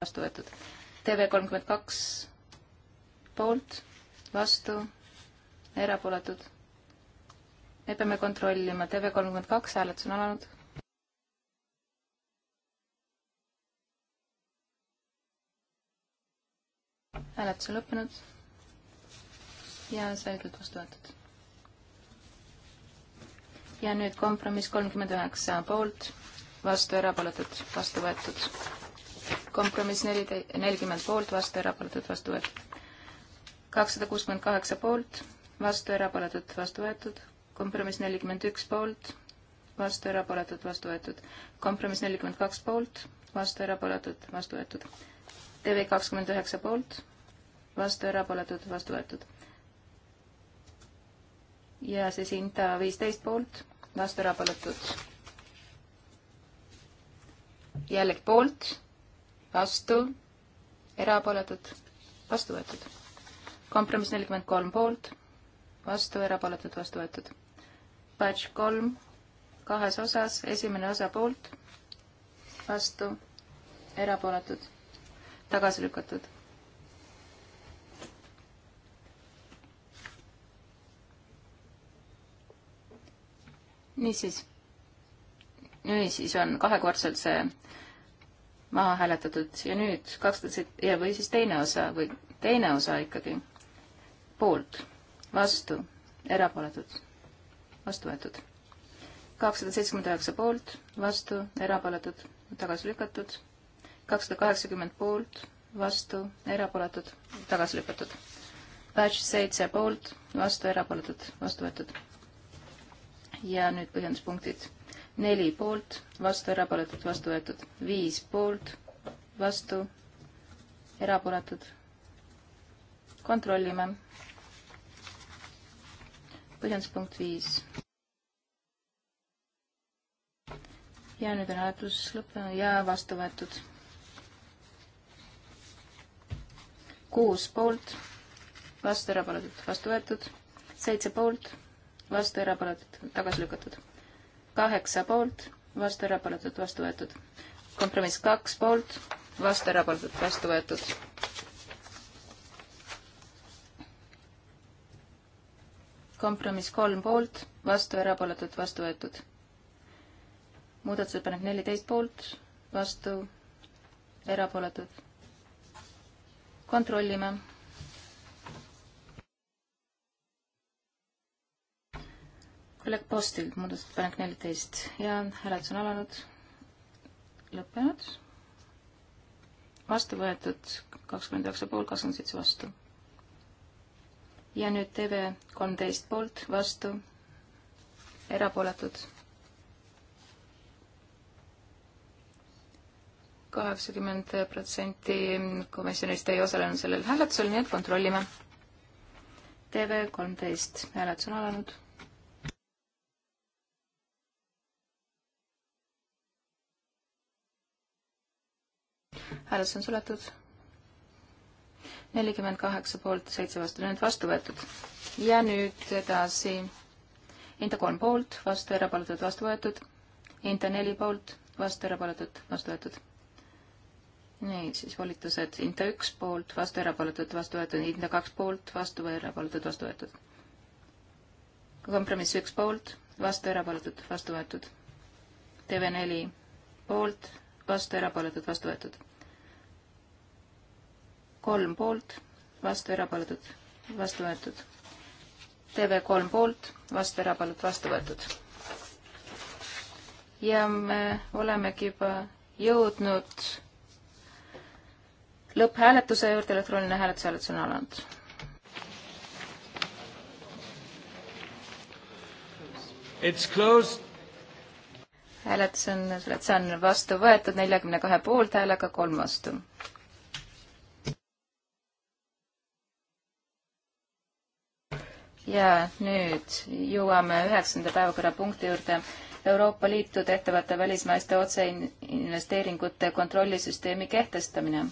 vastu võetud. TV kolmkümmend kaks poolt, vastu, erapooletud. me peame kontrollima, TV kolmkümmend kaks hääletus on alanud. hääletus on lõppenud ja selgelt vastu võetud. ja nüüd kompromiss kolmkümmend üheksa poolt, vastu erapooletud, vastu võetud kompromiss neli, nelikümmend poolt, vastu, erapooletud, vastu võetud. kakssada kuuskümmend kaheksa poolt, vastu, erapooletud, vastu võetud. kompromiss nelikümmend üks poolt, vastu, erapooletud, vastu võetud. kompromiss nelikümmend kaks poolt, vastu, erapooletud, vastu võetud. TV kakskümmend üheksa poolt, vastu, erapooletud, vastu võetud. ja siis Inta viisteist poolt, vastu, erapooletud jällegi poolt, vastu, erapooletud, vastu võetud. kompromiss nelikümmend kolm poolt, vastu, erapooletud, vastu võetud. Batch kolm kahes osas, esimene osa poolt, vastu, erapooletud, tagasi lükatud niisiis, niisiis on kahekordselt see maha hääletatud ja nüüd kakssada seit-, ja või siis teine osa või teine osa ikkagi poolt, vastu, erapooletud, vastu võetud. kakssada seitsekümmend üheksa poolt, vastu, erapooletud, tagasi lükatud. kakssada kaheksakümmend poolt, vastu, erapooletud, tagasi lükatud. Batch seitse poolt, vastu, erapooletud, vastu võetud. ja nüüd põhjenduspunktid neli poolt, vastu, erapooletud, vastu võetud. viis poolt, vastu, erapooletud. kontrollime. põhjenduspunkt viis. ja nüüd on hääletus lõppenud ja vastu võetud. kuus poolt, vastu, erapooletud, vastu võetud. seitse poolt, vastu, erapooletud, tagasi lükatud kaheksa poolt, vastu erapooletud, vastu võetud. kompromiss kaks poolt, vastu erapooletud, vastu võetud. kompromiss kolm poolt, vastu erapooletud, vastu võetud. muudatusettepanek neliteist poolt, vastu erapooletud. kontrollime kolleeg Postilt muudatusettepanek neliteist ja hääletus on alanud, lõppenud, vastu võetud kakskümmend üheksa poolt, kakskümmend seitse vastu. ja nüüd TV kolmteist poolt, vastu, erapooletud kaheksakümmend protsenti komisjonist ei osalenud sellel hääletusel, nii et kontrollime. TV13 hääletus on alanud hääletus on suletud. nelikümmend kaheksa poolt, seitse vastu, nüüd vastu võetud. ja nüüd edasi. Inta kolm poolt, vastu, erapooletud, vastu võetud. Inta neli poolt, vastu, erapooletud, vastu võetud nii, siis volitused hinda üks poolt, vastu erapooletud, vastu võetud, hinda kaks poolt, vastu või erapooletud, vastu võetud. kompromiss üks poolt, vastu erapooletud, vastu võetud. TV4 poolt, vastu erapooletud, vastu võetud kolm poolt, vastu erapooletud, vastu võetud. TV3 poolt, vastu erapooletud, vastu võetud. ja me olemegi juba jõudnud lõpphääletuse juurde, elektrooniline hääletus, hääletus on alanud. It's closed hääletus on, see on vastu võetud neljakümne kahe poolthäälega, kolm vastu. ja nüüd jõuame üheksanda päevakorrapunkti juurde. Euroopa Liitu tehtavate välismaiste otseinvesteeringute kontrollisüsteemi kehtestamine.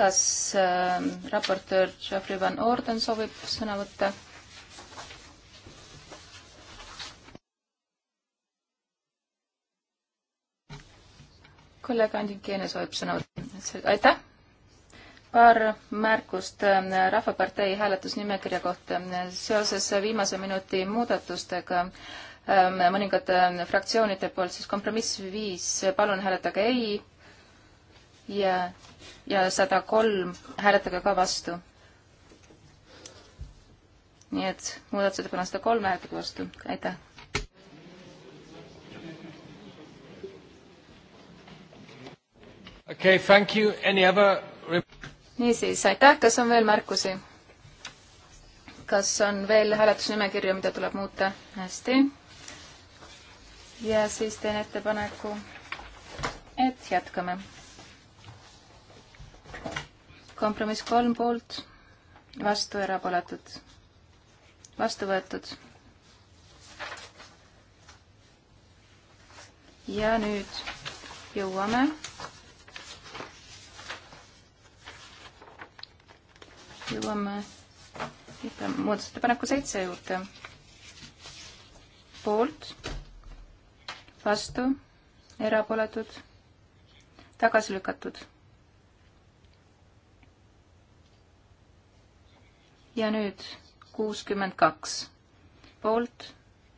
kas äh, raportöör Geoffrey Van Orden soovib sõna võtta? kolleeg Andi Keene soovib sõna võtta. aitäh paar märkust äh, Rahvapartei hääletusnimekirja kohta. seoses viimase minuti muudatustega ähm, mõningate ähm, fraktsioonide poolt, siis kompromiss viis, palun hääletage ei ja, ja sada kolm hääletage ka vastu. nii et muudatusettepanek sada kolm hääletage vastu, aitäh. okei okay,, thank you, any other niisiis, aitäh, kas on veel märkusi? kas on veel hääletusnimekirju, mida tuleb muuta? hästi. ja siis teen ettepaneku, et jätkame. kompromiss kolm poolt, vastu erapooletud, vastu võetud. ja nüüd jõuame jõuame muudatusettepaneku seitse juurde. poolt, vastu, erapooletud, tagasi lükatud. ja nüüd kuuskümmend kaks. poolt,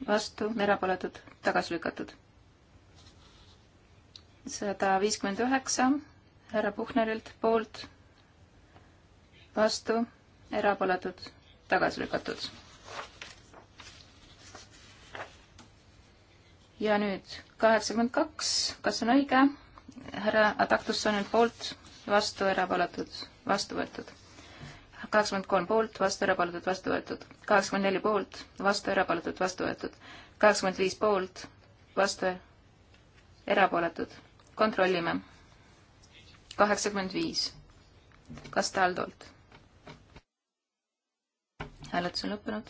vastu, erapooletud, tagasi lükatud. sada viiskümmend üheksa härra Puhnerilt poolt, vastu, erapooletud, tagasi lükatud. ja nüüd kaheksakümmend kaks, kas on õige? härra Adaktussonilt poolt, vastu, erapooletud, vastu võetud. kaheksakümmend kolm poolt, vastu, erapooletud, vastu võetud. kaheksakümmend neli poolt, vastu, erapooletud, vastu võetud. kaheksakümmend viis poolt, vastu, erapooletud. kontrollime. kaheksakümmend viis. Castaldolt hääletus on lõppenud.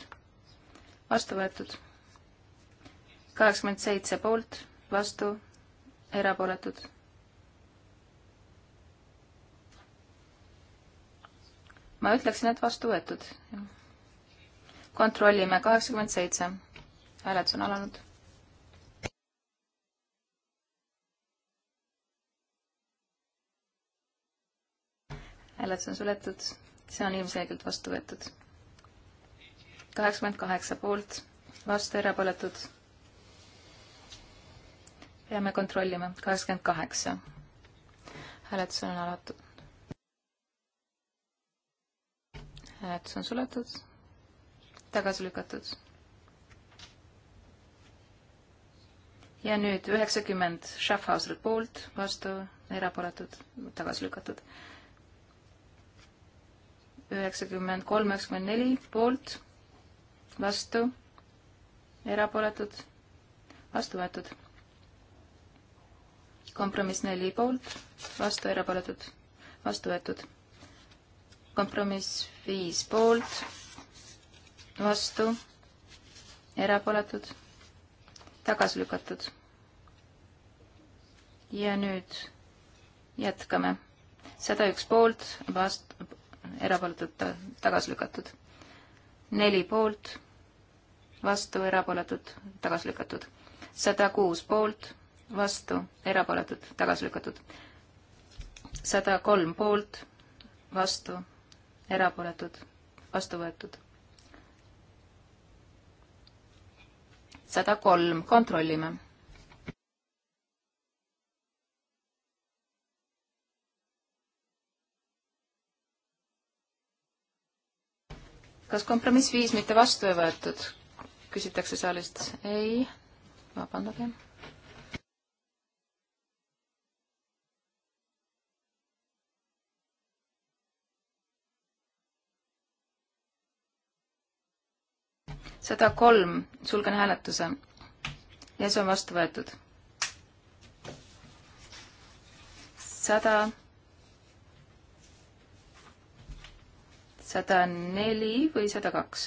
vastu võetud. kaheksakümmend seitse poolt, vastu, erapooletud. ma ütleksin, et vastu võetud. kontrollime, kaheksakümmend seitse. hääletus on alanud. hääletus on suletud, see on ilmselgelt vastu võetud kaheksakümmend kaheksa poolt, vastu erapooletud. peame kontrollima, kaheksakümmend kaheksa. hääletus on alatud. hääletus on suletud, tagasi lükatud. ja nüüd üheksakümmend Schaffhauseri poolt, vastu erapooletud, tagasi lükatud üheksakümmend kolm, üheksakümmend neli poolt, vastu, erapooletud, vastu võetud. kompromiss neli poolt, vastu, erapooletud, vastu võetud. kompromiss viis poolt, vastu, erapooletud, tagasi lükatud. ja nüüd jätkame. sada üks poolt, vastu, erapooletud, tagasi lükatud neli poolt, vastu, erapooletud, tagasi lükatud. sada kuus poolt, vastu, erapooletud, tagasi lükatud. sada kolm poolt, vastu, erapooletud, vastu võetud. sada kolm, kontrollime kas kompromiss viis mitte vastu ei võetud? küsitakse saalist. ei, vabandage sada kolm, sulgen hääletuse. ja see on vastu võetud. sada sada neli või sada kaks?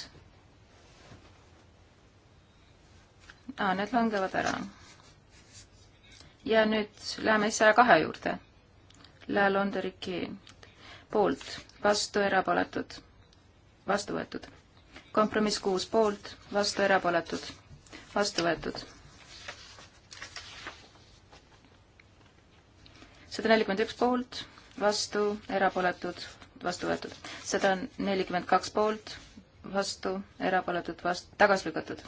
aa, need langevad ära. ja nüüd läheme siis saja kahe juurde. La Londriki poolt, vastu erapooletud, vastu võetud. kompromiss kuus poolt, vastu erapooletud, vastu võetud. sada nelikümmend üks poolt, vastu erapooletud, vastu võetud. sada nelikümmend kaks poolt, vastu, erapooletud, vast-, tagasi lükatud.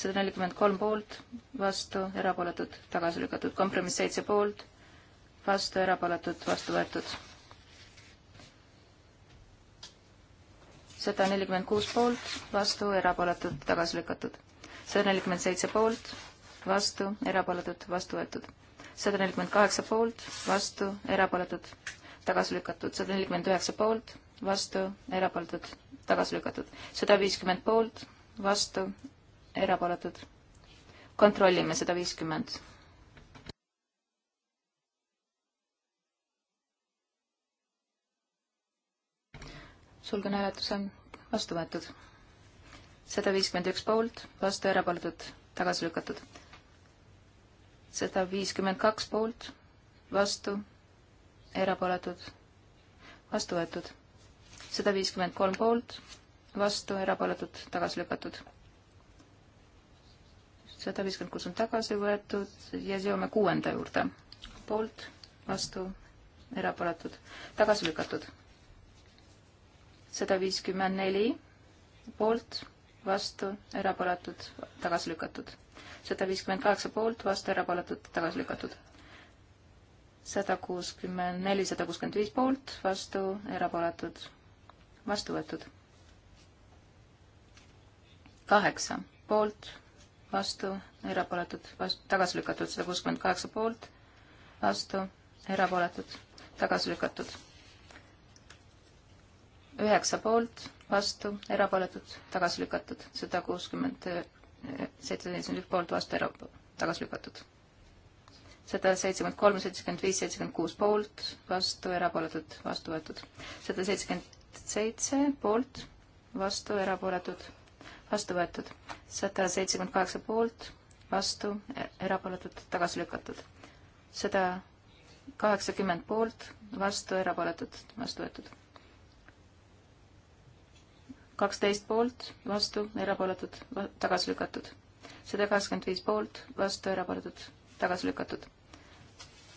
sada nelikümmend kolm poolt, vastu, erapooletud, tagasi lükatud. kompromiss seitse poolt, vastu, erapooletud, vastu võetud. sada nelikümmend kuus poolt, vastu, erapooletud, tagasi lükatud. sada nelikümmend seitse poolt, vastu, erapooletud, vastu võetud sada nelikümmend kaheksa poolt, vastu, erapooletud, tagasi lükatud, sada nelikümmend üheksa poolt, vastu, erapooletud, tagasi lükatud, sada viiskümmend poolt, vastu, erapooletud. kontrollime sada viiskümmend. sulgen hääletuse, vastu võetud. sada viiskümmend üks poolt, vastu, erapooletud, tagasi lükatud. sada viiskümmend kaks poolt, vastu erapooletud, vastu võetud. sada viiskümmend kolm poolt, vastu, erapooletud, tagasi lükatud. sada viiskümmend kuus on tagasi võetud ja seome kuuenda juurde. poolt, vastu, erapooletud, tagasi lükatud. sada viiskümmend neli poolt, vastu, erapooletud, tagasi lükatud. sada viiskümmend kaheksa poolt, vastu, erapooletud, tagasi lükatud sada kuuskümmend neli, sada kuuskümmend viis poolt, vastu, erapooletud, vastu võetud. kaheksa poolt, vastu, erapooletud, tagasi lükatud, sada kuuskümmend kaheksa poolt, vastu, erapooletud, tagasi lükatud. üheksa poolt, vastu, erapooletud, tagasi lükatud, sada kuuskümmend seitse, seitsekümmend poolt, vastu, era-, tagasi lükatud sada seitsekümmend kolm, seitsekümmend viis, seitsekümmend kuus poolt, vastu, erapooletud, vastu võetud. sada seitsekümmend seitse poolt, vastu, erapooletud, vastu võetud. sada seitsekümmend kaheksa poolt, vastu, erapooletud, tagasi lükatud. sada kaheksakümmend poolt, vastu, erapooletud, vastu võetud. kaksteist poolt, vastu, erapooletud, tagasi lükatud. sada kaheksakümmend viis poolt, vastu, erapooletud, tagasi lükatud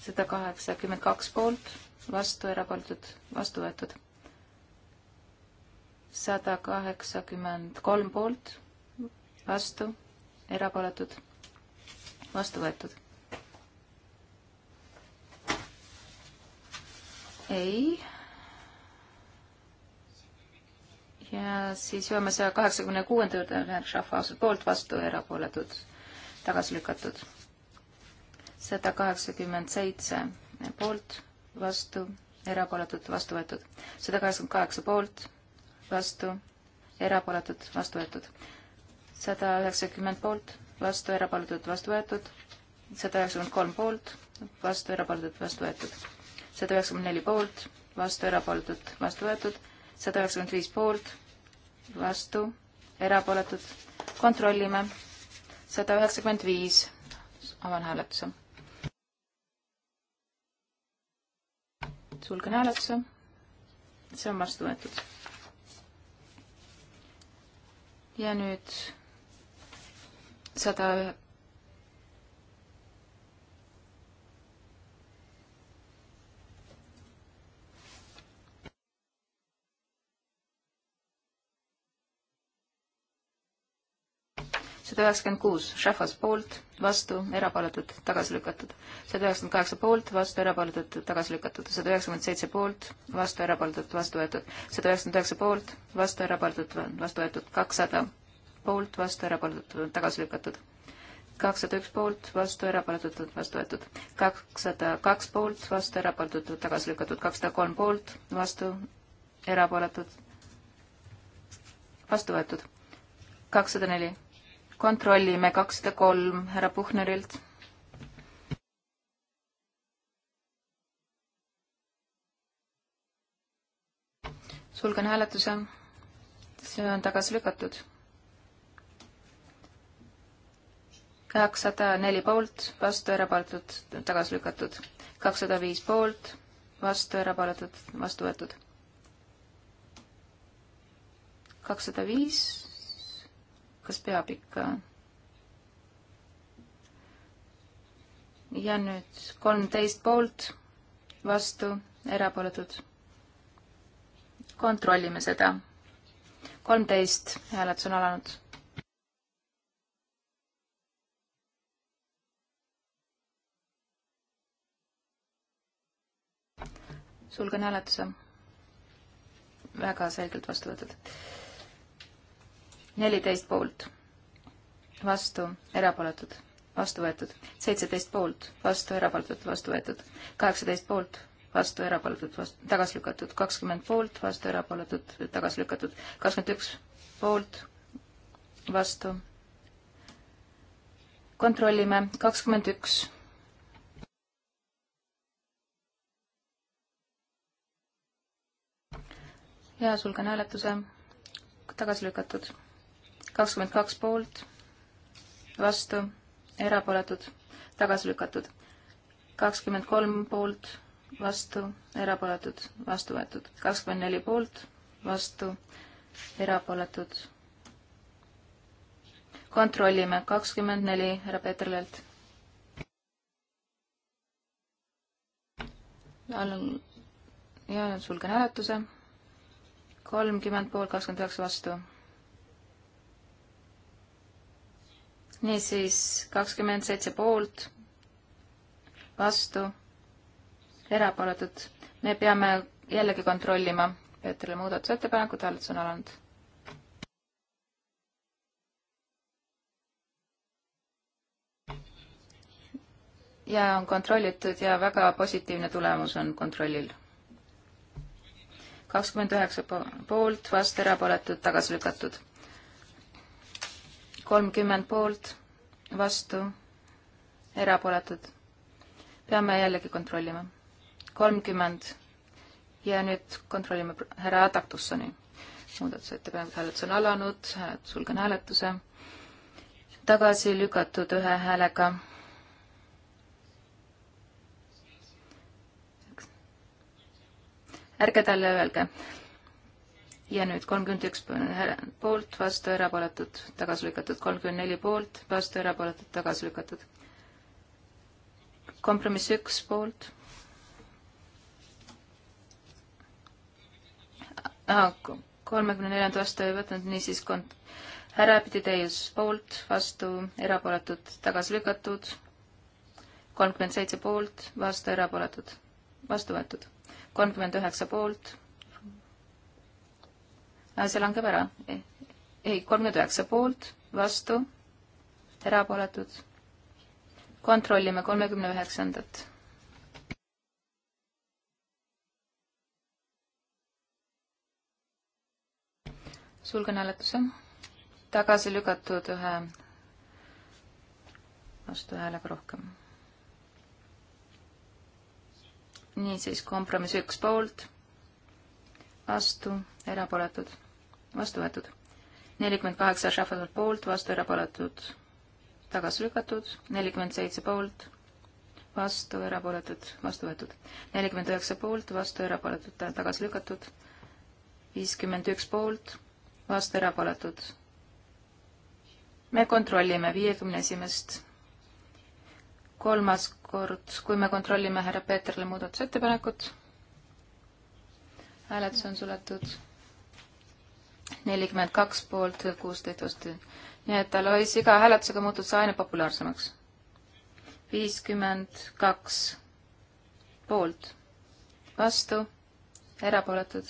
sada kaheksakümmend kaks poolt, vastu erapooletud, vastu võetud. sada kaheksakümmend kolm poolt, vastu, erapooletud, vastu võetud. ei. ja siis jõuame saja kaheksakümne kuuenda juurde, poolt, vastu, erapooletud, tagasi lükatud sada kaheksakümmend seitse poolt, vastu, erapooletud, vastu võetud. sada kaheksakümmend kaheksa poolt, vastu, erapooletud, vastu võetud. sada üheksakümmend poolt, vastu, erapooletud, vastu võetud. sada üheksakümmend kolm poolt, vastu, erapooletud, vastu võetud. sada üheksakümmend neli poolt, vastu, erapooletud, vastu võetud. sada üheksakümmend viis poolt, vastu, erapooletud. kontrollime. sada üheksakümmend viis. avan hääletuse sulgen hääletuse. see on vastu võetud. ja nüüd sada ühe. sada üheksakümmend kuus Šahvas poolt vastu, erapooletud, tagasi lükatud. sada üheksakümmend kaheksa poolt, vastu, erapooletud, tagasi lükatud. sada üheksakümmend seitse poolt, vastu, erapooletud, vastu võetud. sada üheksakümmend üheksa poolt, vastu, erapooletud, vastu võetud. kakssada poolt, vastu, erapooletud, tagasi lükatud. kakssada üks poolt, vastu, erapooletud, vastu võetud. kakssada kaks poolt, vastu, erapooletud, tagasi lükatud. kakssada kolm poolt, vastu, erapooletud, vastu võetud. kakssada neli kontrollime kakssada kolm härra Puhnerilt. sulgen hääletuse. see on tagasi lükatud. kakssada neli poolt, vastu, erapooletud, tagasi lükatud. kakssada viis poolt, vastu, erapooletud, vastu võetud. kakssada viis kas peab ikka? ja nüüd kolmteist poolt, vastu, erapooletud. kontrollime seda. kolmteist, hääletus on alanud. sulgen hääletuse. väga selgelt vastu võetud neliteist poolt, vastu, erapooletud, vastu võetud. seitseteist poolt, vastu, erapooletud, vastu võetud. kaheksateist poolt, vastu, erapooletud, vastu, tagasi lükatud. kakskümmend poolt, vastu, erapooletud, tagasi lükatud. kakskümmend üks poolt, vastu. kontrollime, kakskümmend üks ja sulgen hääletuse tagasi lükatud kakskümmend kaks poolt, vastu, erapooletud, tagasi lükatud. kakskümmend kolm poolt, vastu, erapooletud, vastu võetud. kakskümmend neli poolt, vastu, erapooletud. kontrollime, kakskümmend neli härra Peeterlelt. ja sulgen hääletuse. kolmkümmend poolt, kakskümmend üheksa vastu niisiis kakskümmend seitse poolt, vastu, erapooletud. me peame jällegi kontrollima Peetrile muudatusettepanekud, hääletus on alanud. ja on kontrollitud ja väga positiivne tulemus on kontrollil kakskümmend üheksa poolt, vastu, erapooletud, tagasi lükatud kolmkümmend poolt, vastu, erapooletud. peame jällegi kontrollima. kolmkümmend ja nüüd kontrollime härra Adaktussoni muudatusettepanekut, hääletus on alanud, sulgen hääletuse. tagasi lükatud ühe häälega. ärge talle öelge ja nüüd kolmkümmend üks poolt, vastu, erapooletud, tagasi lükatud, kolmkümmend neli poolt, vastu, erapooletud, tagasi lükatud. kompromiss üks poolt. kolmekümne neljanda vastu ei võtnud, niisiis kont-, härra Pitideus poolt, vastu, erapooletud, tagasi lükatud, kolmkümmend seitse poolt, vastu, erapooletud, vastu võetud, kolmkümmend üheksa poolt Äh, see langeb ära. Eh, ei, kolmkümmend üheksa poolt, vastu, erapooletud. kontrollime kolmekümne üheksandat. sulgen hääletuse. tagasi lükatud ühe vastuhäälega rohkem. niisiis, kompromiss üks poolt, vastu, erapooletud vastu võetud. nelikümmend kaheksa Shuffle'l poolt, vastu erapooletud, tagasi lükatud, nelikümmend seitse poolt, vastu erapooletud, vastu võetud. nelikümmend üheksa poolt, vastu erapooletud, tagasi lükatud, viiskümmend üks poolt, vastu erapooletud. me kontrollime viiekümne esimest kolmas kord, kui me kontrollime härra Peeterle muudatusettepanekut. hääletus on suletud nelikümmend kaks poolt, kuusteist vastu. nii et Alois iga hääletusega muutus see aina populaarsemaks. viiskümmend kaks poolt, vastu, erapooletud,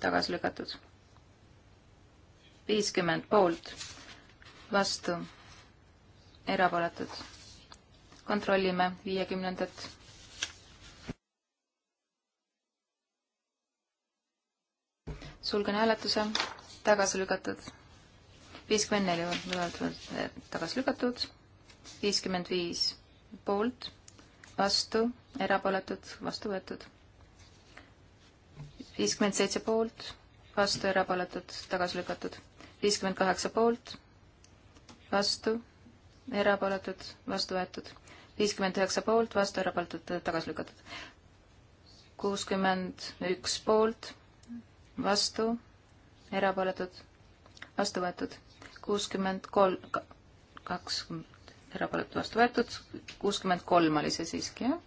tagasi lükatud. viiskümmend poolt, vastu, erapooletud. kontrollime viiekümnendat sulgen hääletuse tagasi lükatud. viiskümmend neli tagasi lükatud. viiskümmend viis poolt, vastu, erapooletud, vastu võetud. viiskümmend seitse poolt, vastu, erapooletud, tagasi lükatud. viiskümmend kaheksa poolt, vastu, erapooletud, vastu võetud. viiskümmend üheksa poolt, vastu, erapooletud, tagasi lükatud. kuuskümmend üks poolt, vastu, erapooletud, vastu võetud kuuskümmend kolm, kaks, erapooletu vastu võetud, kuuskümmend kolm oli see siiski, jah?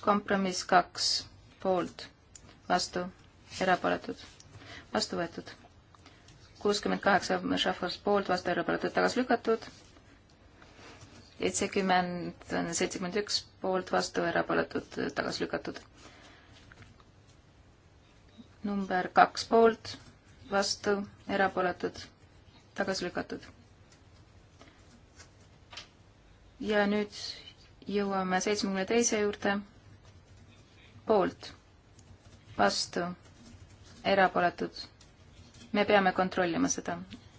kompromiss kaks, poolt, vastu, erapooletud, vastu võetud. kuuskümmend kaheksa Šafos poolt, vastu, erapooletud, tagasi lükatud. seitsekümmend, seitsekümmend üks poolt, vastu, erapooletud, tagasi lükatud number kaks poolt, vastu, erapooletud, tagasi lükatud. ja nüüd jõuame seitsmekümne teise juurde. poolt, vastu, erapooletud. me peame kontrollima seda.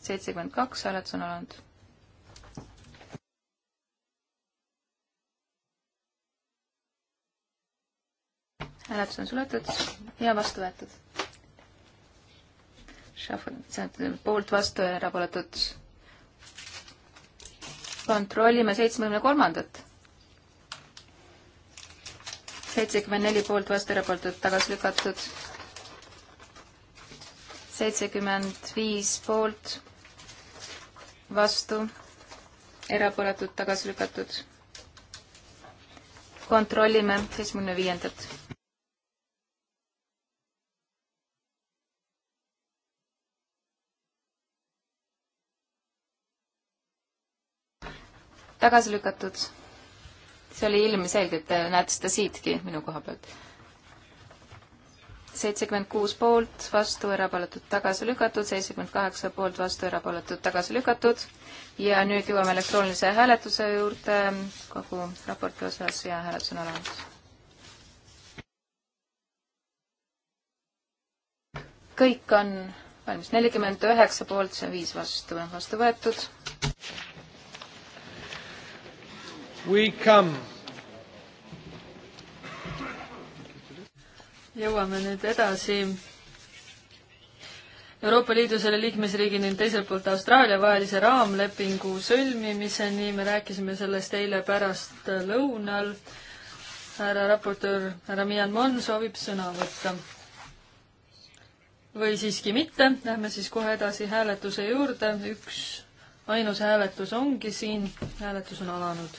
seitsekümmend kaks hääletus on alanud hääletus on suletud ja vastu võetud. poolt vastu ja erapooletud. kontrollime seitsmekümne kolmandat. seitsekümmend neli poolt vastu, erapooletud, tagasi lükatud. seitsekümmend viis poolt vastu, erapooletud, tagasi lükatud kontrollime seitsmekümne viiendat. tagasi lükatud. see oli ilmselgelt, te näete seda siitki minu koha pealt. seitsekümmend kuus poolt, vastu, erapooletud, tagasi lükatud, seitsekümmend kaheksa poolt, vastu, erapooletud, tagasi lükatud. ja nüüd jõuame elektroonilise hääletuse juurde kogu raporti osas ja hääletus on olemas. kõik on valmis, nelikümmend üheksa poolt, see on viis vastu, vastu võetud. We come. jõuame nüüd edasi Euroopa Liidu selle liikmesriigi ning teiselt poolt Austraalia vahelise raamlepingu sõlmimiseni, me rääkisime sellest eile pärastlõunal. härra raportöör, härra Mian Mon soovib sõna võtta. või siiski mitte, lähme siis kohe edasi hääletuse juurde, üks ainus hääletus ongi siin, hääletus on alanud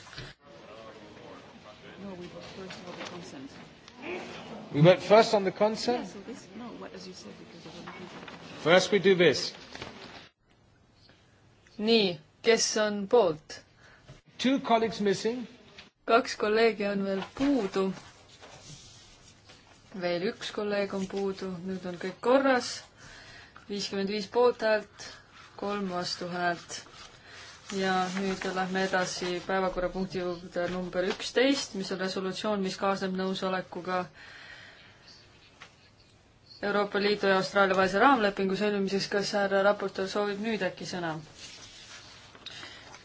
We vote first on the consent? Yes, on this. No, what, as you said, because of the First we do this. nii, kes on poolt? Two colleagues missing. kaks kolleegi on veel puudu. veel üks kolleeg on puudu, nüüd on kõik korras. viiskümmend viis poolthäält, kolm vastuhäält ja nüüd lähme edasi päevakorrapunkti juurde number üksteist, mis on resolutsioon, mis kaasneb nõusolekuga äh, Euroopa Liidu ja Austraalia vahelise raamlepingu sõlmimiseks, kas härra raportöör soovib nüüd äkki sõna?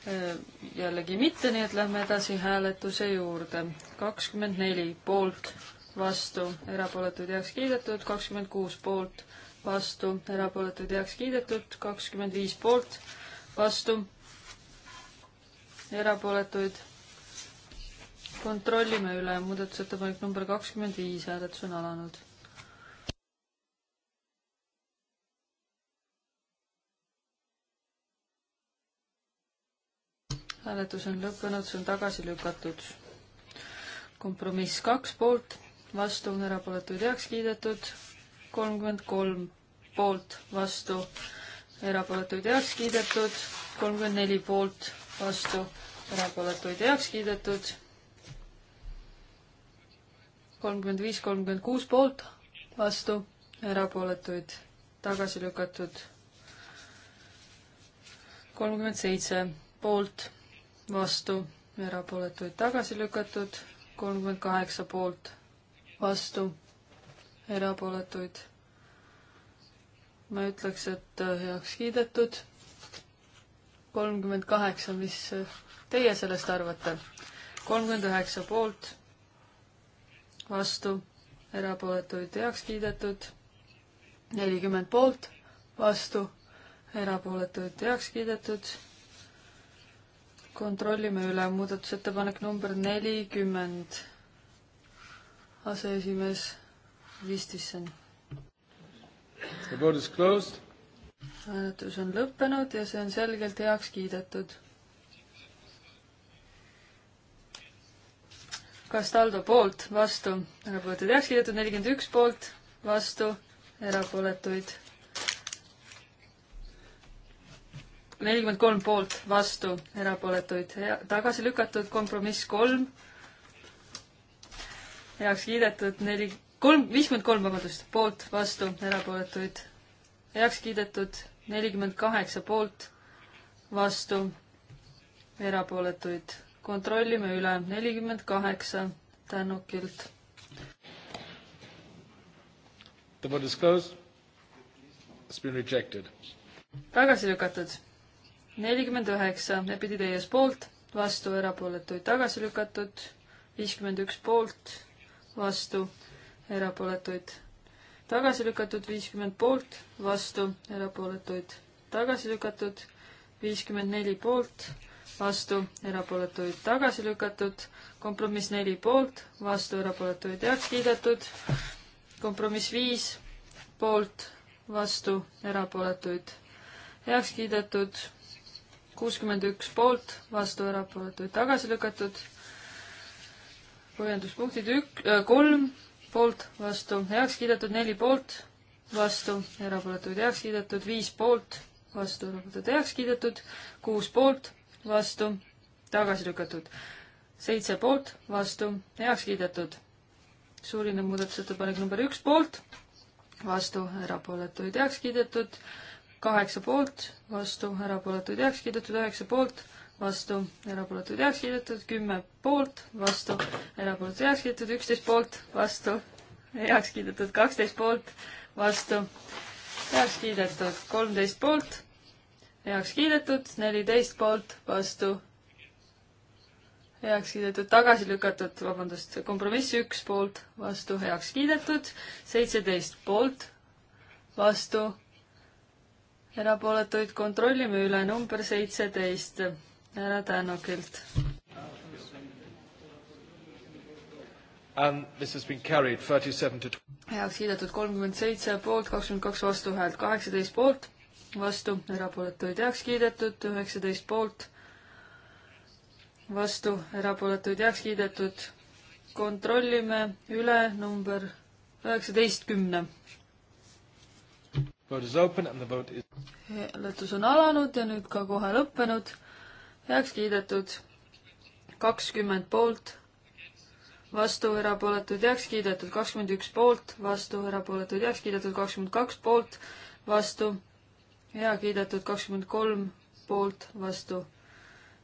Äh, jällegi mitte, nii et lähme edasi hääletuse juurde. kakskümmend neli poolt, vastu, erapooletuid heaks kiidetud, kakskümmend kuus poolt, vastu, erapooletuid heaks kiidetud, kakskümmend viis poolt, vastu, erapooletuid. kontrollime üle, muudatusettepanek number kakskümmend viis, hääletus on alanud hääletus on lõppenud, see on tagasi lükatud. kompromiss kaks poolt, vastu, erapooletuid heaks kiidetud, kolmkümmend kolm poolt, vastu, erapooletuid heaks kiidetud, kolmkümmend neli poolt, vastu, erapooletuid heaks kiidetud, kolmkümmend viis, kolmkümmend kuus poolt, vastu, erapooletuid tagasi lükatud, kolmkümmend seitse poolt vastu, erapooletuid tagasi lükatud, kolmkümmend kaheksa poolt, vastu, erapooletuid. ma ütleks, et äh, heaks kiidetud. kolmkümmend kaheksa, mis äh, teie sellest arvate? kolmkümmend üheksa poolt, vastu, erapooletuid heaks kiidetud, nelikümmend poolt, vastu, erapooletuid heaks kiidetud kontrollime üle muudatusettepanek number nelikümmend. aseesimees Vistisen. The vote is closed. hääletus on lõppenud ja see on selgelt heaks kiidetud. Castaldo poolt, vastu, erapooletuid heaks kiidetud, nelikümmend üks poolt, vastu, erapooletuid nelikümmend kolm poolt, vastu, erapooletuid tagasi lükatud, kompromiss kolm, heaks kiidetud neli, kolm, viiskümmend kolm, vabandust, poolt, vastu, erapooletuid heaks kiidetud, nelikümmend kaheksa poolt, vastu, erapooletuid. kontrollime üle, nelikümmend kaheksa Tänukilt. The vote is closed. It's been rejected. tagasi lükatud nelikümmend üheksa, need pidid ees poolt, vastu, erapooletuid tagasi lükatud, viiskümmend üks poolt, vastu, erapooletuid tagasi lükatud, viiskümmend poolt, vastu, erapooletuid tagasi lükatud, viiskümmend neli poolt, vastu, erapooletuid tagasi lükatud, kompromiss neli poolt, vastu, erapooletuid heaks kiidetud, kompromiss viis poolt, vastu, erapooletuid heaks kiidetud kuuskümmend üks poolt, vastu erapooletuid tagasi lükatud. põhjenduspunktid ük- äh,, kolm poolt, vastu heaks kiidetud, neli poolt, vastu erapooletuid heaks kiidetud, viis poolt, vastu erapooletuid heaks kiidetud, kuus poolt, vastu tagasi lükatud, seitse poolt, vastu heaks kiidetud. suuline muudatusettepanek number üks poolt, vastu erapooletuid heaks kiidetud kaheksa poolt, vastu, erapooletuid heaks kiidetud, üheksa poolt, vastu, erapooletuid heaks kiidetud, kümme poolt, vastu, erapooletuid heaks kiidetud, üksteist poolt, vastu, heaks kiidetud, kaksteist poolt, vastu, heaks kiidetud, kolmteist poolt, heaks kiidetud, neliteist poolt, vastu, heaks kiidetud, tagasi lükatud, vabandust, kompromiss üks poolt, vastu heaks kiidetud, seitseteist poolt, vastu erapooletuid kontrollime üle number seitseteist härra Tänokilt. Um, heaks kiidetud kolmkümmend seitse poolt, kakskümmend kaks vastuhäält, kaheksateist poolt, vastu, erapooletuid heaks kiidetud, üheksateist poolt, vastu, erapooletuid heaks kiidetud. kontrollime üle number üheksateistkümne hääletus on alanud ja nüüd ka kohe lõppenud. heaks kiidetud kakskümmend poolt, vastu erapooletuid heaks kiidetud kakskümmend üks poolt, vastu erapooletuid heaks kiidetud kakskümmend kaks poolt, vastu hea kiidetud kakskümmend kolm poolt, vastu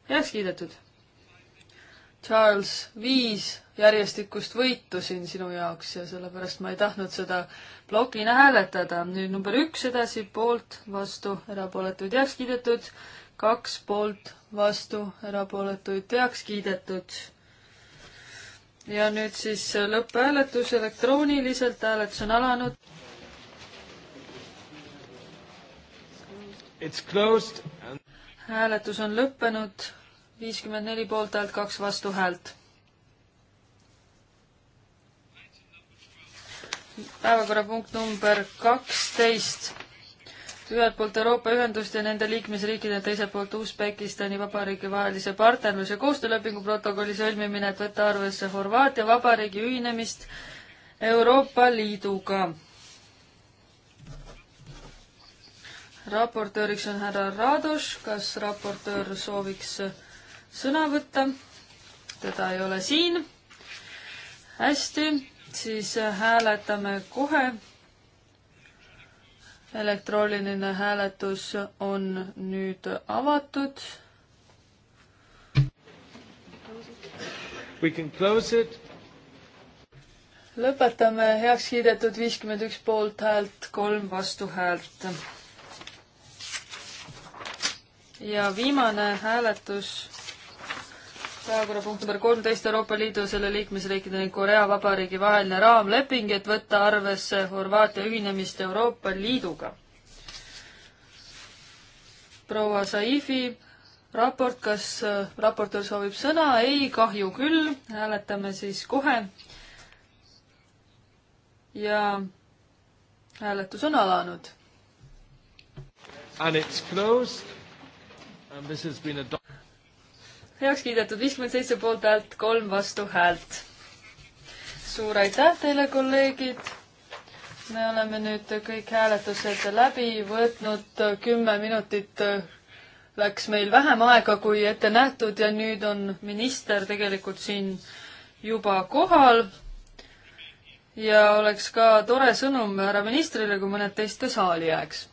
heaks kiidetud Charles, viis järjestikust võitu siin sinu jaoks ja sellepärast ma ei tahtnud seda plokina hääletada. nüüd number üks edasi, poolt, vastu, erapooletuid heaks kiidetud, kaks poolt, vastu, erapooletuid heaks kiidetud. ja nüüd siis lõpphääletus elektrooniliselt, hääletus on alanud. hääletus on lõppenud viiskümmend neli poolthäält, kaks vastuhäält. päevakorrapunkt number kaksteist. ühelt poolt Euroopa Ühenduste ja nende liikmesriikide, teiselt poolt Usbekistani Vabariigi vahelise partnerluse koostöölepingu protokolli sõlmimine, et võtta arvesse Horvaatia Vabariigi ühinemist Euroopa Liiduga. raportööriks on härra Radoš, kas raportöör sooviks sõna võtta. teda ei ole siin. hästi, siis hääletame kohe. elektrooniline hääletus on nüüd avatud. We can close it lõpetame heaks kiidetud viiskümmend üks poolthäält, kolm vastuhäält. ja viimane hääletus päevakorrapunkt number kolmteist Euroopa Liidu, selle liikmesriikide ning Korea Vabariigi vaheline raamleping, et võtta arvesse Horvaatia ühinemist Euroopa Liiduga. proua Saifi raport, kas äh, raportöör soovib sõna? ei, kahju küll, hääletame siis kohe. ja hääletus on alanud. And it's closed and this has been adopted heaks kiidetud viiskümmend seitse poolthäält, kolm vastuhäält. suur aitäh teile, kolleegid! me oleme nüüd kõik hääletused läbi võtnud, kümme minutit läks meil vähem aega kui ette nähtud ja nüüd on minister tegelikult siin juba kohal. ja oleks ka tore sõnum härra ministrile, kui mõned teist ka saali jääks.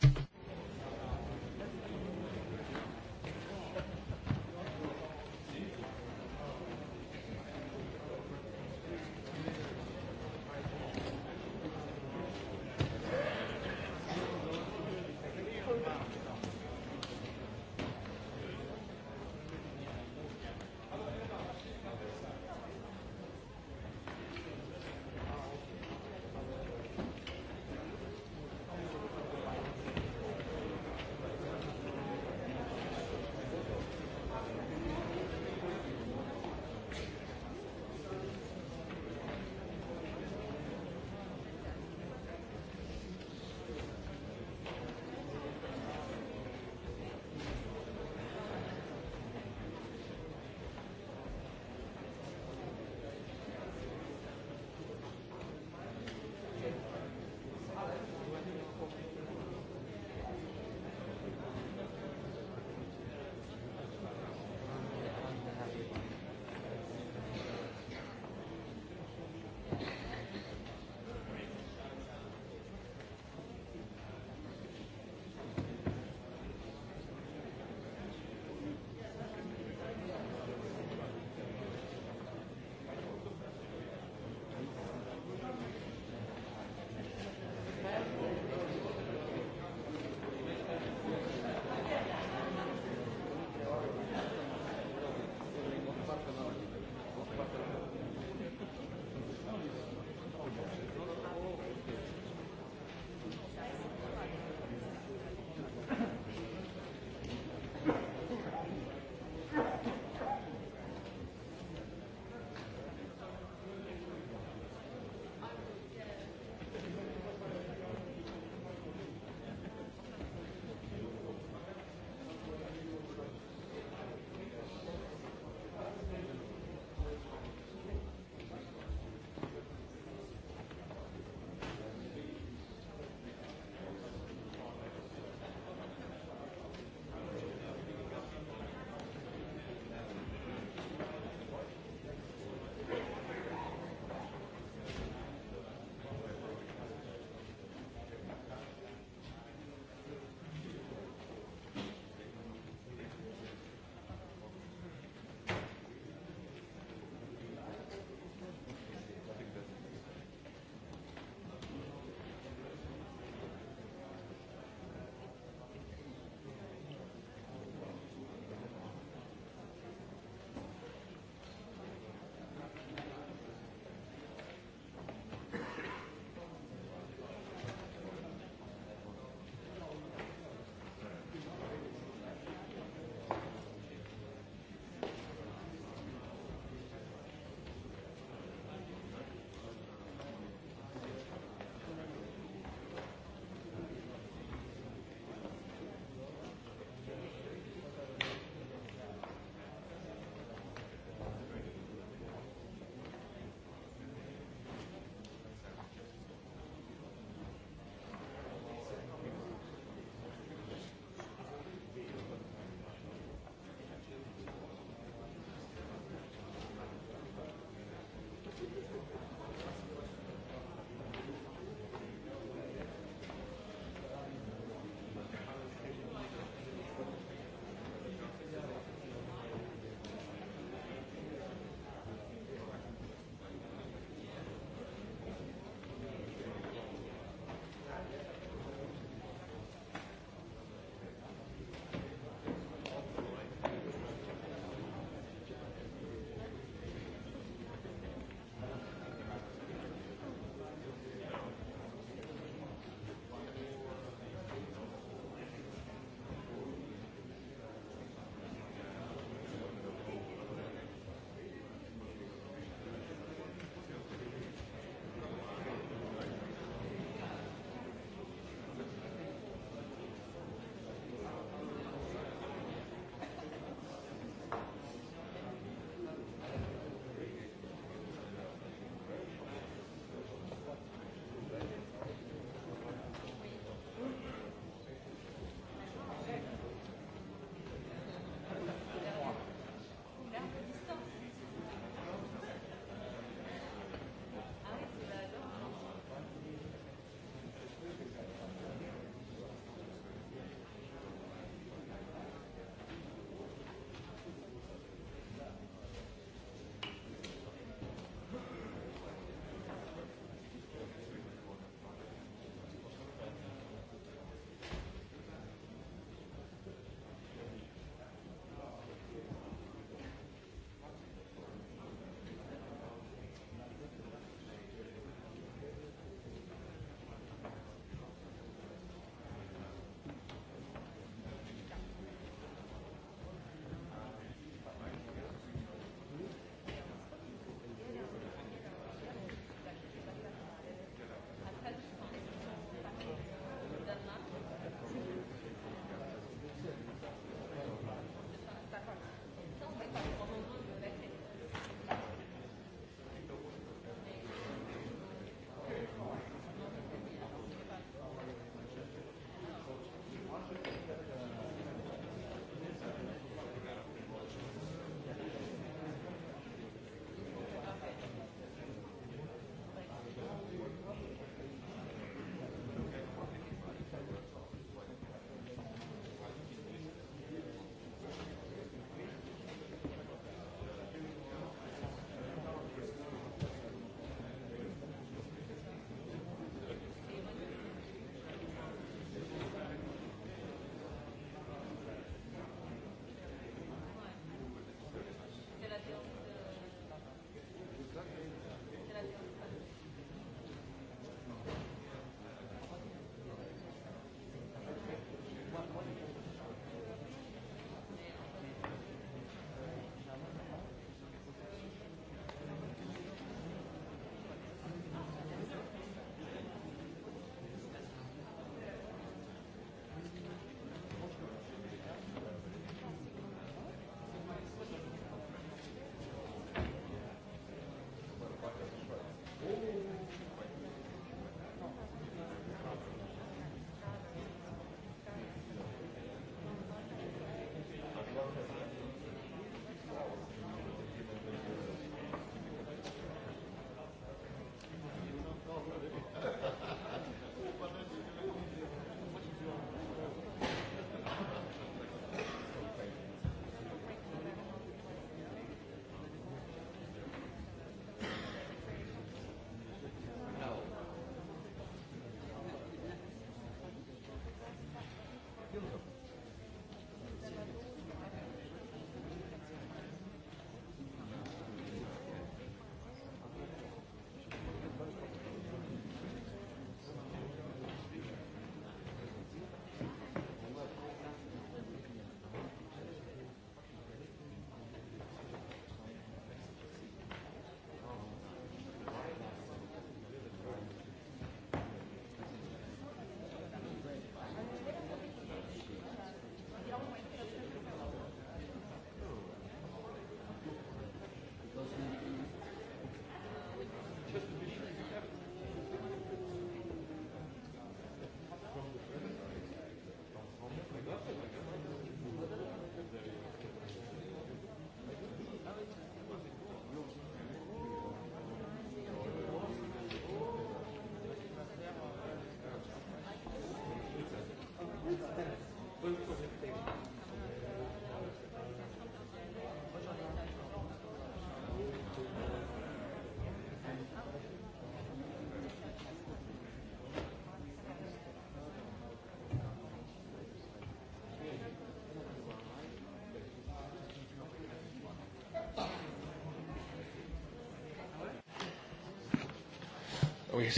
Oui.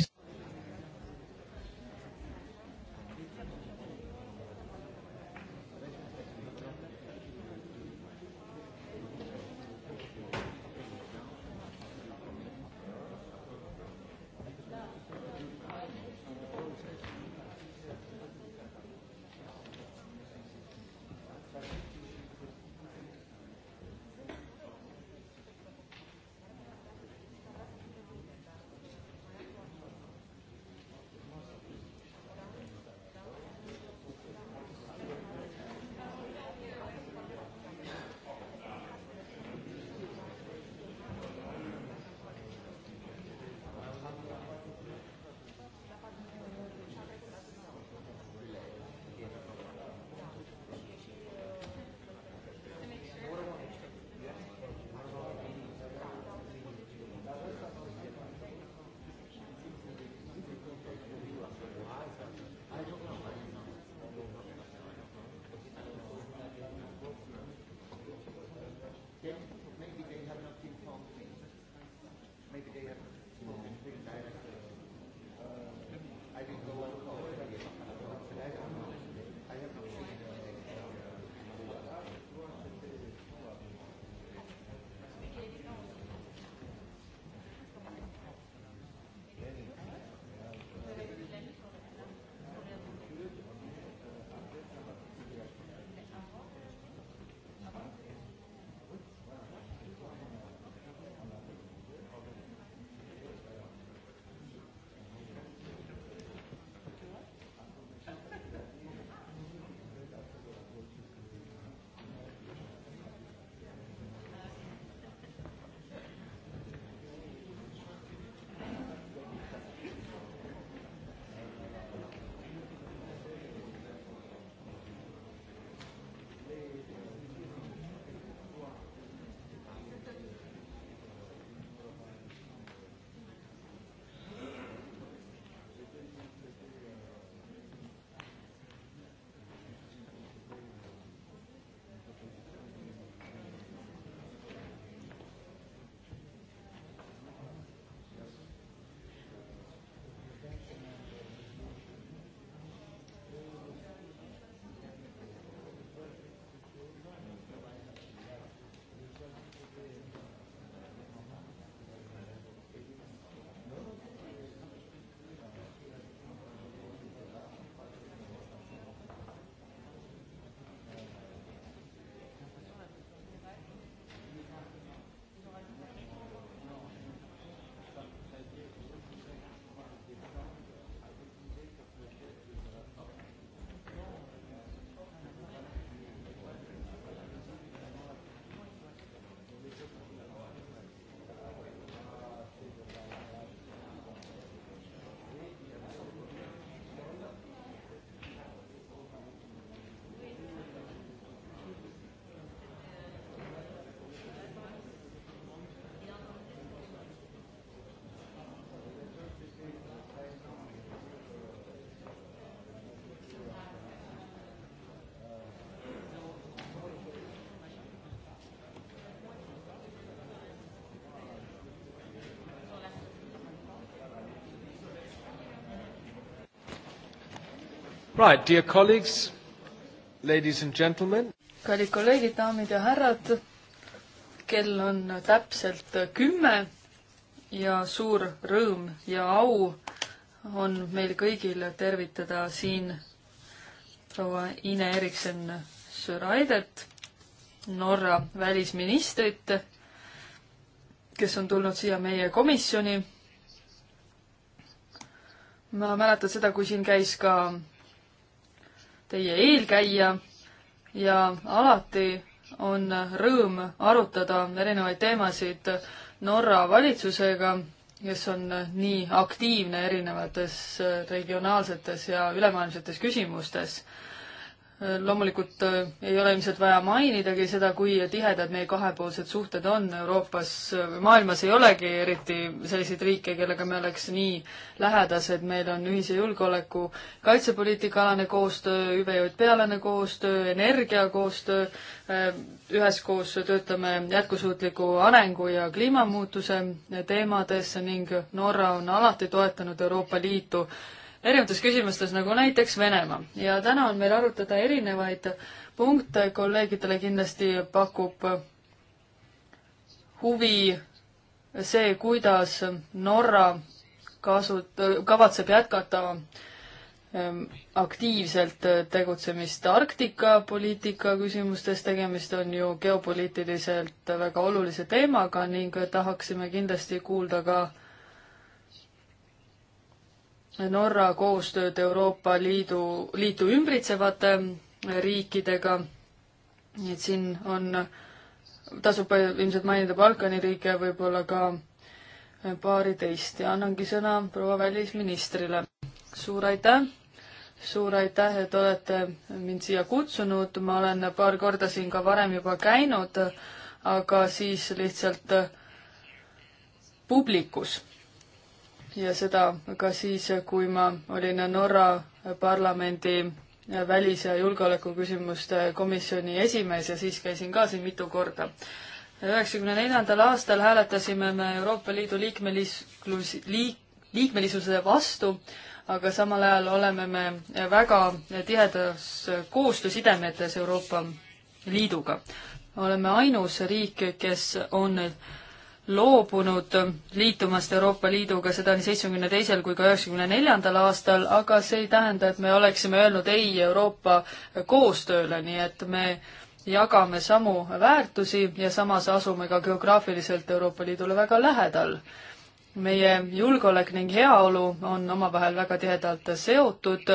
Right, dear colleagues, ladies and gentlemen. kallid kolleegid, daamid ja härrad, kell on täpselt kümme ja suur rõõm ja au on meil kõigil tervitada siin proua Ine Eriksen Süraidet, Norra välisministrit, kes on tulnud siia meie komisjoni. ma mäletan seda, kui siin käis ka teie eelkäija ja alati on rõõm arutada erinevaid teemasid Norra valitsusega, kes on nii aktiivne erinevates regionaalsetes ja ülemaailmsetes küsimustes. Äh, loomulikult äh, ei ole ilmselt vaja mainidagi seda, kui tihedad meie kahepoolsed suhted on Euroopas, äh, maailmas ei olegi eriti selliseid riike, kellega me oleks nii lähedased, meil on ühise julgeoleku kaitsepoliitika alane koostöö, hüvejõud-pealane koostöö, energiakoostöö, üheskoos töötame jätkusuutliku arengu ja kliimamuutuse teemades ning Norra on alati toetanud Euroopa Liitu erinevates küsimustes, nagu näiteks Venemaa. ja täna on meil arutada erinevaid punkte, kolleegidele kindlasti pakub huvi see, kuidas Norra kasut-, kavatseb jätkata ehm, aktiivselt tegutsemist Arktika poliitika küsimustes, tegemist on ju geopoliitiliselt väga olulise teemaga ning tahaksime kindlasti kuulda ka äh, Norra koostööd Euroopa Liidu, liitu ümbritsevate riikidega. nii et siin on, tasub ilmselt mainida Balkani riike, võib-olla ka paari teist ja annangi sõna proua välisministrile. suur aitäh, suur aitäh, et olete mind siia kutsunud, ma olen paar korda siin ka varem juba käinud, aga siis lihtsalt publikus ja seda ka siis, kui ma olin Norra parlamendi välis- ja julgeolekuküsimuste komisjoni esimees ja siis käisin ka siin mitu korda. üheksakümne neljandal aastal hääletasime me Euroopa Liidu liikmelis-, liik-, liikmelisuse vastu, aga samal ajal oleme me väga tihedas koostöösidemetes Euroopa Liiduga. oleme ainus riik, kes on loobunud liitumast Euroopa Liiduga, seda nii seitsmekümne teisel kui ka üheksakümne neljandal aastal, aga see ei tähenda, et me oleksime öelnud ei Euroopa koostööle, nii et me jagame samu väärtusi ja samas asume ka geograafiliselt Euroopa Liidule väga lähedal. meie julgeolek ning heaolu on omavahel väga tihedalt seotud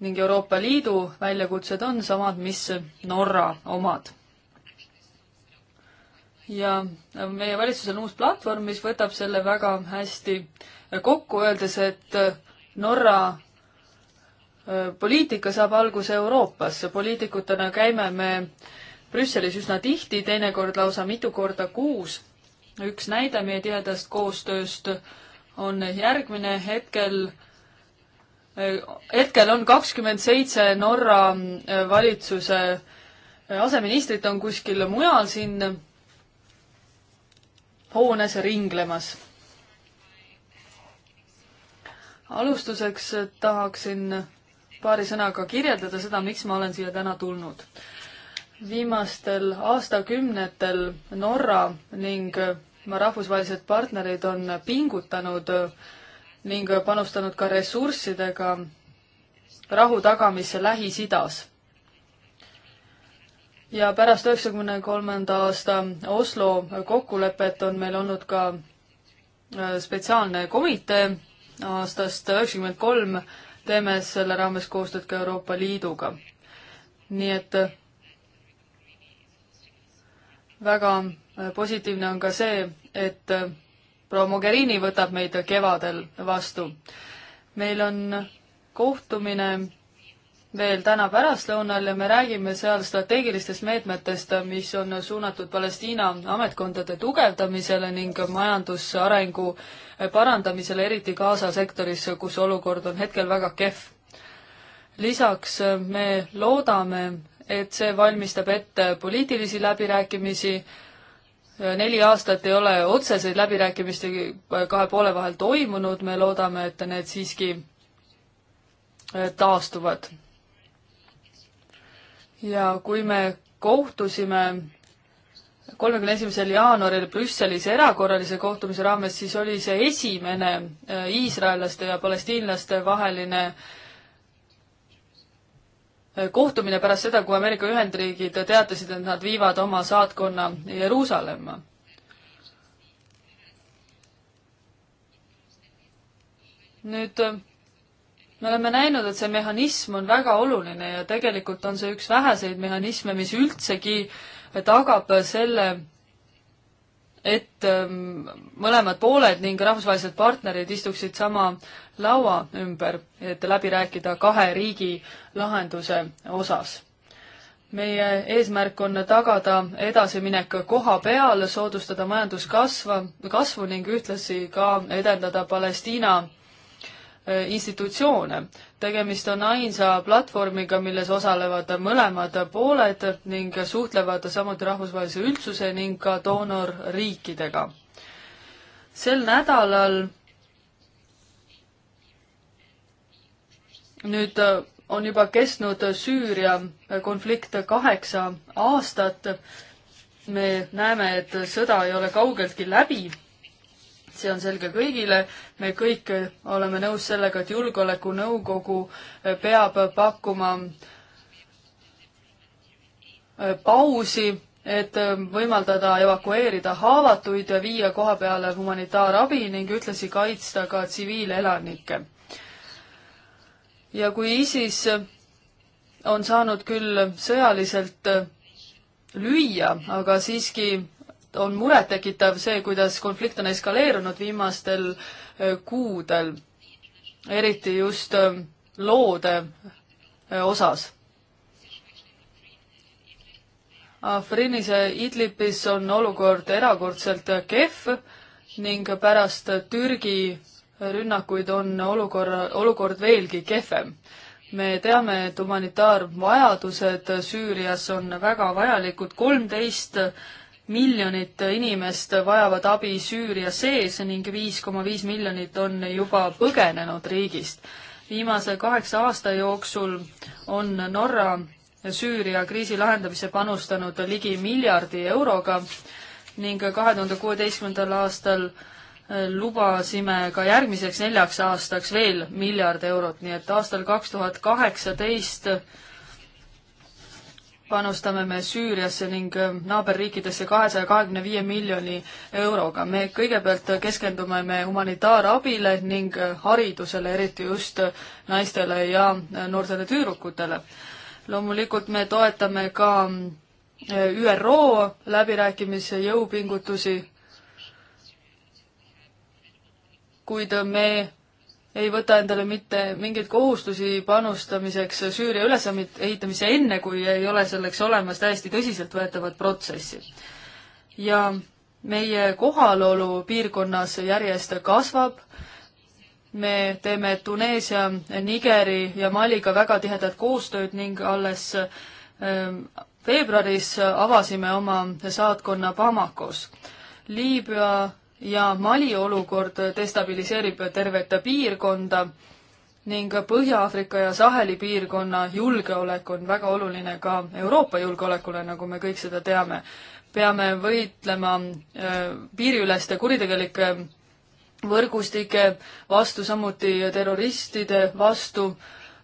ning Euroopa Liidu väljakutsed on samad, mis Norra omad ja meie valitsusel on uus platvorm, mis võtab selle väga hästi kokku, öeldes, et äh, Norra äh, poliitika saab alguse Euroopas. poliitikutena käime me Brüsselis üsna tihti, teinekord lausa mitu korda kuus. üks näide meie tihedast koostööst on järgmine hetkel äh, hetkel on kakskümmend seitse Norra valitsuse aseministrit on kuskil mujal siin hoones ringlemas. alustuseks tahaksin paari sõnaga kirjeldada seda, miks ma olen siia täna tulnud. viimastel aastakümnetel Norra ning tema rahvusvahelised partnerid on pingutanud ning panustanud ka ressurssidega rahu tagamisse Lähis-Idas ja pärast üheksakümne kolmanda aasta Oslo kokkulepet on meil olnud ka äh, spetsiaalne komitee aastast üheksakümmend kolm, teeme selle raames koostööd ka Euroopa Liiduga. nii et äh, väga äh, positiivne on ka see, et proua Mogherini võtab meid kevadel vastu. meil on kohtumine veel täna pärastlõunal ja me räägime seal strateegilistest meetmetest, mis on suunatud Palestiina ametkondade tugevdamisele ning majandusarengu parandamisele, eriti Gaza sektoris, kus olukord on hetkel väga kehv. lisaks me loodame, et see valmistab ette poliitilisi läbirääkimisi, neli aastat ei ole otseseid läbirääkimisi kahe poole vahel toimunud, me loodame, et need siiski taastuvad ja kui me kohtusime kolmekümne esimesel jaanuaril Brüsselis erakorralise kohtumise raames, siis oli see esimene äh, iisraellaste ja palestiinlaste vaheline äh, kohtumine pärast seda, kui Ameerika Ühendriigid teatasid, et nad viivad oma saatkonna Jeruusalemma. nüüd äh, me oleme näinud, et see mehhanism on väga oluline ja tegelikult on see üks väheseid mehhanisme, mis üldsegi tagab selle, et ähm, mõlemad pooled ning rahvusvahelised partnerid istuksid sama laua ümber, et läbi rääkida kahe riigi lahenduse osas. meie eesmärk on tagada edasiminek koha peal, soodustada majanduskasva, kasvu ning ühtlasi ka edendada Palestiina Eh, institutsioone. tegemist on ainsa platvormiga, milles osalevad mõlemad pooled ning suhtlevad samuti rahvusvahelise üldsuse ning ka doonorriikidega. sel nädalal nüüd eh, on juba kestnud Süüria konflikt kaheksa aastat. me näeme, et sõda ei ole kaugeltki läbi see on selge kõigile, me kõik oleme nõus sellega, et Julgeolekunõukogu peab pakkuma äh, pausi, et äh, võimaldada evakueerida haavatuid ja viia koha peale humanitaarabi ning ühtlasi kaitsta ka tsiviilelanikke. ja kui ISIS on saanud küll sõjaliselt äh, lüüa, aga siiski on murettekitav see, kuidas konflikt on eskaleerunud viimastel äh, kuudel, eriti just äh, loode äh, osas. Afrinis ja Idlibis on olukord erakordselt kehv ning pärast Türgi rünnakuid on olukorra, olukord veelgi kehvem me teame, et humanitaarvajadused Süürias on väga vajalikud, kolmteist miljonit inimest vajavad abi Süüria sees ning viis koma viis miljonit on juba põgenenud riigist. viimase kaheksa aasta jooksul on Norra Süüria kriisi lahendamisse panustanud ligi miljardi euroga ning kahe tuhande kuueteistkümnendal aastal eh, lubasime ka järgmiseks neljaks aastaks veel miljard eurot, nii et aastal kaks tuhat kaheksateist panustame me Süüriasse ning äh, naaberriikidesse kahesaja kahekümne viie miljoni euroga. me kõigepealt keskendume me humanitaarabile ning äh, haridusele, eriti just naistele ja äh, noortele tüdrukutele. loomulikult me toetame ka ÜRO läbirääkimise jõupingutusi, kuid me ei võta endale mitte mingeid kohustusi panustamiseks Süüria ülesehitamisse enne, kui ei ole selleks olemas täiesti tõsiseltvõetavat protsessi. ja meie kohalolu piirkonnas järjest kasvab, me teeme Tuneesia, Nigeri ja Maliga väga tihedat koostööd ning alles ähm, veebruaris avasime oma saatkonna Bamakos. Liibüa ja Mali olukord destabiliseerib tervet piirkonda ning Põhja-Aafrika ja Saheli piirkonna julgeolek on väga oluline ka Euroopa julgeolekule, nagu me kõik seda teame. peame võitlema äh, piiriüleste kuritegelike võrgustike vastu, samuti terroristide vastu.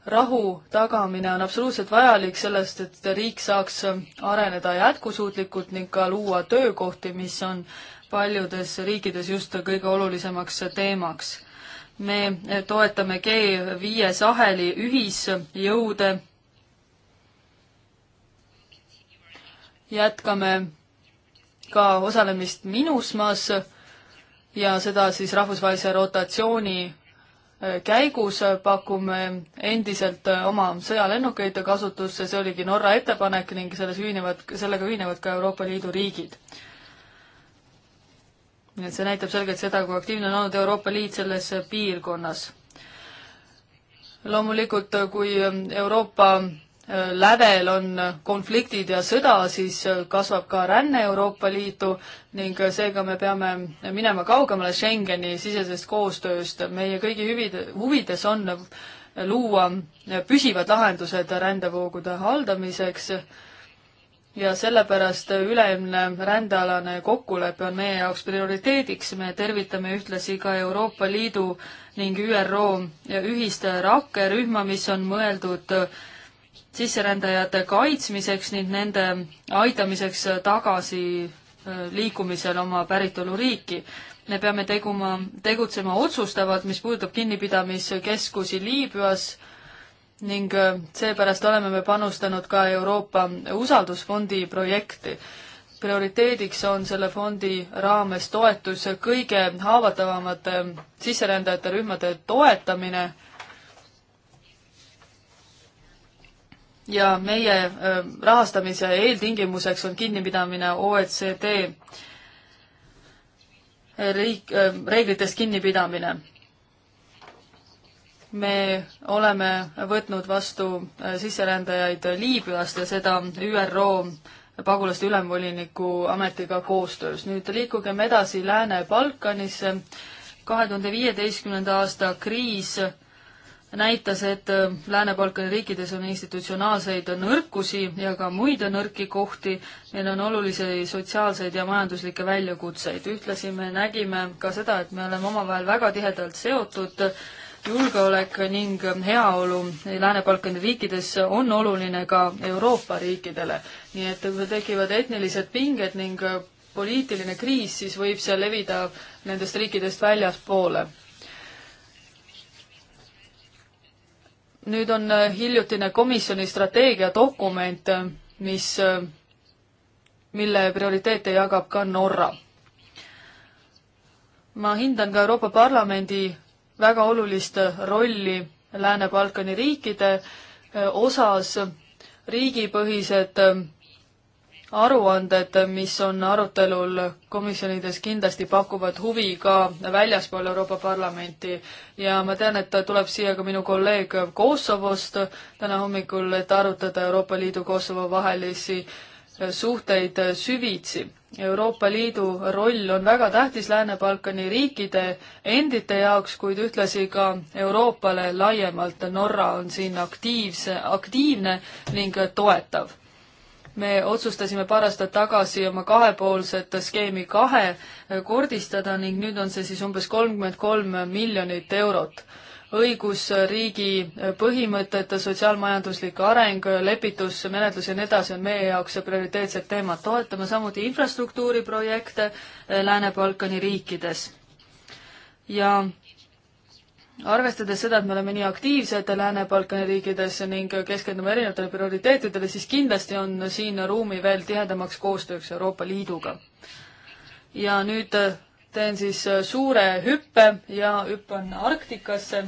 rahu tagamine on absoluutselt vajalik sellest, et riik saaks areneda jätkusuutlikult ning ka luua töökohti, mis on paljudes riikides just kõige olulisemaks teemaks. me toetame G5 saheli ühisjõude, jätkame ka osalemist Minusmas ja seda siis rahvusvahelise rotatsiooni äh, käigus pakume endiselt äh, oma sõjalennukeid kasutusse, see oligi Norra ettepanek ning selles ühinevad, sellega ühinevad ka Euroopa Liidu riigid nii et see näitab selgelt seda, kui aktiivne on olnud Euroopa Liit selles piirkonnas. loomulikult, kui Euroopa äh, lävel on konfliktid ja sõda, siis äh, kasvab ka ränne Euroopa Liitu ning äh, seega me peame minema kaugemale Schengeni sisesest koostööst. meie kõigi hüvide, huvides on luua püsivad lahendused rändevoogude haldamiseks ja sellepärast üleilmne rändealane kokkulepe on meie jaoks prioriteediks. me tervitame ühtlasi ka Euroopa Liidu ning ÜRO ühist rakkerühma, mis on mõeldud sisserändajate kaitsmiseks ning nende aitamiseks tagasi äh, liikumisel oma päritoluriiki. me peame teguma, tegutsema otsustavalt, mis puudutab kinnipidamiskeskusi Liibüas ning äh, seepärast oleme me panustanud ka Euroopa usaldusfondi projekti. prioriteediks on selle fondi raames toetus kõige haavatavamate sisserändajate rühmade toetamine ja meie äh, rahastamise eeltingimuseks on kinnipidamine OECD riik, äh, reeglitest kinnipidamine me oleme võtnud vastu äh, sisserändajaid Liibüast ja seda ÜRO pagulaste ülemvoliniku ametiga koostöös. nüüd liikugem edasi Lääne-Balkanisse. kahe tuhande viieteistkümnenda aasta kriis näitas, et äh, Lääne-Balkani riikides on institutsionaalseid nõrkusi ja ka muid nõrki kohti. Neil on olulisi sotsiaalseid ja majanduslikke väljakutseid. ühtlasi me nägime ka seda, et me oleme omavahel väga tihedalt seotud julgeolek ning heaolu Lääne-Balkani riikides on oluline ka Euroopa riikidele. nii et kui tekivad etnilised pinged ning poliitiline kriis, siis võib see levida nendest riikidest väljaspoole. nüüd on hiljutine komisjoni strateegiadokument, mis, mille prioriteete jagab ka Norra ma hindan ka Euroopa Parlamendi väga olulist rolli Lääne-Balkani riikide e, osas, riigipõhised e, aruanded, mis on arutelul komisjonides, kindlasti pakuvad huvi ka väljaspool Euroopa Parlamenti. ja ma tean, et tuleb siia ka minu kolleeg Kosovost täna hommikul, et arutada Euroopa Liidu Kosovo vahelisi e, suhteid süvitsi Euroopa Liidu roll on väga tähtis Lääne-Balkani riikide endite jaoks, kuid ühtlasi ka Euroopale laiemalt. Norra on siin aktiivse, aktiivne ning toetav. me otsustasime paar aastat tagasi oma kahepoolset skeemi kahekordistada ning nüüd on see siis umbes kolmkümmend kolm miljonit eurot õigusriigi põhimõtted, sotsiaalmajanduslik areng, lepitusmenetlus ja nii edasi on meie jaoks prioriteetsed teemad. toetame samuti infrastruktuuriprojekte eh, Lääne-Balkani riikides. ja arvestades seda, et me oleme nii aktiivsed Lääne-Balkani riikides ning keskendume erinevatele prioriteetidele, siis kindlasti on siin ruumi veel tihedamaks koostööks Euroopa Liiduga. ja nüüd eh, teen siis eh, suure hüppe ja hüppan Arktikasse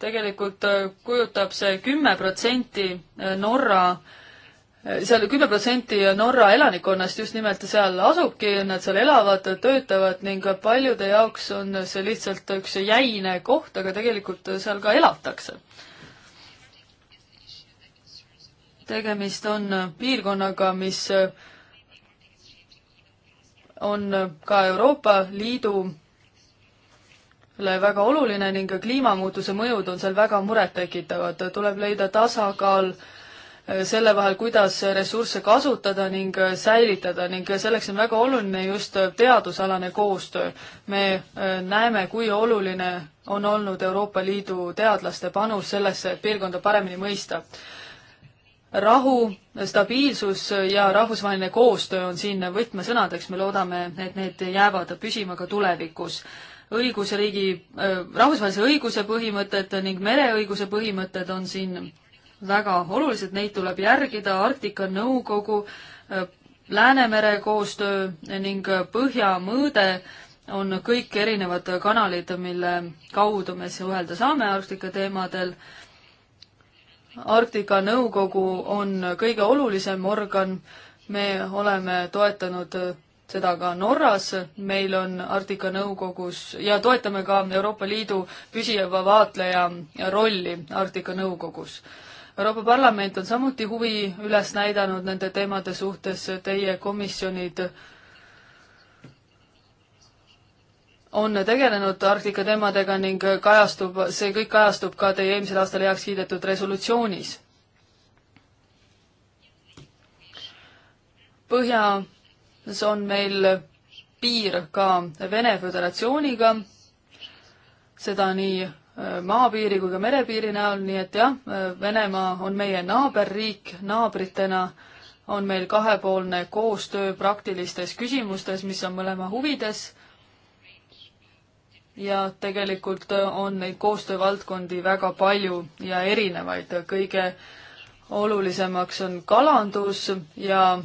tegelikult äh, kujutab see kümme protsenti äh, Norra äh, seal kümme protsenti Norra elanikkonnast just nimelt seal asubki, nad seal elavad, töötavad ning paljude jaoks on see lihtsalt üks jäine koht, aga tegelikult seal ka elatakse. tegemist on piirkonnaga, mis on ka Euroopa Liidu väga oluline ning kliimamuutuse mõjud on seal väga murettekitavad, tuleb leida tasakaal äh, selle vahel, kuidas ressursse kasutada ning äh, säilitada ning selleks on väga oluline just teadusalane koostöö. me äh, näeme, kui oluline on olnud Euroopa Liidu teadlaste panus sellesse, et piirkonda paremini mõista. rahu, stabiilsus ja rahvusvaheline koostöö on siin võtmesõnadeks, me loodame, et need jäävad püsima ka tulevikus õigusriigi, äh, rahvusvahelise õiguse põhimõtted ning mereõiguse põhimõtted on siin väga olulised, neid tuleb järgida, Arktika Nõukogu, äh, Läänemere koostöö ning äh, põhjamõõde on kõik erinevad kanalid, mille kaudu me suhelda saame Arktika teemadel. Arktika Nõukogu on kõige olulisem organ, me oleme toetanud seda ka Norras, meil on Arktika Nõukogus ja toetame ka Euroopa Liidu püsiva vaatleja rolli Arktika Nõukogus. Euroopa Parlament on samuti huvi üles näidanud nende teemade suhtes, teie komisjonid on tegelenud Arktika teemadega ning kajastub, see kõik kajastub ka teie eelmisel aastal heaks kiidetud resolutsioonis. Põhja see on meil piir ka Vene Föderatsiooniga, seda nii äh, maapiiri kui ka merepiiri näol, nii et jah, äh, Venemaa on meie naaberriik, naabritena on meil kahepoolne koostöö praktilistes küsimustes, mis on mõlema huvides. ja tegelikult äh, on neid koostöövaldkondi väga palju ja erinevaid, kõige olulisemaks on kalandus ja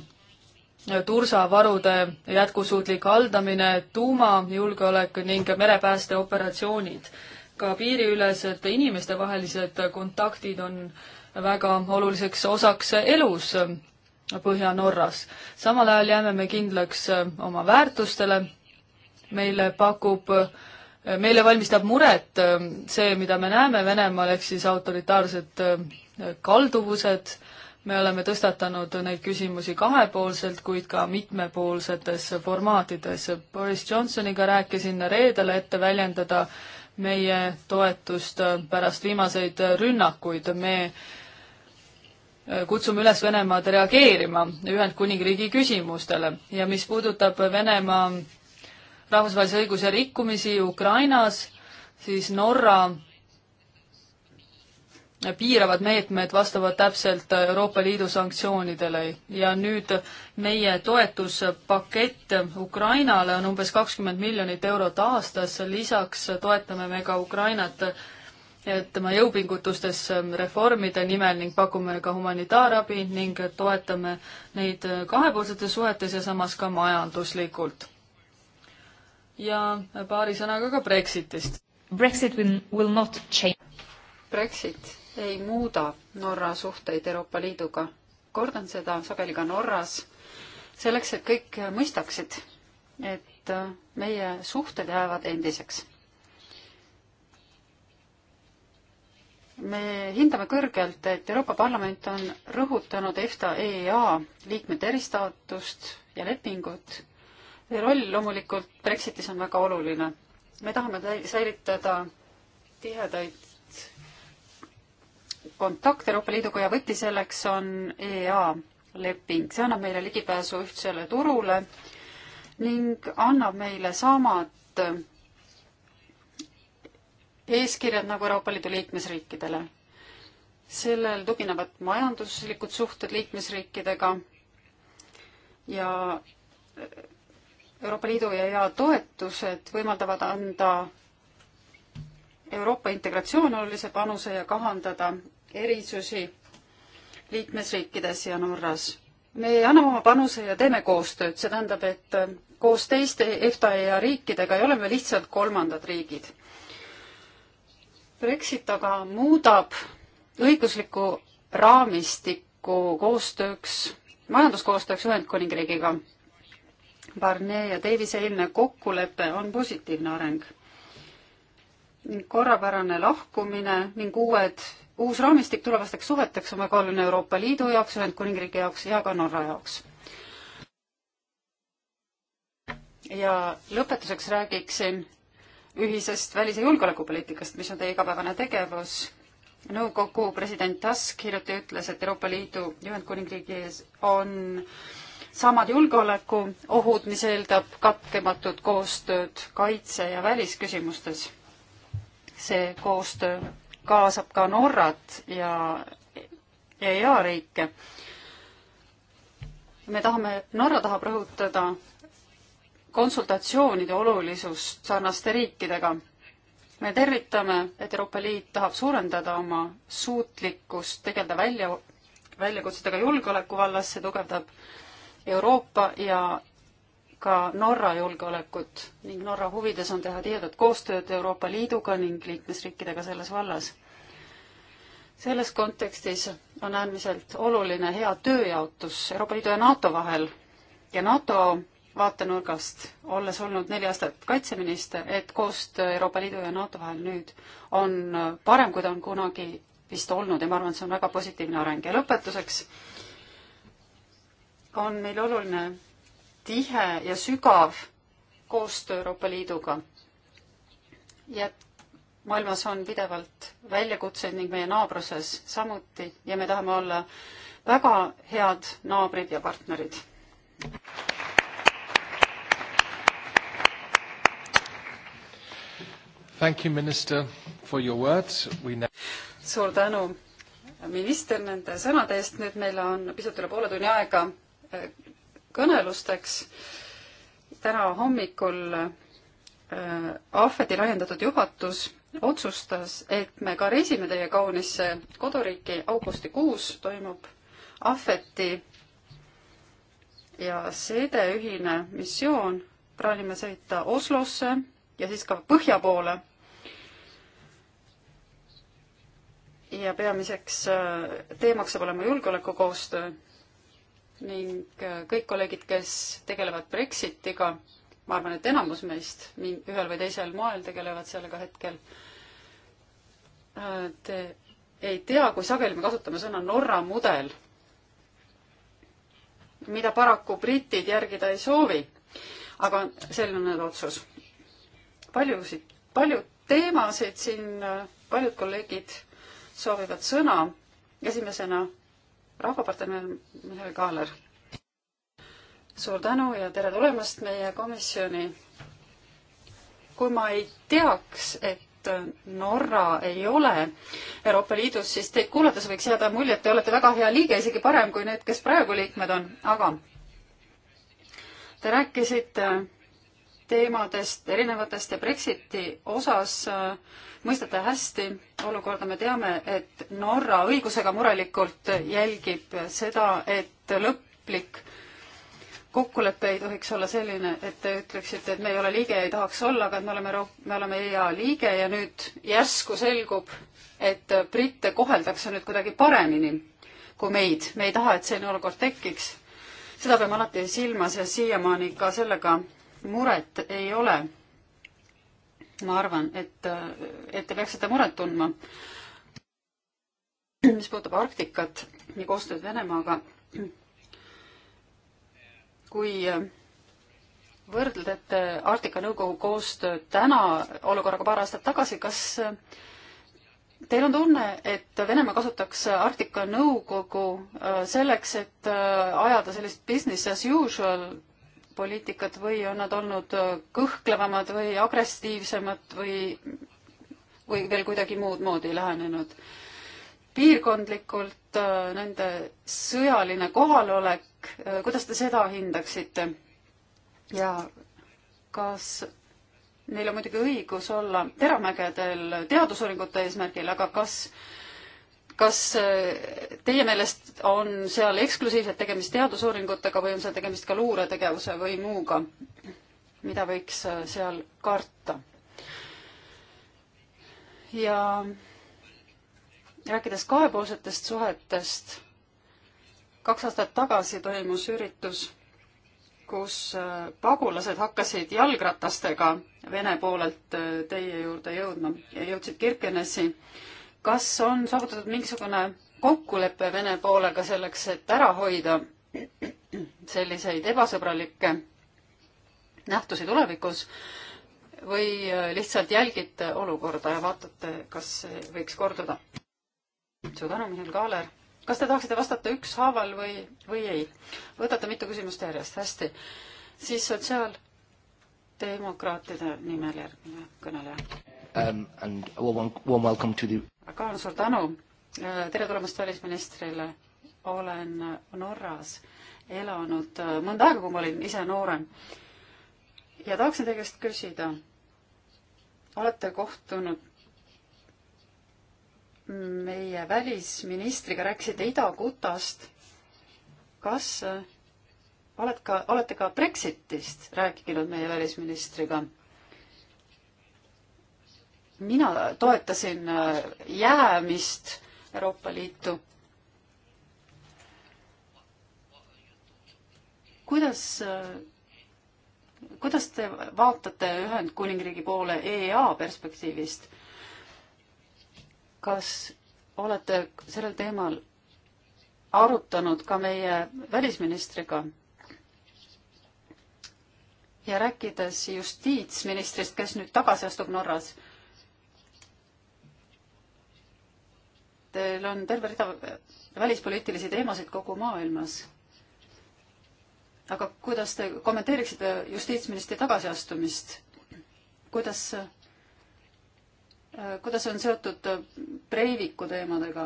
tursavarude jätkusuutlik haldamine, tuumajulgeolek ning merepäästeoperatsioonid. ka piiriülesed inimestevahelised kontaktid on väga oluliseks osaks elus Põhja-Norras. samal ajal jääme me kindlaks oma väärtustele, meile pakub meile valmistab muret see, mida me näeme Venemaal, ehk siis autoritaarsed kalduvused me oleme tõstatanud neid küsimusi kahepoolselt, kuid ka mitmepoolsetes formaatides. Boris Johnsoniga rääkisin reedel, et väljendada meie toetust pärast viimaseid rünnakuid. me kutsume üles Venemaad reageerima Ühendkuningriigi küsimustele ja mis puudutab Venemaa rahvusvahelise õiguse rikkumisi Ukrainas, siis Norra piiravad meetmed vastavad täpselt Euroopa Liidu sanktsioonidele ja nüüd meie toetuspakett Ukrainale on umbes kakskümmend miljonit eurot aastas, lisaks toetame me ka Ukrainat tema jõupingutustes reformide nimel ning pakume ka humanitaarabi ning toetame neid kahepoolsetes suhetes ja samas ka majanduslikult. ja paari sõnaga ka Brexitist. Brexit will, will not change. Brexit ei muuda Norra suhteid Euroopa Liiduga. kordan seda sageli ka Norras, selleks, et kõik mõistaksid, et meie suhted jäävad endiseks. me hindame kõrgelt, et Euroopa Parlament on rõhutanud EFTA EEA liikmete eristaatust ja lepingut. roll loomulikult Brexitis on väga oluline. me tahame säilitada tihedaid kontakt Euroopa Liiduga ja võti selleks on EA leping. see annab meile ligipääsu ühtsele turule ning annab meile samad eeskirjad nagu Euroopa Liidu liikmesriikidele. sellel tuginevad majanduslikud suhted liikmesriikidega ja Euroopa Liidu ja EA toetused võimaldavad anda Euroopa integratsioon olulise panuse ja kahandada erisusi liikmesriikides ja Norras. me anname oma panuse ja teeme koostööd, see tähendab, et äh, koos teiste EFTA ja riikidega ei ole me lihtsalt kolmandad riigid. Brexit aga muudab õiguslikku raamistikku koostööks, majanduskoostööks Ühendkuningriigiga. Barnier ja Davise eilne kokkulepe on positiivne areng ning korrapärane lahkumine ning uued uus raamistik tulevasteks suheteks on väga oluline Euroopa Liidu jaoks, Ühendkuningriigi jaoks ja ka Norra jaoks. ja lõpetuseks räägiksin ühisest välis- ja julgeolekupoliitikast, mis on teie igapäevane tegevus. nõukogu president Tusk hiljuti ütles, et Euroopa Liidu ja Ühendkuningriigi ees on samad julgeolekuohud, mis eeldab katkematut koostööd kaitse- ja välisküsimustes. see koostöö kaasab ka Norrat ja, ja eariike. me tahame, Norra tahab rõhutada konsultatsioonide olulisust sarnaste riikidega. me tervitame, et Euroopa Liit tahab suurendada oma suutlikkust tegeleda välja, väljakutsetega julgeoleku vallas, see tugevdab Euroopa ja ka Norra julgeolekut ning Norra huvides on teha tihedat koostööd Euroopa Liiduga ning liikmesriikidega selles vallas. selles kontekstis on äärmiselt oluline hea tööjaotus Euroopa Liidu ja NATO vahel ja NATO vaatenurgast, olles olnud neli aastat kaitseminister, et koostöö Euroopa Liidu ja NATO vahel nüüd on parem, kui ta on kunagi vist olnud ja ma arvan, et see on väga positiivne areng ja lõpetuseks on meil oluline tihe ja sügav koostöö Euroopa Liiduga. ja maailmas on pidevalt väljakutseid ning meie naabruses samuti ja me tahame olla väga head naabrid ja partnerid. Thank you, minister, for your words. We suur tänu, minister, nende sõnade eest. nüüd meil on pisut üle poole tunni aega kõnelusteks. täna hommikul äh, Ahveti laiendatud juhatus otsustas, et me ka reisime teie kaunisse koduriiki augustikuus toimub Ahveti ja Sede ühine missioon. plaanime sõita Oslosse ja siis ka põhja poole ja peamiseks äh, teemaks saab olema julgeolekukoostöö ning äh, kõik kolleegid, kes tegelevad Brexitiga, ma arvan, et enamus meist ühel või teisel moel tegelevad sellega hetkel. Äh, te ei tea, kui sageli me kasutame sõna Norra mudel, mida paraku britid järgida ei soovi. aga selline on otsus. paljusid, paljud teemasid siin, äh, paljud kolleegid soovivad sõna. esimesena rahvapartner Mihhail Kaaler. suur tänu ja tere tulemast meie komisjoni. kui ma ei teaks, et Norra ei ole Euroopa Liidus, siis teid kuulates võiks jääda mulje, et te olete väga hea liige, isegi parem kui need, kes praegu liikmed on, aga te rääkisite teemadest, erinevatest ja Brexiti osas äh, mõistate hästi olukorda, me teame, et Norra õigusega murelikult jälgib seda, et lõplik kokkulepe ei tohiks olla selline, et te ütleksite, et me ei ole liige, ei tahaks olla, aga et me oleme Euro-, me oleme EA liige ja nüüd järsku selgub, et britte koheldakse nüüd kuidagi paremini kui meid. me ei taha, et selline olukord tekiks. seda peame alati silmas ja siiamaani ka sellega muret ei ole. ma arvan, et, et te peaksite muret tundma. mis puudutab Arktikat ja koostööd Venemaaga, kui võrdlete Arktika Nõukogu koostööd täna olukorraga paar aastat tagasi, kas Teil on tunne, et Venemaa kasutaks Arktika Nõukogu selleks, et ajada sellist business as usual poliitikat või on nad olnud kõhklevamad või agressiivsemad või, või veel kuidagi muud moodi lähenenud. piirkondlikult äh, nende sõjaline kohalolek, äh, kuidas te seda hindaksite? ja kas neil on muidugi õigus olla teramägedel teadusuuringute eesmärgil, aga kas äh, kas äh, teie meelest on seal eksklusiivselt tegemist teadusuuringutega või on seal tegemist ka luuretegevuse või muuga, mida võiks äh, seal karta? ja rääkides kahepoolsetest suhetest, kaks aastat tagasi toimus üritus, kus äh, pagulased hakkasid jalgratastega Vene poolelt teie juurde jõudma ja jõudsid Kirkenesi äh, kas on saavutatud mingisugune kokkulepe Vene poolega selleks, et ära hoida selliseid ebasõbralikke nähtusi tulevikus või lihtsalt jälgite olukorda ja vaatate, kas see võiks korduda? suur tänu, Mihhail Kaaler. kas te tahaksite vastata ükshaaval või, või ei? võtate mitu küsimust järjest, hästi. siis sotsiaaldemokraatide nimel järgmine kõneleja um,. And warm, warm welcome to the ka suur tänu. Äh, tere tulemast välisministrile. olen Norras elanud äh, mõnda aega, kui ma olin ise noorem. ja tahaksin teie käest küsida. olete kohtunud meie välisministriga, rääkisite Ida-Gutast. kas äh, oled ka, olete ka Brexitist rääkinud meie välisministriga? mina toetasin äh, jäämist Euroopa Liitu. kuidas, äh, kuidas te vaatate Ühendkuningriigi poole EEA perspektiivist? kas olete sellel teemal arutanud ka meie välisministriga? ja rääkides justiitsministrist, kes nüüd tagasi astub Norras teil on terve rida välispoliitilisi teemasid kogu maailmas. aga kuidas te kommenteeriksite justiitsministri tagasiastumist? kuidas, äh, kuidas on seotud äh, Breiviku teemadega?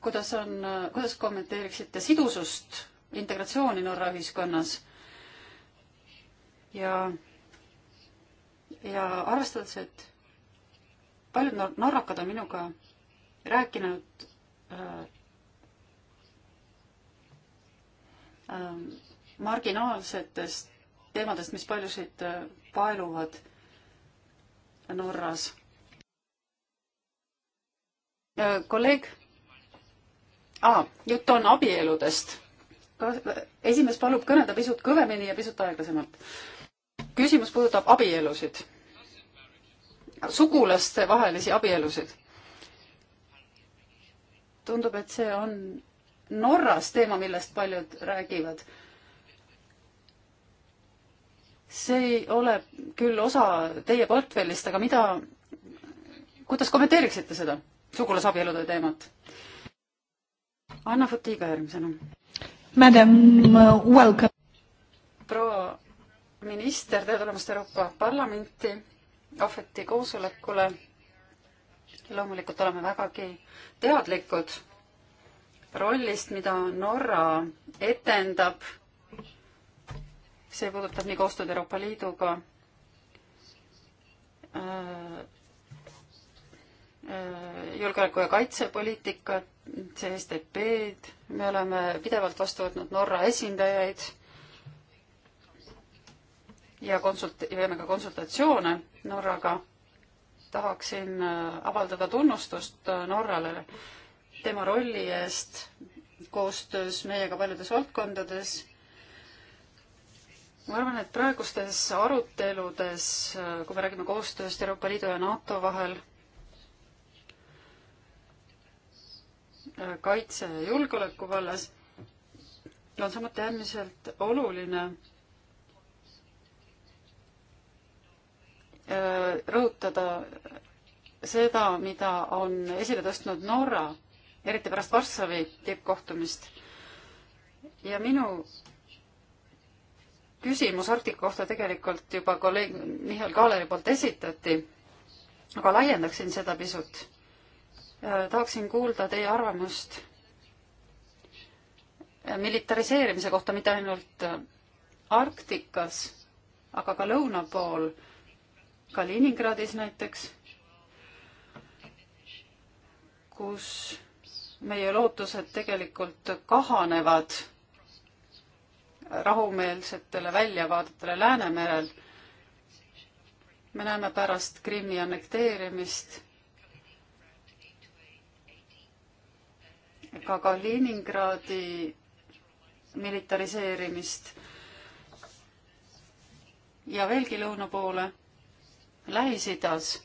kuidas on, äh, kuidas kommenteeriksite sidusust, integratsiooni Norra ühiskonnas? ja, ja arvestades, et paljud norrakad on minuga rääkinud äh, äh, marginaalsetest teemadest, mis paljusid äh, paeluvad Norras. kolleeg ah,, jutt on abieludest. Äh, esimees palub kõnelda pisut kõvemini ja pisut aeglasemalt. küsimus puudutab abielusid sugulaste vahelisi abielusid. tundub, et see on Norras teema, millest paljud räägivad. see ei ole küll osa teie portfellist, aga mida, kuidas kommenteeriksite seda sugulasabielude teemat? Anna Futiga järgmisena. Madam, uh, welcome. proua minister, tere tulemast Euroopa Parlamenti ahveti koosolekule. loomulikult oleme vägagi teadlikud rollist, mida Norra etendab. see puudutab nii koostööd Euroopa Liiduga äh, äh, julgeoleku- ja kaitsepoliitikat, CSDP-d, me oleme pidevalt vastu võtnud Norra esindajaid ja konsult-, peame ka konsultatsioone Norraga. tahaksin äh, avaldada tunnustust äh, Norrale tema rolli eest koostöös meiega paljudes valdkondades. ma arvan, et praegustes aruteludes, äh, kui me räägime koostööst Euroopa Liidu ja NATO vahel, kaitse ja julgeoleku vallas, on samuti äärmiselt oluline Äh, rõhutada seda, mida on esile tõstnud Norra, eriti pärast Varssavi tippkohtumist. ja minu küsimus Arktika kohta tegelikult juba kolleeg Mihhail Kaaleri poolt esitati, aga laiendaksin seda pisut. Äh, tahaksin kuulda teie arvamust äh, militariseerimise kohta mitte ainult Arktikas, aga ka lõuna pool Kaliningradis näiteks, kus meie lootused tegelikult kahanevad rahumeelsetele väljavaadetele Läänemerel. me näeme pärast Krimmi annekteerimist ka Kaliningradi militariseerimist ja veelgi lõuna poole Lähis-Idas.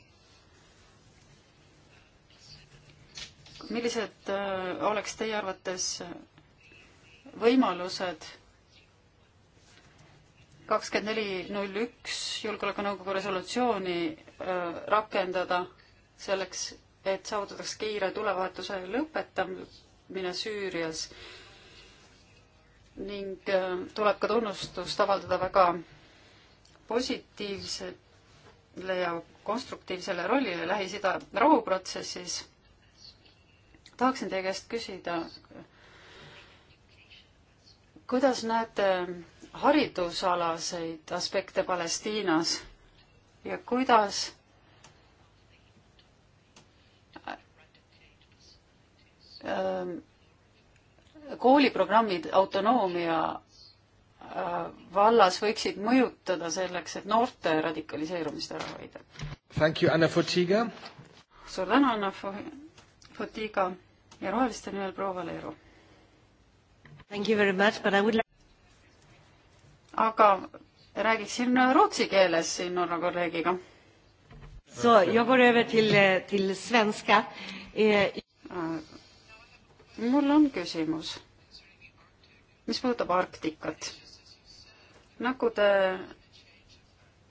millised äh, oleks teie arvates võimalused kakskümmend neli null üks Julgeolekunõukogu resolutsiooni äh, rakendada selleks, et saavutataks kiire tulevahetuse lõpetamine Süürias ning äh, tuleb ka tunnustust avaldada väga positiivset ja konstruktiivsele rollile Lähis-Ida rahuprotsessis. tahaksin teie käest küsida, kuidas näete haridusalaseid aspekte Palestiinas ja kuidas ähm, kooliprogrammid autonoomia Äh, vallas võiksid mõjutada selleks, et noorte radikaliseerumist ära hoida. Thank you, Anna Fotiga. suur tänu, Anna Fotiga ja roheliste nimel proua Valeru. Thank you very much, but I would like aga räägiksin rootsi keeles siin Norra kolleegiga. So, jag går över till, eh, till svenska. Eh... Äh, mul on küsimus, mis puudutab Arktikat nagu te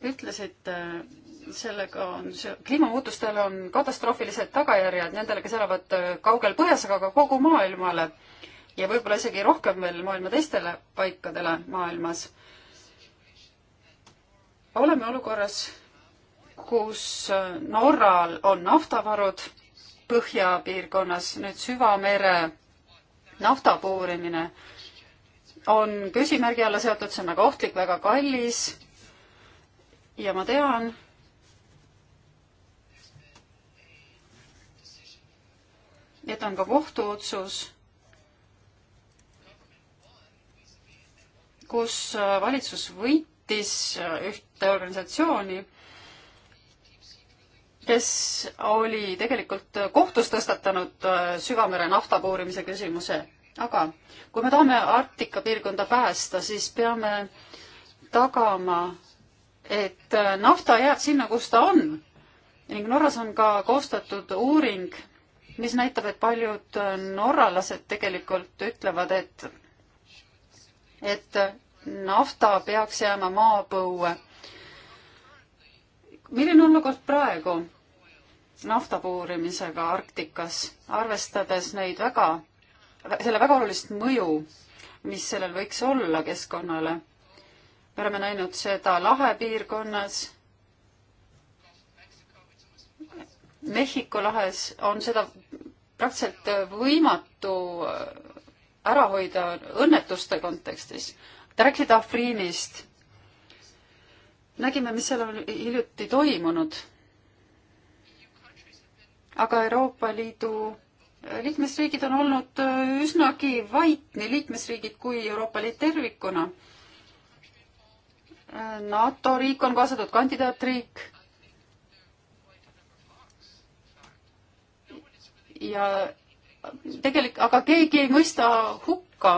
ütlesite, sellega on, kliimamuutustel on katastroofilised tagajärjed nendele, kes elavad äh, kaugel põhjas, aga ka kogu maailmale ja võib-olla isegi rohkem veel maailma teistele paikadele maailmas. oleme olukorras, kus äh, Norral on naftavarud põhjapiirkonnas, nüüd süvamere nafta puurimine on küsimärgi alla seotud, see on väga ohtlik, väga kallis. ja ma tean, et on ka kohtuotsus, kus valitsus võitis ühte organisatsiooni, kes oli tegelikult kohtus tõstatanud süvamere nafta puurimise küsimuse aga kui me tahame Arktika piirkonda päästa, siis peame tagama, et nafta jääb sinna, kus ta on. ning Norras on ka koostatud uuring, mis näitab, et paljud norralased tegelikult ütlevad, et, et nafta peaks jääma maapõue. milline olukord praegu nafta puurimisega Arktikas, arvestades neid väga selle väga olulist mõju, mis sellel võiks olla keskkonnale. me oleme näinud seda lahe piirkonnas. Mehhiko lahes on seda praktiliselt võimatu ära hoida õnnetuste kontekstis. Te rääkisite Afriinist. nägime, mis seal on hiljuti toimunud. aga Euroopa Liidu liikmesriigid on olnud äh, üsnagi vait, nii liikmesriigid kui Euroopa Liit tervikuna. Äh, NATO riik on kaasatud kandidaatriik. ja tegelik, aga keegi ei mõista hukka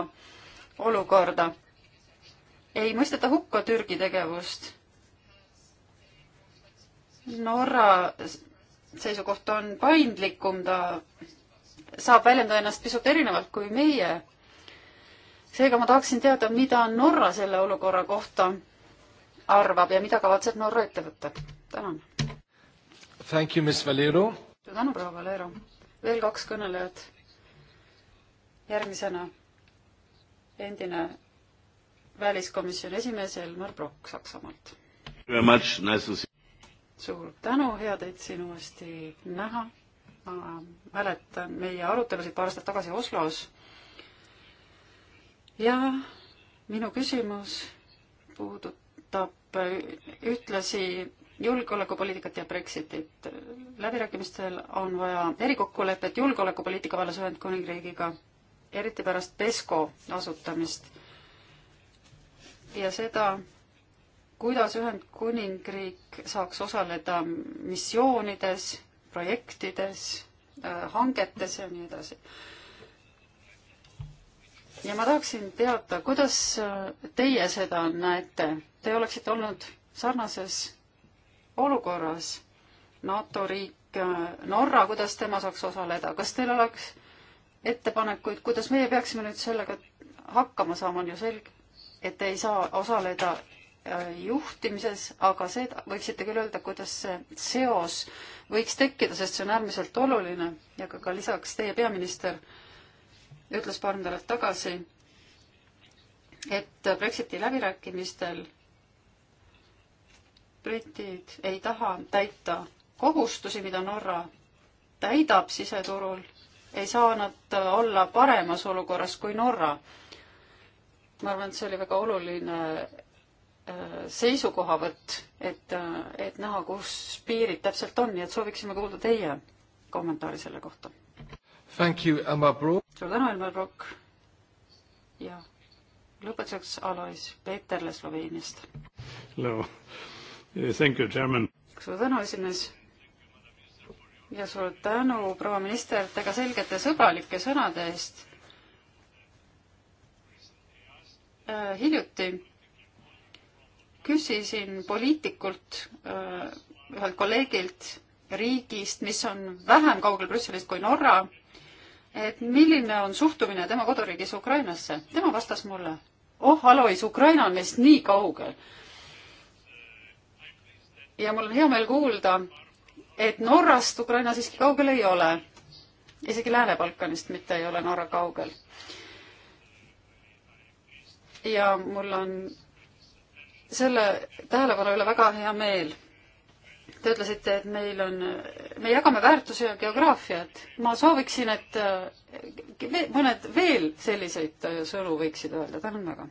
olukorda. ei mõisteta hukka Türgi tegevust. Norra seisukoht on paindlikum, ta saab väljendada ennast pisut erinevalt kui meie. seega ma tahaksin teada, mida Norra selle olukorra kohta arvab ja mida kavatseb Norra ette võtta. tänan. Thank you, Miss Valero. suur tänu, proua Valero. veel kaks kõnelejat. järgmisena endine väliskomisjoni esimees Elmar Brokk Saksamaalt. Nice suur tänu, hea teid siin uuesti näha ma mäletan meie arutelusid paar aastat tagasi Oslos. ja minu küsimus puudutab ühtlasi julgeolekupoliitikat ja Brexitit. läbirääkimistel on vaja erikokkulepet julgeolekupoliitika vallas Ühendkuningriigiga, eriti pärast PESCO asutamist. ja seda, kuidas Ühendkuningriik saaks osaleda missioonides projektides, äh, hangetes ja nii edasi. ja ma tahaksin teada, kuidas äh, teie seda näete? Te oleksite olnud sarnases olukorras, NATO riik, äh, Norra, kuidas tema saaks osaleda, kas teil oleks ettepanekuid, kuidas meie peaksime nüüd sellega hakkama saama, on ju selge, et ei saa osaleda juhtimises, aga seda võiksite küll öelda, kuidas see seos võiks tekkida, sest see on äärmiselt oluline ja ka, ka lisaks teie peaminister ütles paar nädalat tagasi, et Brexiti läbirääkimistel britid ei taha täita kohustusi, mida Norra täidab siseturul, ei saa nad olla paremas olukorras kui Norra. ma arvan, et see oli väga oluline seisukohavõtt, et, et näha, kus piirid täpselt on, nii et sooviksime kuulda teie kommentaari selle kohta. suur tänu, Elmar Brok. ja lõpetuseks Alois Peeterle Sloveeniast. suur tänu, esimees. ja suur tänu, proua minister, väga selgete sõbralike sõnade eest. Äh, hiljuti küsisin poliitikult, äh, ühelt kolleegilt riigist, mis on vähem kaugel Brüsselist kui Norra, et milline on suhtumine tema koduriigis Ukrainasse. tema vastas mulle, oh Alois, Ukraina on meist nii kaugel. ja mul on hea meel kuulda, et Norrast Ukraina siiski kaugel ei ole. isegi Lääne-Balkanist mitte ei ole Norra kaugel. ja mul on selle tähelepanu üle väga hea meel. Te ütlesite, et meil on, me jagame väärtusi ja geograafiat. ma sooviksin, et äh, mõned veel selliseid äh, sõnu võiksid öelda, tänan väga.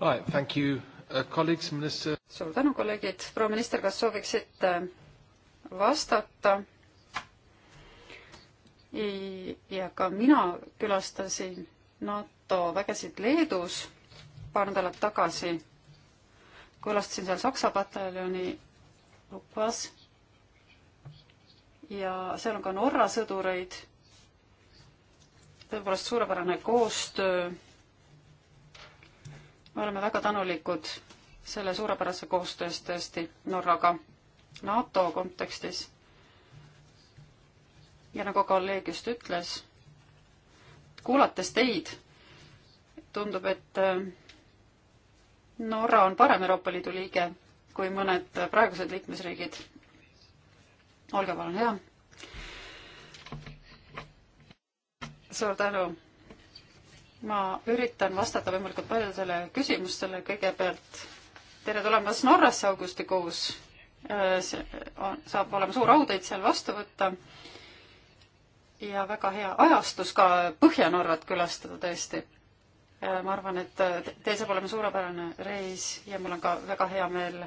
Right, thank you uh,, colleagues, minister. suur tänu, kolleegid. proua minister, kas sooviksite äh, vastata? ja ka mina külastasin NATO vägesid Leedus paar nädalat tagasi külastasin seal Saksa pataljoni Lukvas ja seal on ka Norra sõdureid. tõepoolest suurepärane koostöö. me oleme väga tänulikud selle suurepärase koostöö eest tõesti Norraga NATO kontekstis. ja nagu kolleeg just ütles, kuulates teid, tundub, et äh, Norra on parem Euroopa Liidu liige kui mõned praegused liikmesriigid. olge palun hea. suur tänu. ma üritan vastata võimalikult paljudele küsimustele. kõigepealt tere tulemast Norrasse augustikuus. Äh, see on, saab olema suur au teid seal vastu võtta. ja väga hea ajastus ka Põhja-Norrat külastada tõesti Äh, ma arvan, et äh, teil saab olema suurepärane reis ja mul on ka väga hea meel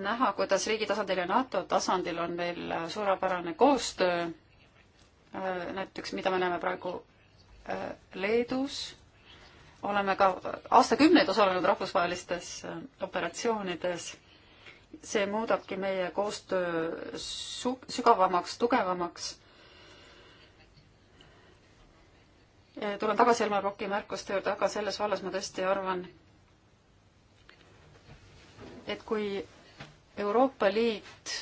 näha, kuidas riigi tasandil ja NATO tasandil on meil äh, suurepärane koostöö. näiteks, mida me näeme praegu Leedus, oleme ka aastakümneid osalenud rahvusvahelistes operatsioonides. see muudabki meie koostöö sügavamaks, tugevamaks tulen tagasi Elmar Broki märkuste juurde, aga selles vallas ma tõesti arvan, et kui Euroopa Liit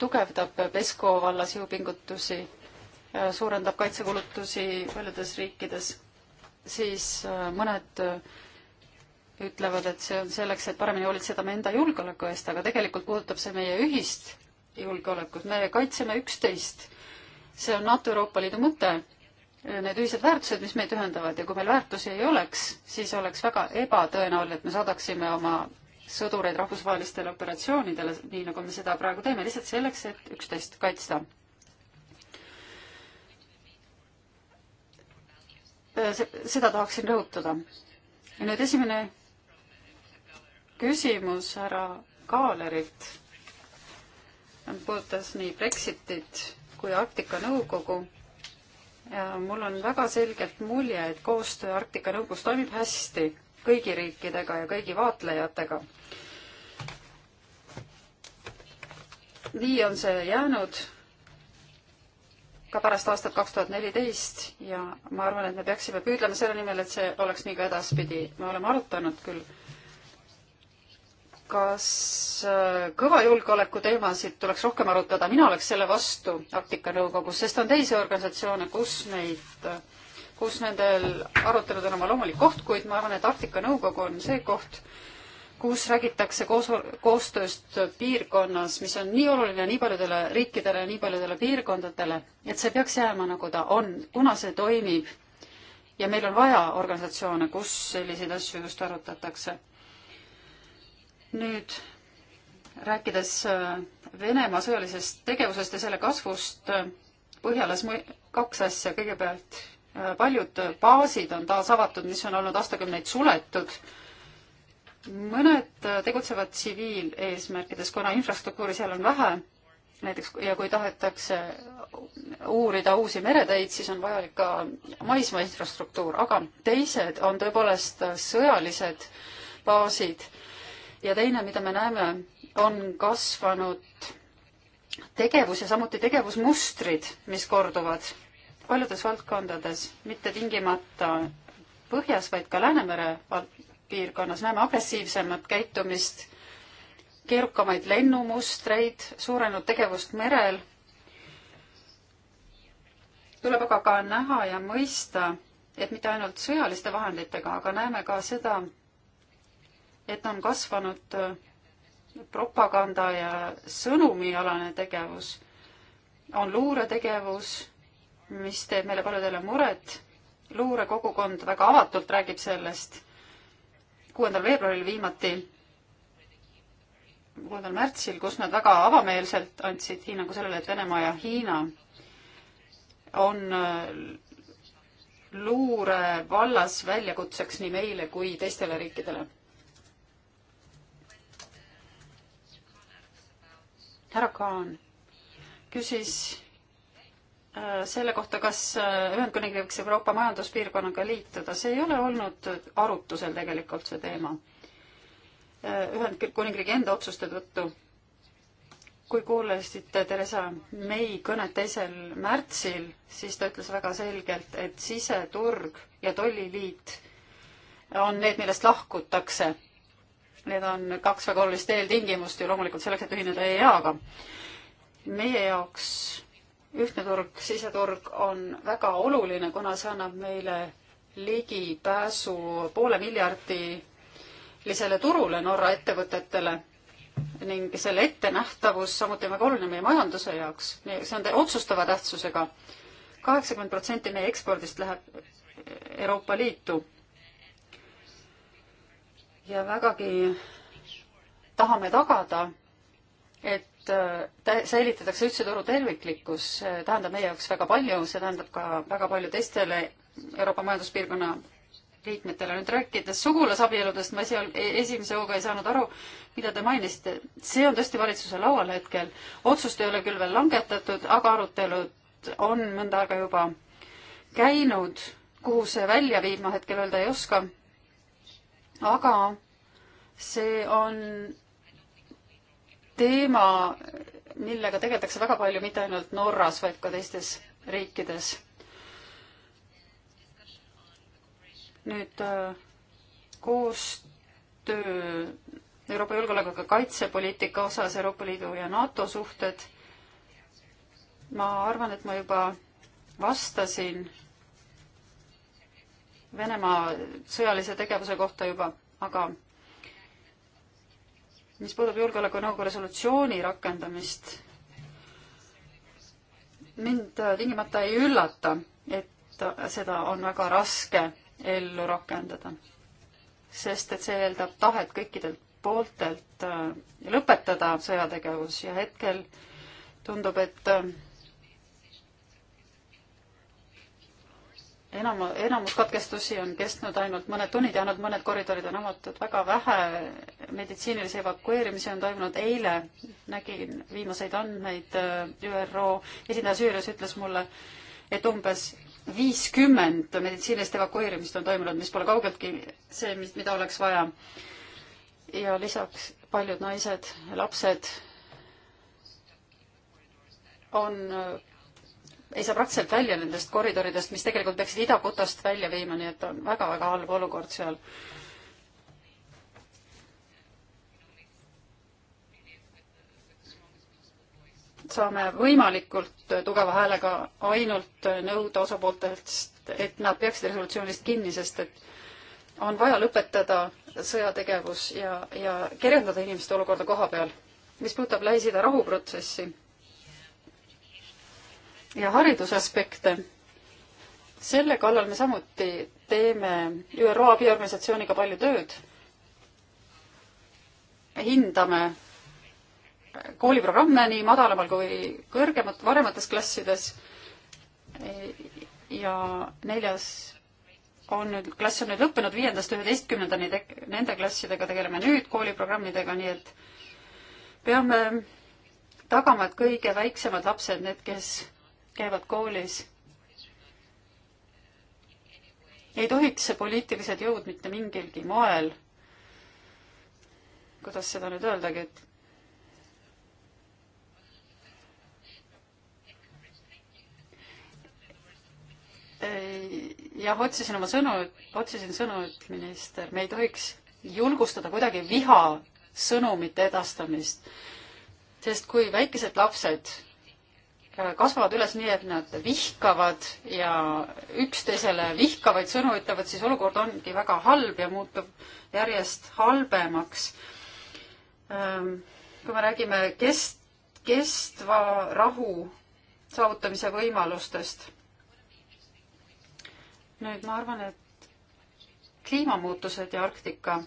tugevdab Pesco vallas jõupingutusi, äh, suurendab kaitsekulutusi paljudes riikides, siis äh, mõned äh, ütlevad, et see on selleks, et paremini hoolitseda me enda julgeoleku eest, aga tegelikult puudutab see meie ühist julgeolekut, me kaitseme üksteist. see on NATO Euroopa Liidu mõte need ühised väärtused, mis meid ühendavad ja kui meil väärtusi ei oleks, siis oleks väga ebatõenäoline, et me saadaksime oma sõdureid rahvusvahelistele operatsioonidele, nii nagu me seda praegu teeme, lihtsalt selleks, et üksteist kaitsta. seda tahaksin rõhutada. ja nüüd esimene küsimus härra Kaalerilt puudutas nii Brexitit kui Arktika Nõukogu mul on väga selgelt mulje, et koostöö Arktika Nõukogus toimib hästi kõigi riikidega ja kõigi vaatlejatega. nii on see jäänud ka pärast aastat kaks tuhat neliteist ja ma arvan, et me peaksime püüdlema selle nimel, et see oleks nii ka edaspidi. me oleme arutanud küll kas äh, kõva julgeoleku teemasid tuleks rohkem arutada, mina oleks selle vastu Arktika Nõukogus, sest on teisi organisatsioone, kus neid, kus nendel arutelud on oma loomulik koht, kuid ma arvan, et Arktika Nõukogu on see koht, kus räägitakse koos, koostööst piirkonnas, mis on nii oluline nii paljudele riikidele, nii paljudele piirkondadele, et see peaks jääma, nagu ta on, kuna see toimib ja meil on vaja organisatsioone, kus selliseid asju just arutatakse nüüd rääkides äh, Venemaa sõjalisest tegevusest ja selle kasvust, äh, Põhjalas kaks asja, kõigepealt äh, paljud baasid on taas avatud, mis on olnud aastakümneid suletud. mõned tegutsevad tsiviileesmärkides, kuna infrastruktuuri seal on vähe, näiteks ja kui tahetakse uurida uusi mereteid, siis on vajalik ka maismaa infrastruktuur, aga teised on tõepoolest sõjalised baasid ja teine, mida me näeme, on kasvanud tegevus ja samuti tegevusmustrid, mis korduvad paljudes valdkondades, mitte tingimata põhjas, vaid ka Läänemere piirkonnas näeme agressiivsemat käitumist, keerukamaid lennumustreid, suurenenud tegevust merel. tuleb aga ka näha ja mõista, et mitte ainult sõjaliste vahenditega, aga näeme ka seda, et on kasvanud äh, propaganda ja sõnumialane tegevus, on luuretegevus, mis teeb meile paljudele muret, luurekogukond väga avatult räägib sellest, kuuendal veebruaril viimati, kuuendal märtsil, kus nad väga avameelselt andsid hinnangu sellele, et Venemaa ja Hiina on äh, luure vallas väljakutseks nii meile kui teistele riikidele härra Kaan küsis äh, selle kohta, kas äh, Ühendkuningriik võiks Euroopa Majanduspiirkonnaga liituda, see ei ole olnud arutusel tegelikult, see teema. Äh, Ühendkuningriigi enda otsuste tõttu. kui kuulasite Theresa May kõnet teisel märtsil, siis ta ütles väga selgelt, et siseturg ja tolliliit on need, millest lahkutakse Need on kaks väga olulist eeltingimust ju loomulikult selleks, et ühineda EEA-ga. meie jaoks ühtne turg, siseturg on väga oluline, kuna see annab meile ligipääsu poole miljardilisele turule Norra ettevõtetele ning selle ettenähtavus samuti on väga oluline meie majanduse jaoks. see on otsustava tähtsusega. kaheksakümmend protsenti meie ekspordist läheb Euroopa Liitu ja vägagi tahame tagada, et äh, säilitatakse ühtse turu terviklikkus, tähendab meie jaoks väga palju, see tähendab ka väga palju teistele Euroopa Majanduspiirkonna liikmetele. nüüd rääkides sugulasabieludest, ma esial-, e-, esimese hooga ei saanud aru, mida te mainisite. see on tõesti valitsuse laual hetkel. otsust ei ole küll veel langetatud, aga arutelud on mõnda aega juba käinud. kuhu see välja viib, ma hetkel öelda ei oska aga see on teema, millega tegeldakse väga palju mitte ainult Norras, vaid ka teistes riikides. nüüd äh, koostöö Euroopa julgeoleku ja kaitsepoliitika osas Euroopa Liidu ja NATO suhted. ma arvan, et ma juba vastasin Venemaa sõjalise tegevuse kohta juba, aga mis puudub Julgeolekunõukogu resolutsiooni rakendamist, mind tingimata ei üllata, et seda on väga raske ellu rakendada. sest et see eeldab tahet kõikidelt pooltelt äh, lõpetada sõjategevus ja hetkel tundub, et äh, enam, enamus katkestusi on kestnud ainult mõned tunnid ja ainult mõned koridorid on avatud. väga vähe meditsiinilisi evakueerimisi on toimunud. eile nägin viimaseid andmeid, äh, ÜRO esindaja Süürias ütles mulle, et umbes viiskümmend meditsiinilist evakueerimist on toimunud, mis pole kaugeltki see, mis, mida oleks vaja. ja lisaks paljud naised ja lapsed on äh, ei saa praktiliselt välja nendest koridoridest, mis tegelikult peaksid idakotast välja viima, nii et on väga-väga halb olukord seal. saame võimalikult tugeva häälega ainult nõuda osapooltelt, et nad peaksid resolutsioonist kinni, sest et on vaja lõpetada sõjategevus ja, ja kirjeldada inimeste olukorda koha peal. mis puudutab Lähis-Ida rahuprotsessi ja haridusaspekte. selle kallal me samuti teeme ÜRO abiorganisatsiooniga palju tööd. hindame kooliprogramme nii madalamal kui kõrgemat, varemates klassides. ja neljas on nüüd, klass on nüüd lõppenud viiendast üheteistkümnendani, nende klassidega tegeleme nüüd kooliprogrammidega, nii et peame tagama, et kõige väiksemad lapsed, need, kes käivad koolis. ei tohiks see poliitilised jõud mitte mingilgi moel, kuidas seda nüüd öeldagi, et jah, otsisin oma sõnu, otsisin sõnu, et minister, me ei tohiks julgustada kuidagi viha sõnumite edastamist. sest kui väikesed lapsed kasvavad üles nii, et nad vihkavad ja üksteisele vihkavaid sõnu ütlevad, siis olukord ongi väga halb ja muutub järjest halvemaks. Ehm, kui me räägime kest-, kestva rahu saavutamise võimalustest, nüüd ma arvan, et kliimamuutused ja Arktika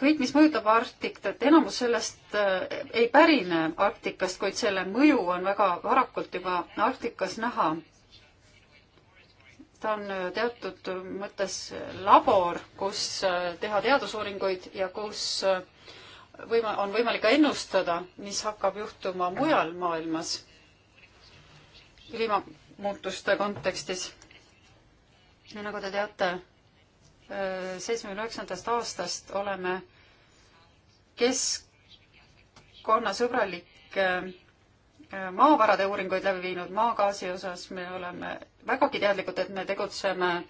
kõik, mis mõjutab Arktikat, enamus sellest äh, ei pärine Arktikast, kuid selle mõju on väga varakult juba Arktikas näha. ta on äh, teatud mõttes labor, kus äh, teha teadusuuringuid ja kus võima-, on võimalik ka ennustada, mis hakkab juhtuma mujal maailmas kliimamuutuste kontekstis. ja nagu te teate seitsmekümne üheksandast aastast oleme keskkonnasõbralikke äh, äh, maavarade uuringuid läbi viinud maagaasi osas, me oleme vägagi teadlikud, et me tegutseme äh,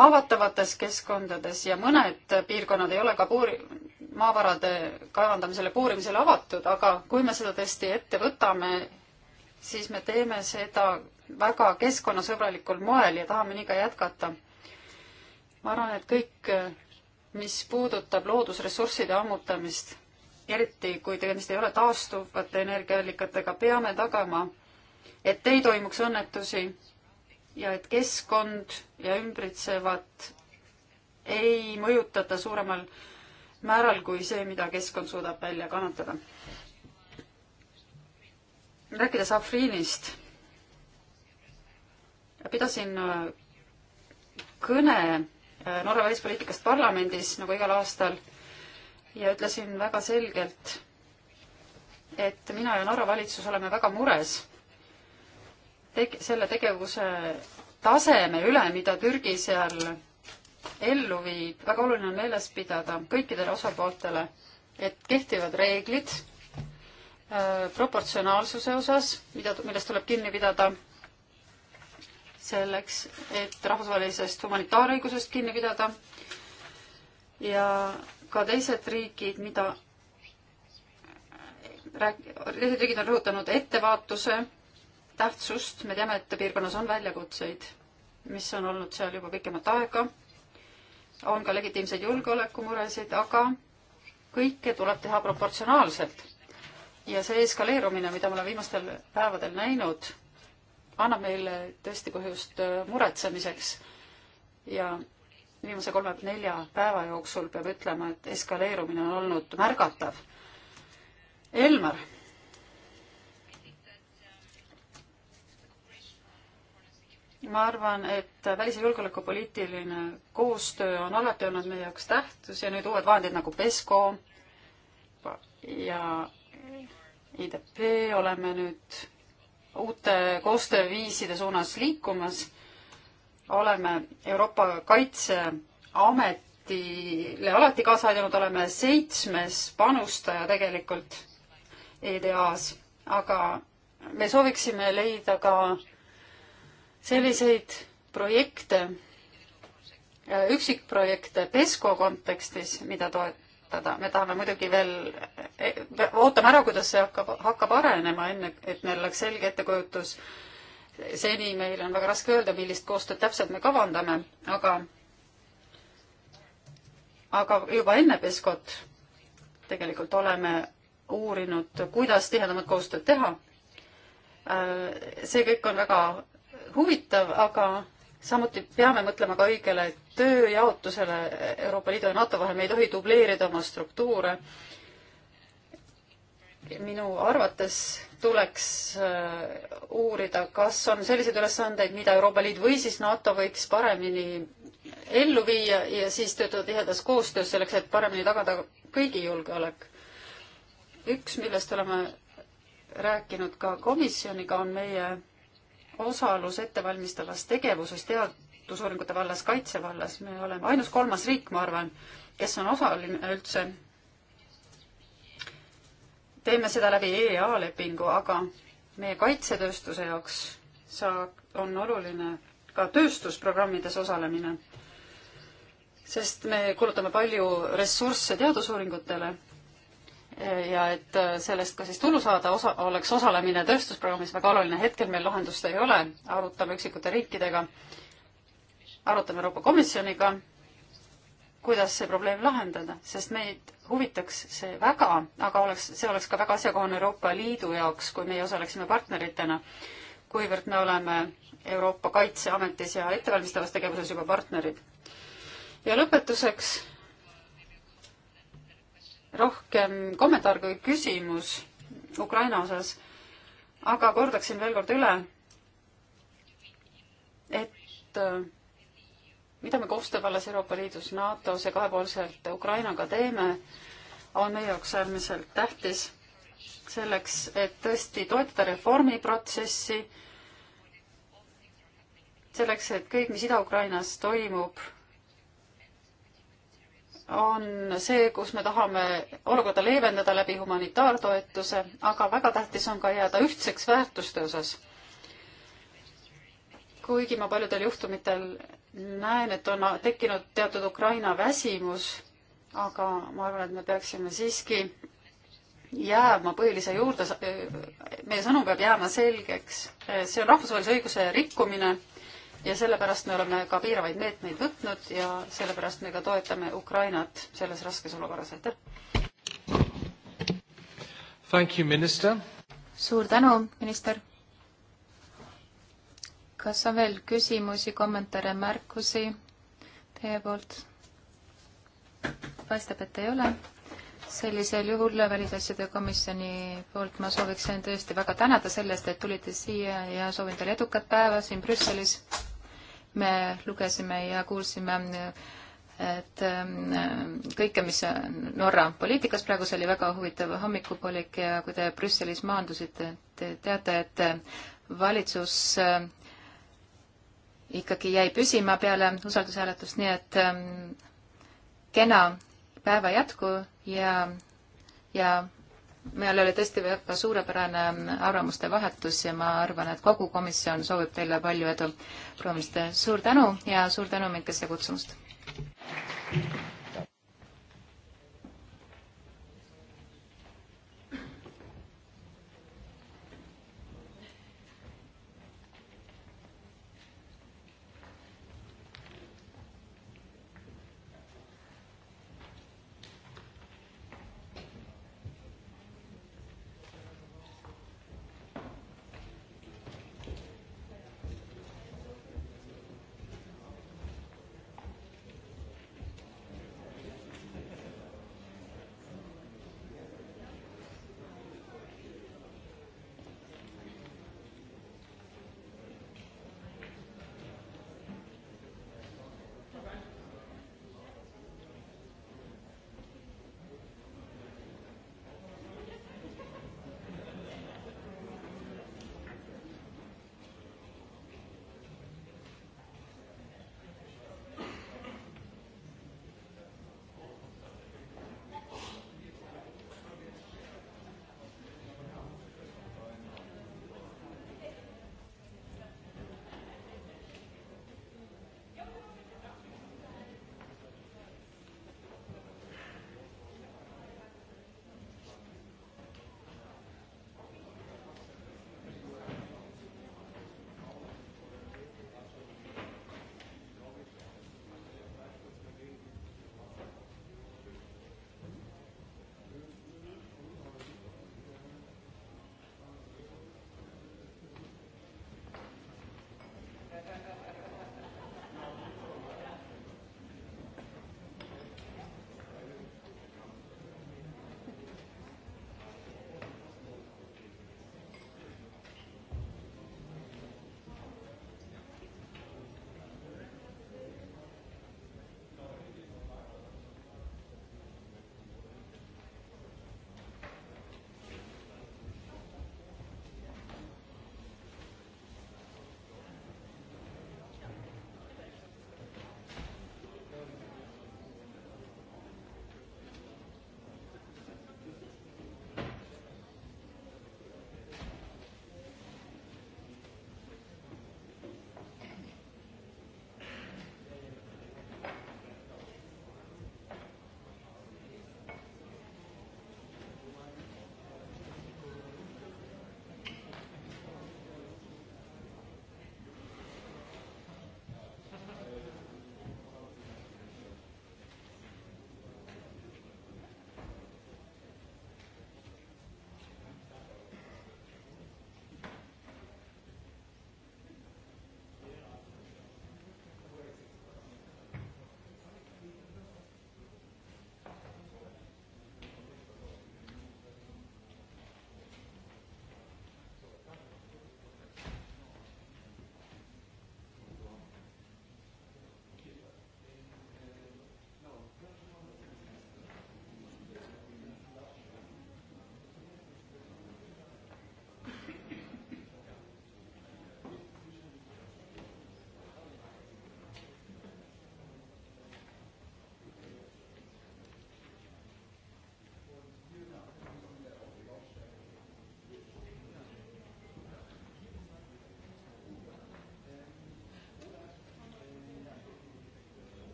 haavatavates keskkondades ja mõned piirkonnad ei ole ka puuri-, maavarade kaevandamisele, puurimisele avatud, aga kui me seda tõesti ette võtame, siis me teeme seda väga keskkonnasõbralikul moel ja tahame nii ka jätkata ma arvan, et kõik, mis puudutab loodusressursside ammutamist, eriti kui tegemist ei ole taastuvate energiaallikatega, peame tagama, et ei toimuks õnnetusi ja et keskkond ja ümbritsevat ei mõjutata suuremal määral kui see, mida keskkond suudab välja kannatada. rääkides Afriinist, pidasin kõne Äh, Norra välispoliitikast parlamendis nagu igal aastal ja ütlesin väga selgelt, et mina ja Norra valitsus oleme väga mures teg-, selle tegevuse taseme üle, mida Türgi seal ellu viib. väga oluline on meeles pidada kõikidele osapooltele, et kehtivad reeglid äh, proportsionaalsuse osas, mida, millest tuleb kinni pidada selleks, et rahvusvahelisest humanitaarõigusest kinni pidada ja ka teised riigid, mida rääk-, teised riigid on rõhutanud ettevaatuse tähtsust, me teame, et piirkonnas on väljakutseid, mis on olnud seal juba pikemat aega, on ka legitiimseid julgeolekumuresid, aga kõike tuleb teha proportsionaalselt. ja see eskaleerumine, mida me oleme viimastel päevadel näinud, annab meile tõesti põhjust äh, muretsemiseks ja viimase kolme-nelja päeva jooksul peab ütlema, et eskaleerumine on olnud märgatav. Elmar. ma arvan, et välis- ja julgeolekupoliitiline koostöö on alati olnud meie jaoks tähtis ja nüüd uued vahendid nagu PESCO ja IDP oleme nüüd uute koostööviiside suunas liikumas. oleme Euroopa Kaitseametile alati kaasa aidanud, oleme seitsmes panustaja tegelikult EDA-s, aga me sooviksime leida ka selliseid projekte, üksikprojekte PESCO kontekstis, mida toet-, algatada. me tahame muidugi veel, e, ootame ära, kuidas see hakkab, hakkab arenema, enne et meil oleks selge ettekujutus. seni meil on väga raske öelda, millist koostööd täpselt me kavandame, aga, aga juba enne Peskot tegelikult oleme uurinud, kuidas tihedamat koostööd teha. Äh, see kõik on väga huvitav, aga samuti peame mõtlema ka õigele tööjaotusele Euroopa Liidu ja NATO vahel, me ei tohi dubleerida oma struktuure. minu arvates tuleks äh, uurida, kas on selliseid ülesandeid, mida Euroopa Liit või siis NATO võiks paremini ellu viia ja siis töötada tihedas koostöös selleks, et paremini tagada kõigi julgeolek. üks, millest oleme rääkinud ka komisjoniga, on meie osalus ettevalmistavas tegevuses teadusuuringute vallas, kaitsevallas, me oleme ainus kolmas riik, ma arvan, kes on osaline üldse. teeme seda läbi EEA lepingu, aga meie kaitsetööstuse jaoks saa-, on oluline ka tööstusprogrammides osalemine, sest me kulutame palju ressursse teadusuuringutele ja et äh, sellest ka siis tulu saada, osa, oleks osalemine tööstusprogrammis väga oluline. hetkel meil lahendust ei ole, arutame üksikute riikidega, arutame Euroopa Komisjoniga, kuidas see probleem lahendada, sest meid huvitaks see väga, aga oleks, see oleks ka väga asjakohane Euroopa Liidu jaoks, kui meie osaleksime partneritena, kuivõrd me oleme Euroopa Kaitseametis ja ettevalmistavas tegevuses juba partnerid. ja lõpetuseks rohkem kommentaar kui küsimus Ukraina osas, aga kordaksin veel kord üle, et äh, mida me koostöö vallas Euroopa Liidus, NATO-s ja kahepoolselt Ukrainaga teeme, on meie jaoks äärmiselt tähtis selleks, et tõesti toetada reformiprotsessi, selleks, et kõik, mis Ida-Ukrainas toimub, on see, kus me tahame olukorda leevendada läbi humanitaartoetuse, aga väga tähtis on ka jääda ühtseks väärtuste osas. kuigi ma paljudel juhtumitel näen, et on tekkinud teatud Ukraina väsimus, aga ma arvan, et me peaksime siiski jääma põhilise juurde, meie sõnum peab jääma selgeks. see on rahvusvahelise õiguse rikkumine ja sellepärast me oleme ka piiravaid meetmeid võtnud ja sellepärast me ka toetame Ukrainat selles raskes olukorras, aitäh! suur tänu, minister! kas on veel küsimusi, kommentaare, märkusi teie poolt? paistab, et ei ole. sellisel juhul Välisasjade Komisjoni poolt ma sooviksin tõesti väga tänada selle eest, et tulite siia ja soovin teile edukat päeva siin Brüsselis me lugesime ja kuulsime, et äh, kõike, mis Norra poliitikas praegu, see oli väga huvitav hommikupoolik ja kui te Brüsselis maandusite, te teate, et äh, valitsus äh, ikkagi jäi püsima peale usaldushääletust, nii et kena päeva jätku ja, ja meil oli tõesti väga suurepärane arvamuste vahetus ja ma arvan, et kogu komisjon soovib teile palju edu. proua minister, suur tänu ja suur tänu mind ka siia kutsumast!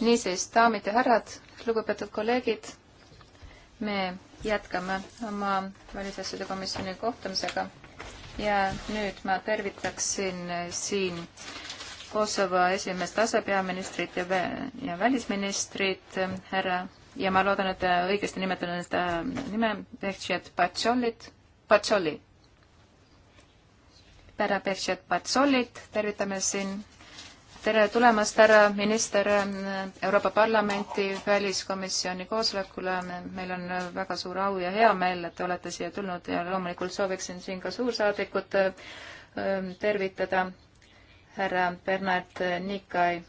niisiis, daamid ja härrad, lugupeetud kolleegid, me jätkame oma välisasjade komisjoni kohtumisega ja nüüd ma tervitaksin siin Kosovo esimest asepeaministrit ja, vä ja välisministrit, härra, ja ma loodan, et te õigesti nimetan seda nime, Behcet Patsolit, Patsoli. härra Behcet Patsolit tervitame siin tere tulemast, härra minister, Euroopa Parlamenti väliskomisjoni koosolekule. meil on väga suur au ja hea meel, et te olete siia tulnud ja loomulikult sooviksin siin ka suursaadikut ähm, tervitada. härra Bernard Nikai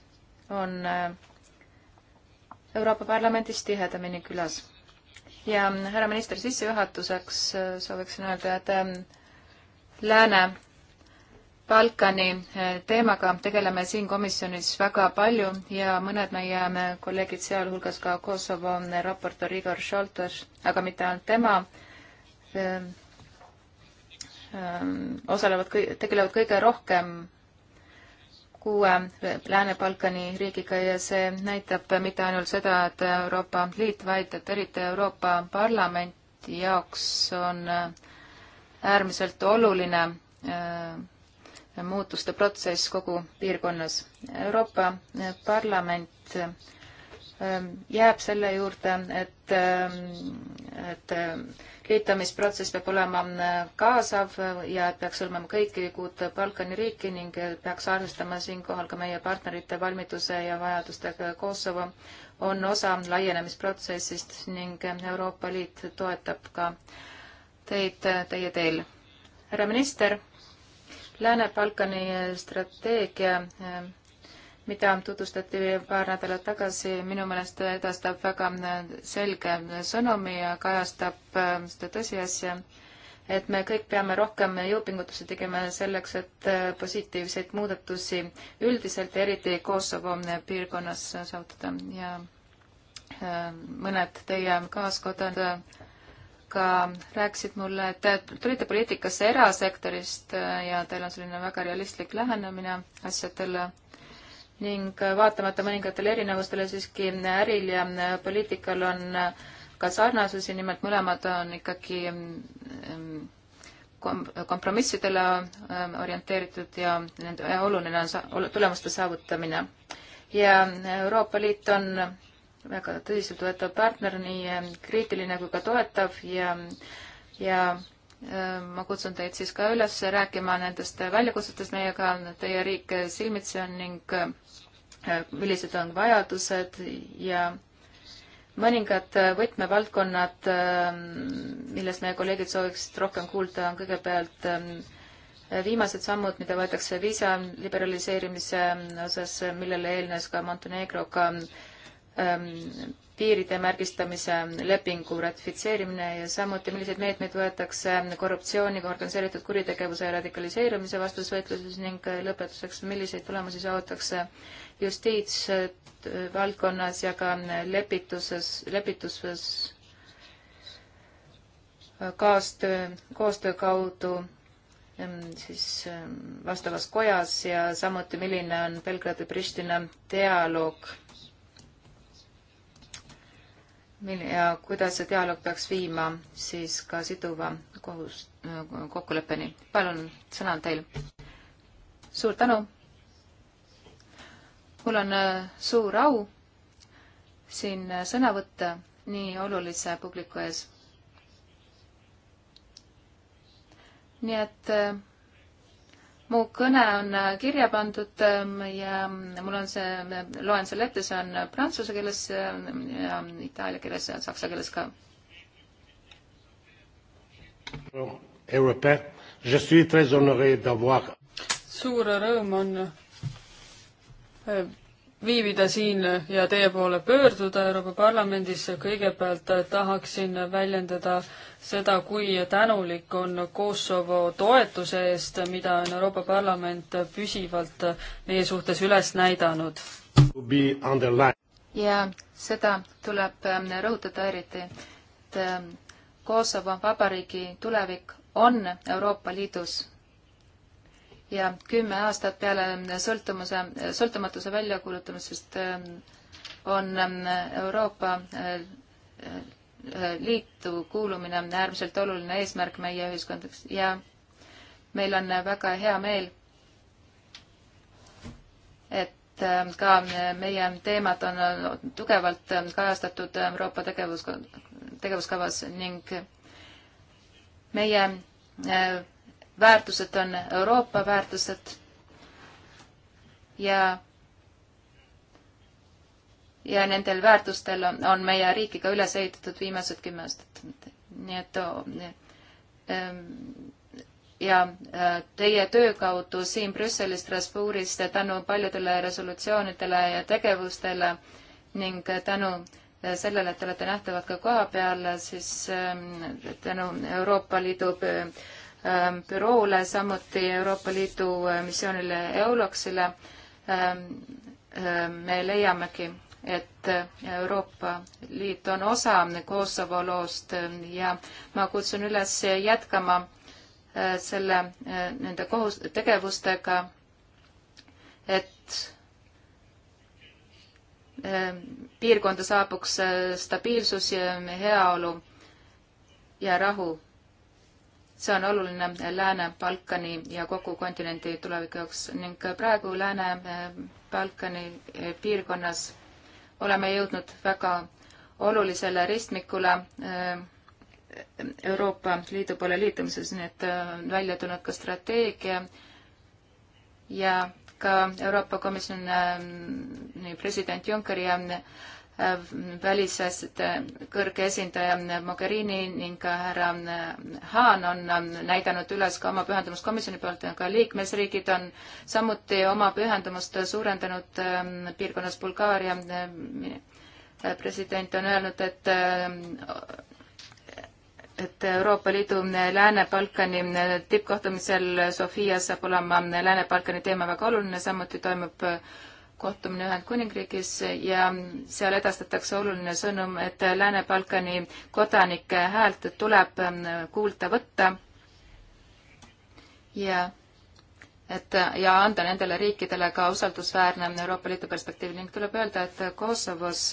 on äh, Euroopa Parlamendis tihedamini külas. ja härra minister, sissejuhatuseks äh, sooviksin öelda, et ähm, Lääne Balkani eh, teemaga tegeleme siin komisjonis väga palju ja mõned meie eh, kolleegid, sealhulgas ka Kosovo eh, raportöör Igor Šoltas, aga mitte ainult tema, osalevad, tegelevad kõige rohkem kuue Lääne-Balkani riigiga ja see näitab mitte ainult seda, et Euroopa Liit, vaid et eriti Euroopa Parlamenti jaoks on äärmiselt oluline äh, muutuste protsess kogu piirkonnas. Euroopa Parlament ähm, jääb selle juurde, et, ähm, et ähm, liitumisprotsess peab olema äh, kaasav ja peaks hõlmama kõiki kuut Balkani riiki ning äh, peaks arvestama siinkohal ka meie partnerite valmiduse ja vajadustega. Kosovo on osa laienemisprotsessist ning Euroopa Liit toetab ka teid äh, teie teel. härra minister Lääne-Balkani strateegia, mida tutvustati paar nädalat tagasi, minu meelest edastab väga selge sõnumi ja kajastab seda tõsiasja, et me kõik peame rohkem jõupingutusi tegema selleks, et positiivseid muudatusi üldiselt, eriti Kosovo piirkonnas saavutada ja äh, mõned teie kaaskodanikud ka rääkisid mulle, et te tulite poliitikasse erasektorist äh, ja teil on selline väga realistlik lähenemine asjadele ning äh, vaatamata mõningatele erinevustele siiski äh, äril ja poliitikal on ka sarnasusi, nimelt mõlemad on ikkagi mm, mm, kompromissidele orienteeritud ja nende oluline on tulemuste saavutamine. ja Euroopa Liit on väga tõsiseltvõetav partner, nii eh, kriitiline kui ka toetav ja, ja eh, ma kutsun teid siis ka üles rääkima nendest väljakutsetest meiega, teie riik silmitsi on ning eh, millised on vajadused ja mõningad võtmevaldkonnad, millest meie kolleegid sooviksid rohkem kuulda, on kõigepealt viimased sammud, mida võetakse viisa liberaliseerimise osas, millele eelnes ka Montenegroga ka Ähm, piiride märgistamise lepingu ratifitseerimine ja samuti, milliseid meetmeid võetakse korruptsiooniga organiseeritud kuritegevuse ja radikaliseerumise vastases võitluses ning äh, lõpetuseks, milliseid tulemusi saavutatakse justiitsvaldkonnas ja ka äh, lepituses, lepituses äh, kaastöö, koostöö kaudu ähm, siis ähm, vastavas kojas ja samuti, milline on Belgradi-Pristina dialoog ja kuidas see dialoog peaks viima siis ka siduva kohus, äh, kokkuleppeni. palun, sõna on teil. suur tänu. mul on äh, suur au siin äh, sõna võtta nii olulise publiku ees. nii et mu kõne on äh, kirja pandud ähm, ja mm, mul on see, loen selle ette, see on äh, prantsuse keeles äh, ja mm, itaalia keeles ja saksa keeles ka. suur rõõm on viibida siin ja teie poole pöörduda Euroopa Parlamendis. kõigepealt tahaksin väljendada seda, kui tänulik on Kosovo toetuse eest, mida on Euroopa Parlament püsivalt meie suhtes üles näidanud. ja seda tuleb ähm, rõhutada eriti, et ähm, Kosovo vabariigi tulevik on Euroopa Liidus ja kümme aastat peale sõltumuse, sõltumatuse väljakuulutamisest ähm, on ähm, Euroopa äh, äh, Liitu kuulumine äärmiselt oluline eesmärk meie ühiskondades ja meil on väga hea meel, et ähm, ka meie teemad on tugevalt kajastatud Euroopa tegevus, tegevuskavas ning meie äh, väärtused on Euroopa väärtused ja ja nendel väärtustel on, on meie riiki ka üles ehitatud viimased kümme aastat. nii et ja teie töö kaudu siin Brüsselis, Strasbourgis tänu paljudele resolutsioonidele ja tegevustele ning tänu sellele, et te olete nähtavad ka koha peal, siis tänu Euroopa Liidu Ähm, büroole, samuti Euroopa Liidu äh, missioonile EULOX-ile ähm, ähm, me leiamegi, et äh, Euroopa Liit on osa Kosovo loost ja ma kutsun üles jätkama äh, selle, nende kohus-, tegevustega, et piirkonda saabuks stabiilsus ja heaolu ja rahu see on oluline Lääne-Balkani ja kogu kontinendi tuleviku jaoks ning praegu Lääne-Balkani piirkonnas oleme jõudnud väga olulisele ristmikule eh, Euroopa Liidu poole liitumises, nii et on eh, välja tulnud ka strateegia ja ka Euroopa Komisjoni eh, president Juncker ja välisasjade kõrge esindaja Mogherini ning ka härra Haan on näidanud üles ka oma pühendumust komisjoni poolt, aga liikmesriigid on samuti oma pühendumust suurendanud ähm, piirkonnas Bulgaaria äh, president on öelnud, et äh, et Euroopa Liidu Lääne-Balkani tippkohtumisel Sofias saab olema Lääne-Balkani teema väga oluline, samuti toimub kohtumine Ühendkuningriigis ja seal edastatakse oluline sõnum, et Lääne-Balkani kodanike häält tuleb ähm, kuulda võtta ja et ja anda nendele riikidele ka usaldusväärne Euroopa Liidu perspektiiv ning tuleb öelda, et Kosovos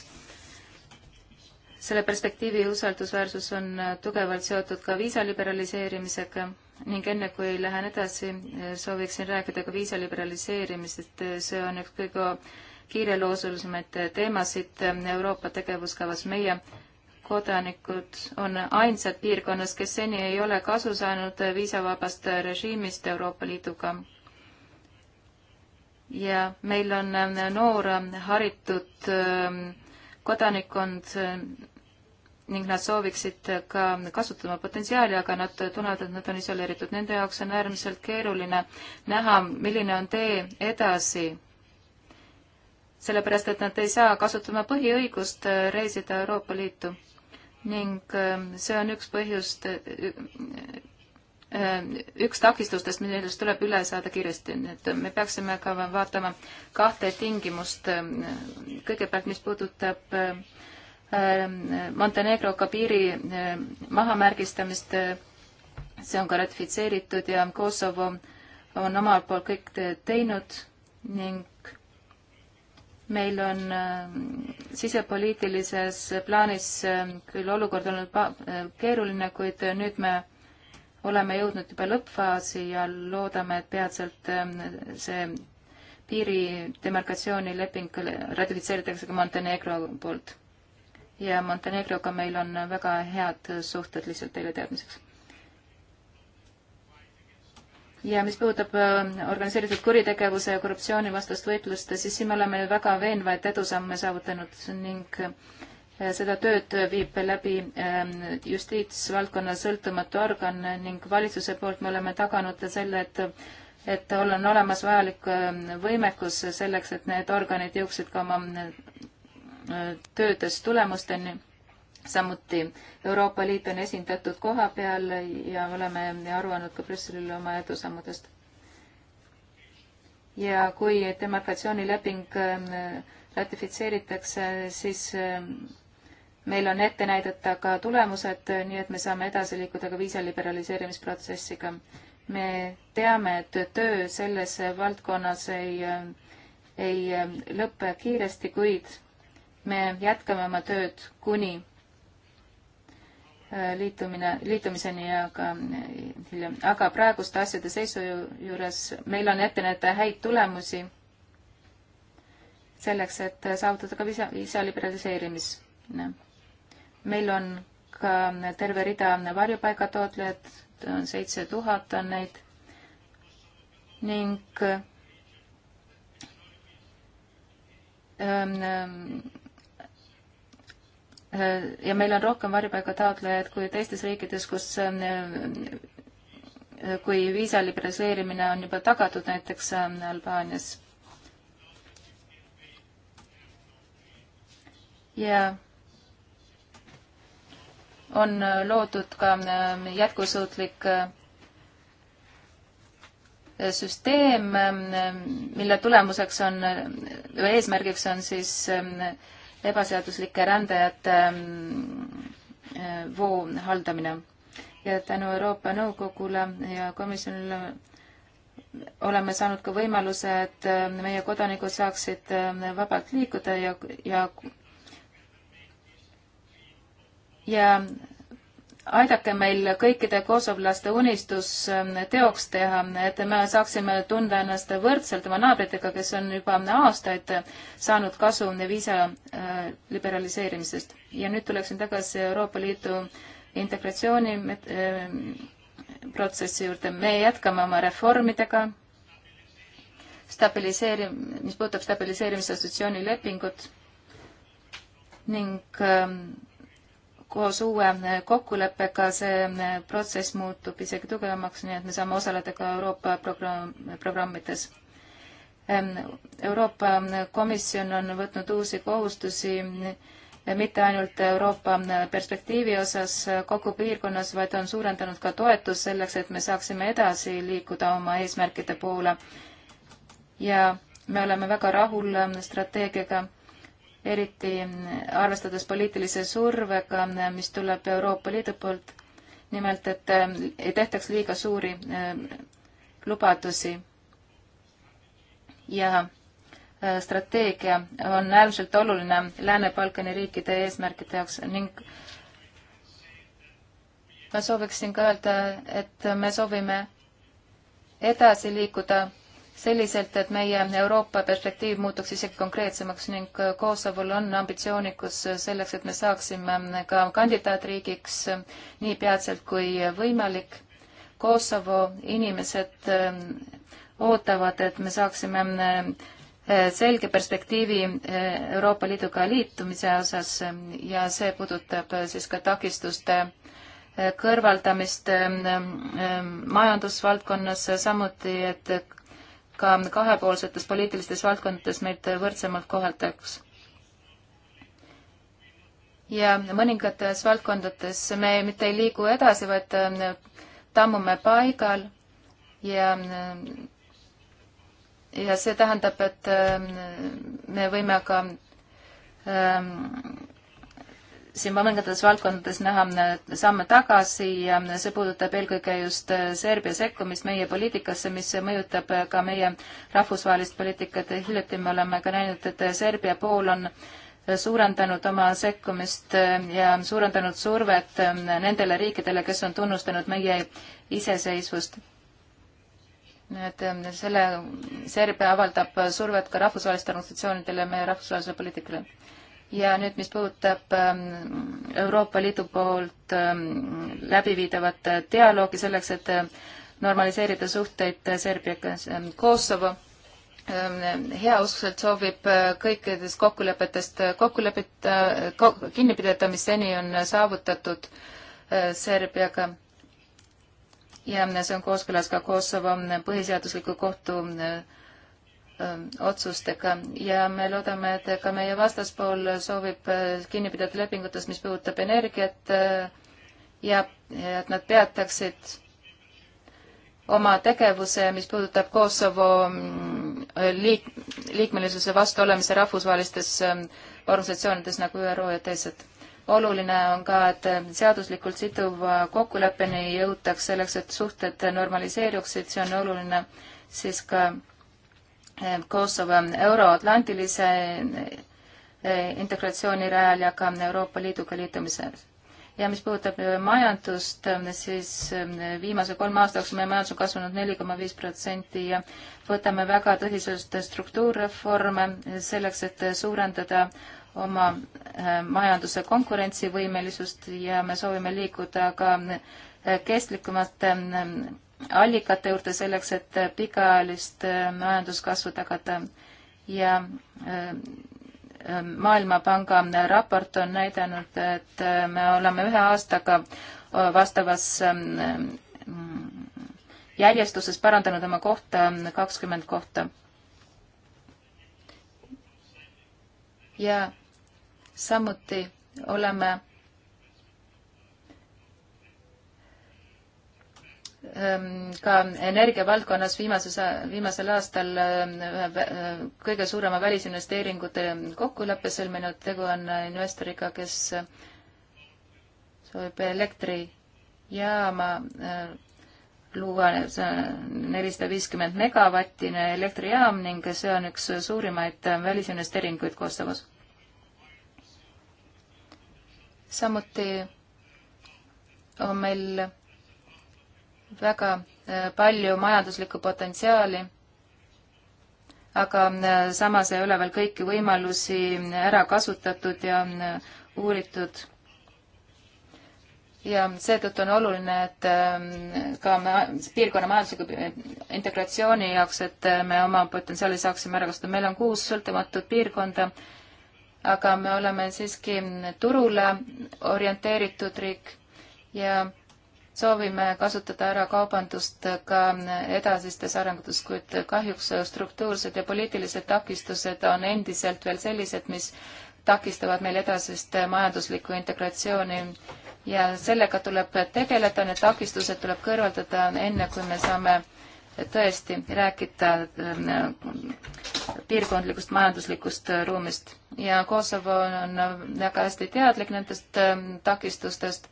selle perspektiivi usaldusväärsus on tugevalt seotud ka viisa liberaliseerimisega ning enne kui lähen edasi, sooviksin rääkida ka viisa liberaliseerimisest, see on üks kõige kiireloosulisemaid teemasid Euroopa tegevuskavas. meie kodanikud on ainsad piirkonnas, kes seni ei ole kasu saanud viisavabast režiimist Euroopa Liiduga. ja meil on noor haritud kodanikkond ning nad sooviksid ka kasutama potentsiaali, aga nad tunnevad, et nad on isoleeritud. Nende jaoks on äärmiselt keeruline näha, milline on tee edasi. sellepärast, et nad ei saa kasutama põhiõigust äh, reisida Euroopa Liitu. ning ähm, see on üks põhjust, äh, äh, üks takistustest, millest tuleb üle saada kiiresti, et me peaksime ka vaatama kahte tingimust. Ähm, kõigepealt, mis puudutab Ähm, Montenegroga piiri ähm, mahamärgistamist, äh, see on ka ratifitseeritud ja Kosovo on omalt poolt kõik teinud ning meil on ähm, sisepoliitilises plaanis küll olukord olnud äh, keeruline, kuid nüüd me oleme jõudnud juba lõppfaasi ja loodame, et peatselt see piiri demarkatsioonileping ratifitseeritakse ka Montenegro poolt ja Montenegroga meil on väga head suhted, lihtsalt teile teadmiseks. ja mis puudutab äh, organiseeritud kuritegevuse ja korruptsiooni vastast võitlust, siis siin me oleme väga veenvaid edusamme saavutanud ning äh, seda tööd viib läbi ähm, justiitsvaldkonna sõltumatu organ ning valitsuse poolt me oleme taganud selle, et et on olemas vajalik ähm, võimekus selleks, et need organid jõuaksid ka oma äh, töödes tulemusteni. samuti Euroopa Liit on esindatud koha peal ja oleme aru andnud ka Brüsselile oma edusammudest. ja kui demarkatsioonileping äh, ratifitseeritakse, siis äh, meil on ette näidata ka tulemused, äh, nii et me saame edasi liikuda ka viisa liberaliseerimisprotsessiga. me teame, et töö selles valdkonnas ei ei lõpe kiiresti, kuid me jätkame oma tööd kuni äh, liitumine, liitumiseni, aga hiljem, aga praeguste asjade seisu juures meil on ette näidata häid tulemusi selleks, et saavutada ka viisa, viisa liberaliseerimine. meil on ka terve rida varjupaigataotlejad, on seitse tuhat on neid ning ähm, ähm Äh, ja meil on rohkem varjupaigataotlejaid kui teistes riikides, kus ähm, äh, kui viisa liberaliseerimine on juba tagatud, näiteks ähm, Albaanias. ja on äh, loodud ka ähm, jätkusuutlik süsteem, mille tulemuseks on, või eesmärgiks on siis äh, ebaseaduslike rändajate mm, voo haldamine. ja tänu Euroopa Nõukogule ja komisjonile oleme saanud ka võimaluse, et mm, meie kodanikud saaksid mm, vabalt liikuda ja, ja ja aidake meil kõikide kosovlaste unistus teoks teha, et me saaksime tunda ennast võrdselt oma naabritega, kes on juba aastaid saanud kasu viisa äh, liberaliseerimisest. ja nüüd tuleksin tagasi Euroopa Liidu integratsiooni äh, protsessi juurde. me jätkame oma reformidega, stabiliseerim-, mis puudutab stabiliseerimisassotsiatsiooni lepingut ning ähm, koos uue kokkuleppega see eh, protsess muutub isegi tugevamaks, nii et me saame osaleda ka Euroopa programm, programmides. Ehm, Euroopa Komisjon on võtnud uusi kohustusi eh, mitte ainult Euroopa eh, perspektiivi osas kogu piirkonnas, vaid on suurendanud ka toetust selleks, et me saaksime edasi liikuda oma eesmärkide poole. ja me oleme väga rahul strateegiaga eriti arvestades poliitilise survega, mis tuleb Euroopa Liidu poolt, nimelt et ähm, ei tehtaks liiga suuri ähm, lubadusi. ja äh, strateegia on äärmiselt oluline Lääne-Balkani riikide eesmärkide jaoks ning ma sooviksin ka öelda, et me soovime edasi liikuda selliselt, et meie Euroopa perspektiiv muutuks isegi konkreetsemaks ning Kosovol on ambitsioonikus selleks, et me saaksime ka kandidaatriigiks nii peatselt kui võimalik. Kosovo inimesed ähm, ootavad, et me saaksime äh, selge perspektiivi äh, Euroopa Liiduga liitumise osas ja see puudutab äh, siis ka takistuste kõrvaldamist ähm, ähm, majandusvaldkonnas, samuti et ka kahepoolsetes poliitilistes valdkondades meid võrdsemalt koheldaks. ja mõningates valdkondades me mitte ei liigu edasi, vaid äh, tammume paigal ja ja see tähendab, et äh, me võime ka ähm, siin mõningates valdkondades näha äh, samme tagasi ja äh, see puudutab eelkõige just äh, Serbia sekkumist meie poliitikasse, mis mõjutab ka meie rahvusvahelist poliitikat. hiljuti me oleme ka näinud, et Serbia pool on suurendanud oma sekkumist ja suurendanud survet nendele riikidele, kes on tunnustanud meie iseseisvust. et selle, Serbia avaldab survet ka rahvusvahelistele organisatsioonidele, meie rahvusvahelisele poliitikale ja nüüd, mis puudutab ähm, Euroopa Liidu poolt ähm, läbiviidavat äh, dialoogi selleks, et äh, normaliseerida suhteid äh, Serbiaga, ähm, Kosovo heauskselt soovib kõikidest kokkulepetest kokkulepet kinni pidada, mis seni on saavutatud Serbiaga. ja see on kooskõlas ka Kosovo põhiseadusliku kohtu Ähm, otsustega ja me loodame, et ka meie vastaspool soovib äh, kinni pidada lepingutest, mis puudutab energiat äh, ja et nad peataksid oma tegevuse, mis puudutab Kosovo mm, liik-, liikmelisuse vastu olemise rahvusvahelistes ähm, organisatsioonides nagu ÜRO ja teised. oluline on ka, et seaduslikult siduva kokkuleppeni jõutaks selleks, et suhted normaliseeruksid, see on oluline siis ka Kosovo euroatlantilise eh, integratsiooni rajal ja ka Euroopa Liiduga liitumisel. ja mis puudutab eh, majandust, siis eh, viimase kolme aasta jooksul meie majandus on kasvanud neli koma viis protsenti ja võtame väga tõsiselt struktuurreforme selleks, et suurendada oma majanduse konkurentsivõimelisust ja me soovime liikuda ka kestlikumate allikate juurde selleks, et pikaajalist äh, majanduskasvu tagada ja äh, äh, Maailmapanga raport on näidanud, et me oleme ühe aastaga vastavas mm, järjestuses parandanud oma kohta kakskümmend kohta. ja samuti oleme Ehm, ka energiavaldkonnas viimases, viimasel aastal ehm, ühe kõige suurema välisinvesteeringute kokkuleppe sõlminud, tegu on investoriga, kes soovib elektrijaama ehm, luua nelisada viiskümmend megavatine elektrijaam ning see on üks suurimaid välisinvesteeringuid Kosovos. samuti on meil väga äh, palju majanduslikku potentsiaali, aga äh, samas ei ole veel kõiki võimalusi ära kasutatud ja äh, uuritud. ja seetõttu on oluline, et ka piirkonna majandusliku integratsiooni jaoks, et me oma potentsiaali saaksime ära kasutada. meil on kuus sõltumatut piirkonda, aga me oleme siiski turule orienteeritud riik ja soovime kasutada ära kaubandust ka edasistes arengutes, kuid kahjuks struktuursed ja poliitilised takistused on endiselt veel sellised, mis takistavad meil edasist majanduslikku integratsiooni ja sellega tuleb tegeleda, need takistused tuleb kõrvaldada enne, kui me saame tõesti rääkida äh, piirkondlikust majanduslikust ruumist ja Kosovo on väga hästi teadlik nendest äh, takistustest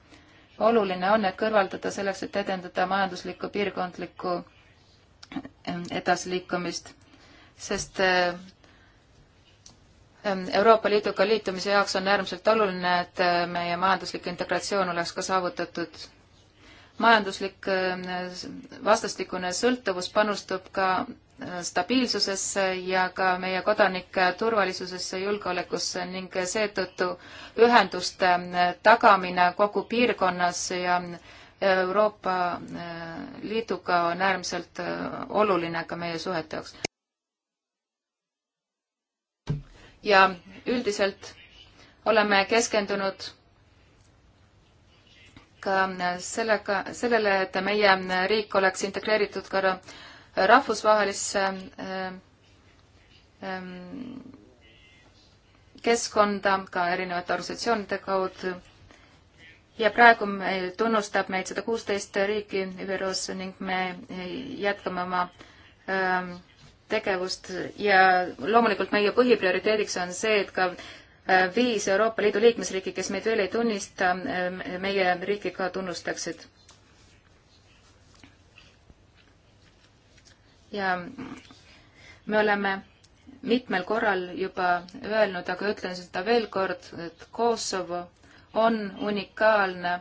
oluline on need kõrvaldada selleks, et edendada majanduslikku piirkondlikku ähm, edasiliikumist, sest äh, ähm, Euroopa Liiduga liitumise jaoks on äärmiselt oluline, et äh, meie majanduslik integratsioon oleks ka saavutatud. majanduslik äh, vastastikune sõltuvus panustab ka stabiilsusesse ja ka meie kodanike turvalisusesse, julgeolekusse ning seetõttu ühenduste tagamine kogu piirkonnas ja Euroopa äh, Liiduga on äärmiselt äh, oluline ka meie suhete jaoks. ja üldiselt oleme keskendunud ka sellega, sellele, et meie riik oleks integreeritud ka rahvusvahelisse äh, ähm, keskkonda ka erinevate organisatsioonide kaudu ja praegu meil tunnustab meid sada kuusteist riiki ÜRO-s ning me jätkame oma ähm, tegevust ja loomulikult meie põhiprioriteediks on see, et ka äh, viis Euroopa Liidu liikmesriiki, kes meid veel ei tunnista, äh, meie riiki ka tunnustaksid. ja me oleme mitmel korral juba öelnud, aga ütlen seda veel kord, et Kosovo on unikaalne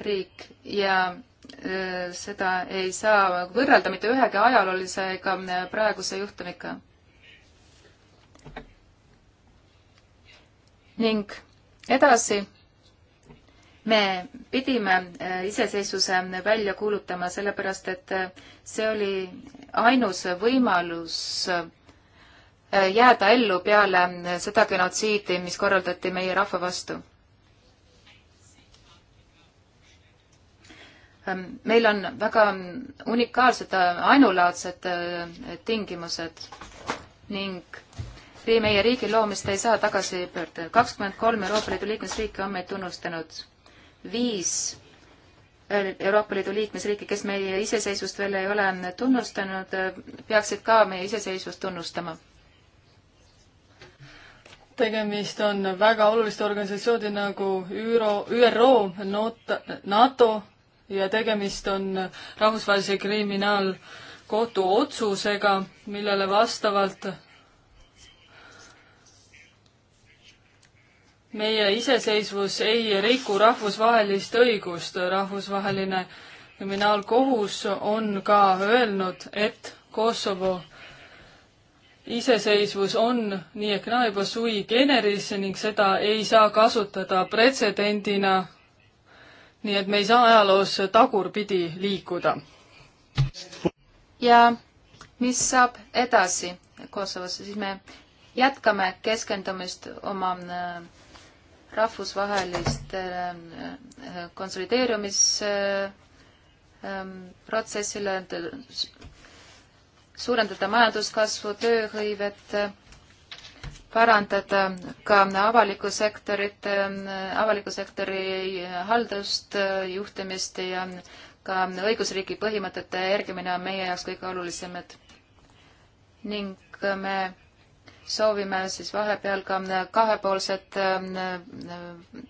riik ja e, seda ei saa võrrelda mitte ühegi ajaloolise ega praeguse juhtumiga. ning edasi me pidime äh, iseseisvuse välja kuulutama, sellepärast et äh, see oli ainus võimalus äh, jääda ellu peale seda genotsiidi, mis korraldati meie rahva vastu. Ähm, meil on väga unikaalsed, ainulaadsed tingimused ning meie riigi loomist ei saa tagasi pöörduda. kakskümmend kolm Euroopa Liidu liikmesriiki on meid tunnustanud viis Euroopa Liidu liikmesriiki, kes meie iseseisvust veel ei ole tunnustanud, peaksid ka meie iseseisvust tunnustama. tegemist on väga oluliste organisatsioonide nagu ÜRO, ÜRO, NATO ja tegemist on rahvusvahelise kriminaalkohtu otsusega, millele vastavalt meie iseseisvus ei riku rahvusvahelist õigust, rahvusvaheline kriminaalkohus on ka öelnud, et Kosovo iseseisvus on nii ehk naa juba sui generis ning seda ei saa kasutada pretsedendina. nii et me ei saa ajaloos tagurpidi liikuda. ja mis saab edasi Kosovosse, siis me jätkame keskendumist oma äh, rahvusvahelistele äh, konsolideerumisprotsessile, suurendada majanduskasvu, tööhõivet, parandada ka avaliku sektorit, avaliku sektori haldust, juhtimist ja ka õigusriigi põhimõtete järgimine on meie jaoks kõige olulisemad. ning me soovime siis vahepeal ka äh, kahepoolsed äh, äh,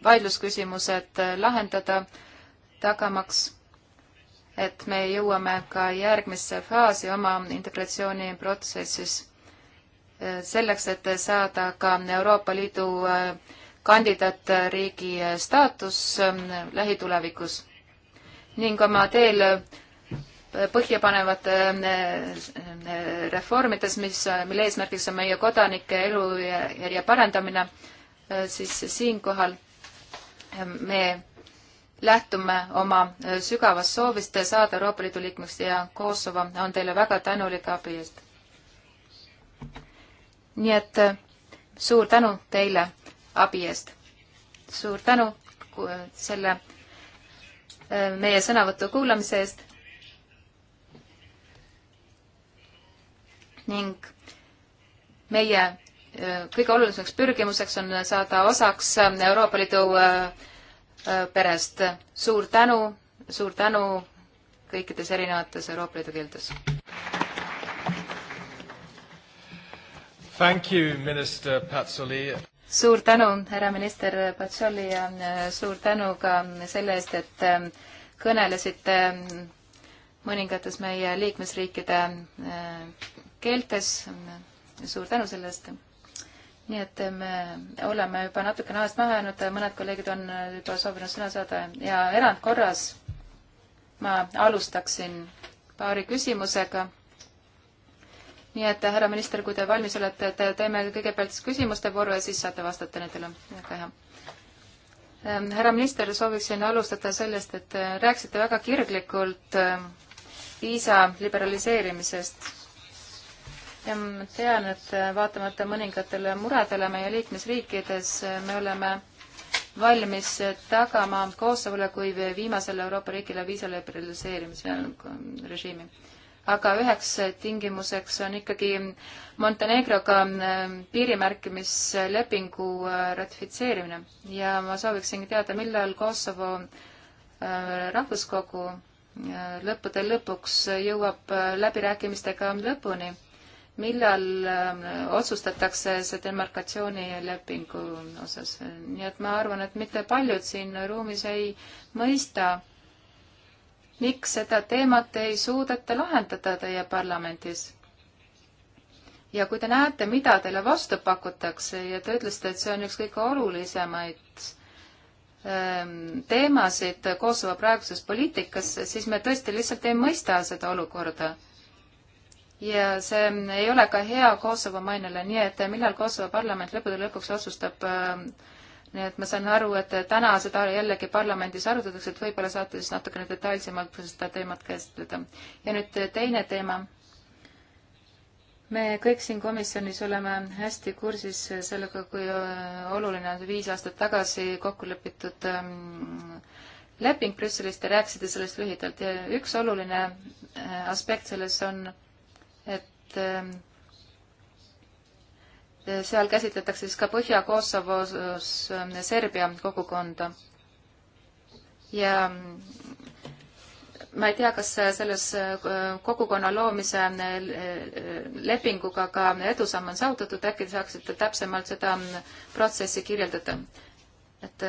vaidlusküsimused lahendada, tagamaks, et me jõuame ka järgmisse faasi oma integratsiooniprotsessis, selleks, et saada ka Euroopa Liidu kandidaatriigi staatus lähitulevikus ning oma teel põhjapanevad äh, äh, reformides, mis, äh, mille eesmärgiks on meie kodanike elujärje parandamine, siis siinkohal me lähtume oma sügavast soovist saada Euroopa Liidu liikmeks ja Kosovo on teile väga tänulik abi eest. nii et suur tänu teile abi eest. suur tänu selle meie sõnavõtu kuulamise eest ning meie äh, kõige olulisemaks pürgimuseks on saada osaks äh, Euroopa Liidu äh, perest. suur tänu, suur tänu kõikides erinevates Euroopa Liidu keeltes. Thank you, minister Patsoli. suur tänu, härra minister Patsoli ja suur tänu ka selle eest, et ähm, kõnelesite ähm, mõningates meie liikmesriikide keeltes. suur tänu selle eest. nii et me oleme juba natukene ajast maha jäänud, mõned kolleegid on juba soovinud sõna saada ja erandkorras ma alustaksin paari küsimusega nii et härra minister, kui te valmis olete, et teeme kõigepealt siis küsimuste vooru ja siis saate vastata nendele. väga hea. härra minister, sooviksin alustada sellest, et rääkisite väga kirglikult äh, viisa liberaliseerimisest ja ma tean, et vaatamata mõningatele muredele meie liikmesriikides, me oleme valmis tagama Kosovole kui viimasele Euroopa riigile viisa liberaliseerimise režiimi. aga üheks tingimuseks on ikkagi Montenegroga äh, piirimärkimislepingu äh, ratifitseerimine ja ma sooviksingi teada, millal Kosovo äh, rahvuskogu lõppude lõpuks jõuab läbirääkimistega lõpuni millal ähm, otsustatakse see demarkatsioonilepingu osas. nii et ma arvan, et mitte paljud siin ruumis ei mõista, miks seda teemat ei suudeta lahendada teie parlamendis. ja kui te näete, mida teile vastu pakutakse ja te ütlesite, et see on üks kõige olulisemaid ähm, teemasid Kosovo praeguses poliitikas, siis me tõesti lihtsalt ei mõista seda olukorda ja see ei ole ka hea Kosovo mainele, nii et millal Kosovo parlament lõppude lõpuks otsustab äh, nii et ma saan aru, et täna seda jällegi parlamendis arutatakse, et võib-olla saate siis natukene detailsemalt seda teemat käsitleda. ja nüüd teine teema. me kõik siin komisjonis oleme hästi kursis sellega, kui äh, oluline on viis aastat tagasi kokku lepitud ähm, leping Brüsselist ja rääkisite sellest lühidalt ja üks oluline äh, aspekt selles on et eh, seal käsitletakse siis ka Põhja-Kosovos eh, Serbia kogukonda. ja mm, ma ei tea, kas selles eh, kogukonna loomise lepinguga ka edusamm on saavutatud, äkki te saaksite täpsemalt seda mm, protsessi kirjeldada? et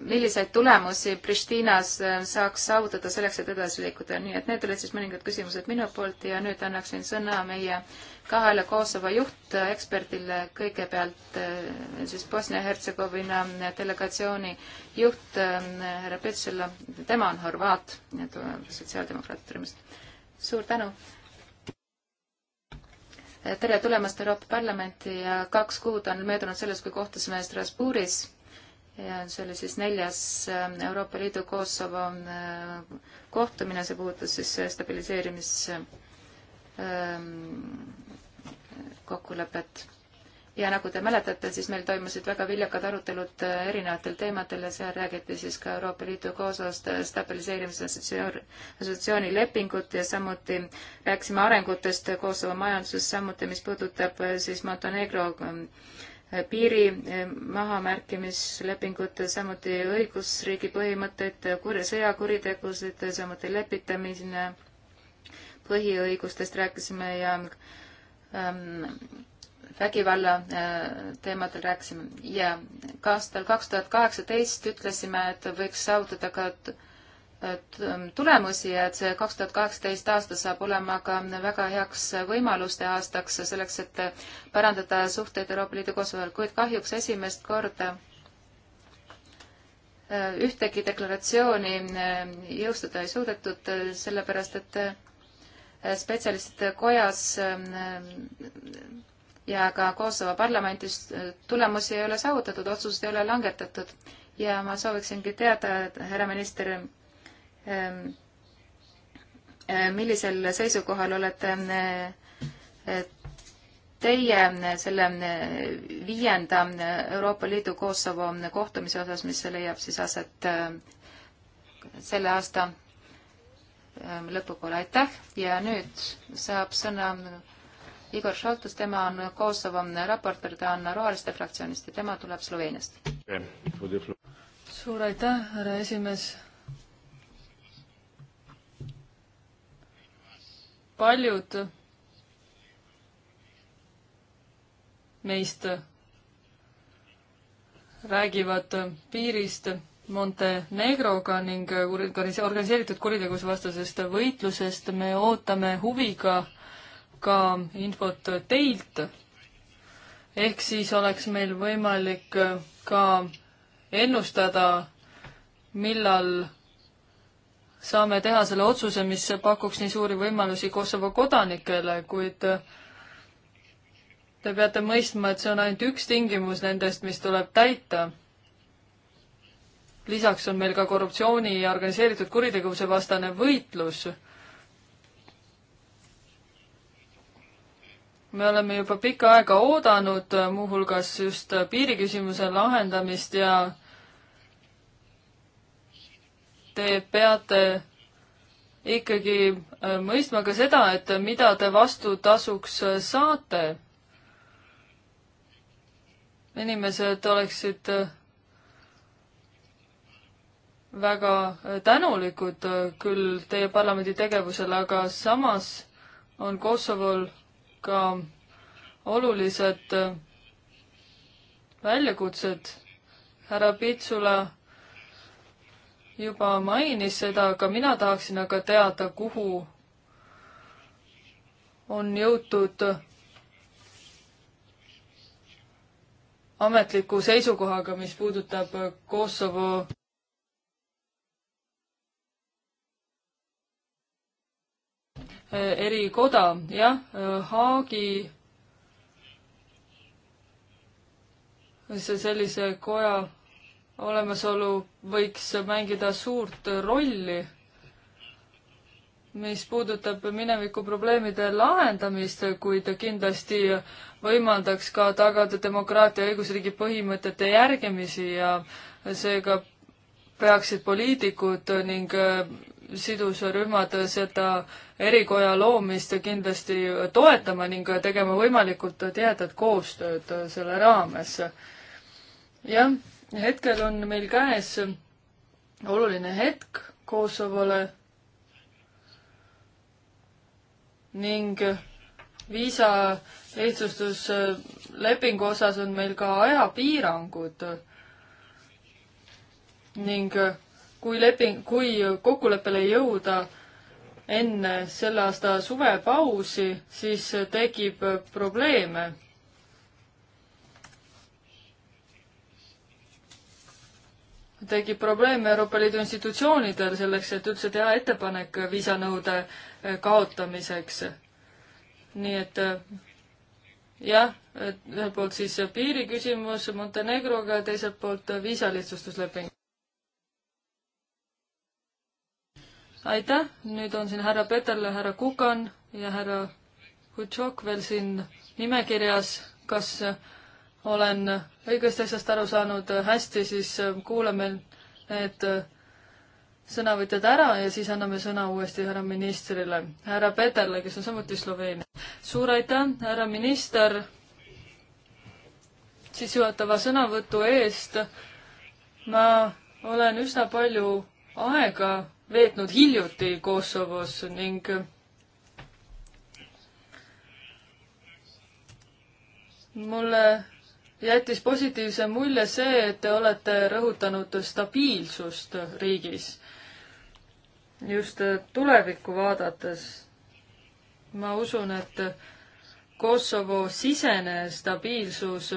milliseid tulemusi Pristinas äh, saaks saavutada selleks, et edasi liikuda. nii et need olid siis mõningad küsimused minu poolt ja nüüd annaksin sõna meie kahele Kosovo juhteksperdile, äh, kõigepealt äh, siis Bosnia-Hertsegoviina delegatsiooni juht härra Petsela, tema on horvaat, sotsiaaldemokraatide rühmast. suur tänu! tere tulemast Euroopa Parlamenti ja kaks kuud on möödunud sellest, kui kohtusime Strasbourgis ja see oli siis neljas ähm, Euroopa Liidu Kosovo äh, kohtumine, see puudutas siis äh, stabiliseerimiskokkulepet. Ähm, ja nagu te mäletate, siis meil toimusid väga viljakad arutelud äh, erinevatel teemadel ja seal räägiti siis ka Euroopa Liidu Kosovost stabiliseerimise assotsiatsiooni lepingut ja samuti rääkisime arengutest Kosovo majanduses, samuti mis puudutab siis Montenegro ähm, piiri eh, mahamärkimislepingut, samuti õigusriigi põhimõtteid, sõjakuritegusid, samuti lepitamine, põhiõigustest rääkisime ja ähm, vägivalla äh, teemadel rääkisime ja ka aastal kaks tuhat kaheksateist ütlesime, et võiks saavutada ka Ähm, tulemusi ja et see kaks tuhat kaheksateist aasta saab olema ka väga heaks võimaluste aastaks selleks, et parandada suhteid Euroopa Liidu Kosovoga, kuid kahjuks esimest korda äh, ühtegi deklaratsiooni äh, jõustada ei suudetud, äh, sellepärast et spetsialistide kojas ja ka Kosovo parlamendis tulemusi ei ole saavutatud, otsuseid ei ole langetatud ja ma sooviksingi teada, härra minister, Ehm, ehm, millisel seisukohal olete ehm, teie selle viienda Euroopa Liidu Kosovo kohtumise osas, mis leiab siis aset selle aasta lõpupoole, aitäh ja nüüd saab sõna Igor Šoltus, tema on Kosovo raportöör, ta on Roheliste fraktsioonist ja tema tuleb Sloveeniast. suur aitäh, härra esimees paljud meist räägivad piirist Montenegroga ning organiseeritud kuritegevuse vastasest võitlusest. me ootame huviga ka infot teilt. ehk siis oleks meil võimalik ka ennustada, millal saame teha selle otsuse, mis pakuks nii suuri võimalusi Kosovo kodanikele, kuid te peate mõistma, et see on ainult üks tingimus nendest, mis tuleb täita. lisaks on meil ka korruptsiooni ja organiseeritud kuritegevuse vastane võitlus. me oleme juba pikka aega oodanud muuhulgas just piiriküsimuse lahendamist ja te peate ikkagi äh, mõistma ka seda, et mida te vastutasuks äh, saate. inimesed oleksid äh, väga tänulikud küll teie parlamendi tegevusele, aga samas on Kosovol ka olulised väljakutsed. härra Pitsula juba mainis seda, aga mina tahaksin aga teada, kuhu on jõutud ametliku seisukohaga, mis puudutab Kosovo erikoda, jah, Haagi see sellise koja olemasolu võiks mängida suurt rolli, mis puudutab mineviku probleemide lahendamist, kuid kindlasti võimaldaks ka tagada demokraatia ja õigusriigi põhimõtete järgimisi ja seega peaksid poliitikud ning sidusrühmad seda erikoja loomist kindlasti toetama ning tegema võimalikult tihedat koostööd selle raames. jah hetkel on meil käes oluline hetk Kosovole ning viisa lihtsustuslepingu osas on meil ka ajapiirangud ning kui leping, kui kokkuleppele jõuda enne selle aasta suvepausi, siis tekib probleeme tekib probleeme Euroopa Liidu institutsioonidel selleks, et üldse teha ettepanek viisanõude eh, kaotamiseks. nii et eh, jah, ühelt poolt siis piiriküsimus Montenegroga ja teiselt poolt viisalihtsustusleping. aitäh, nüüd on siin härra Peterle, härra Kukan ja härra Kutšok veel siin nimekirjas, kas olen õigest asjast aru saanud, äh, hästi, siis äh, kuulame need äh, sõnavõtjad ära ja siis anname sõna uuesti härra ministrile, härra Peterle, kes on samuti Sloveenia. suur aitäh, härra minister, sissejuhatava sõnavõtu eest. ma olen üsna palju aega veetnud hiljuti Kosovos ning mulle jättis positiivse mulje see, et te olete rõhutanud stabiilsust riigis just äh, tulevikku vaadates. ma usun, et Kosovo sisene stabiilsus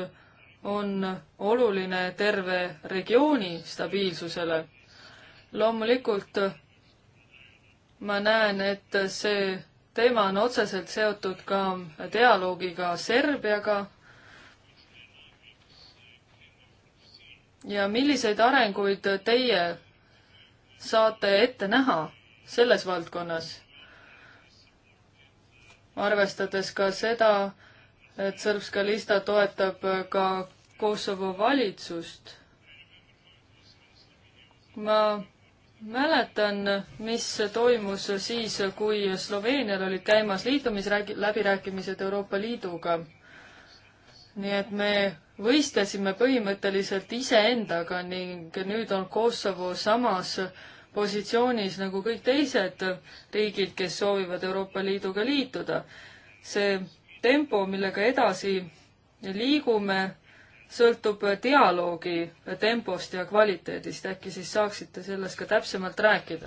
on oluline terve regiooni stabiilsusele. loomulikult ma näen, et see teema on otseselt seotud ka dialoogiga Serbiaga ja milliseid arenguid teie saate ette näha selles valdkonnas? arvestades ka seda, et Sõrmska lista toetab ka Kosovo valitsust. ma mäletan, mis toimus siis, kui Sloveenial olid käimas liitumisläbirääkimised Euroopa Liiduga. nii et me võistlesime põhimõtteliselt iseendaga ning nüüd on Kosovo samas positsioonis nagu kõik teised riigid, kes soovivad Euroopa Liiduga liituda. see tempo, millega edasi liigume, sõltub dialoogi tempost ja kvaliteedist, äkki siis saaksite sellest ka täpsemalt rääkida?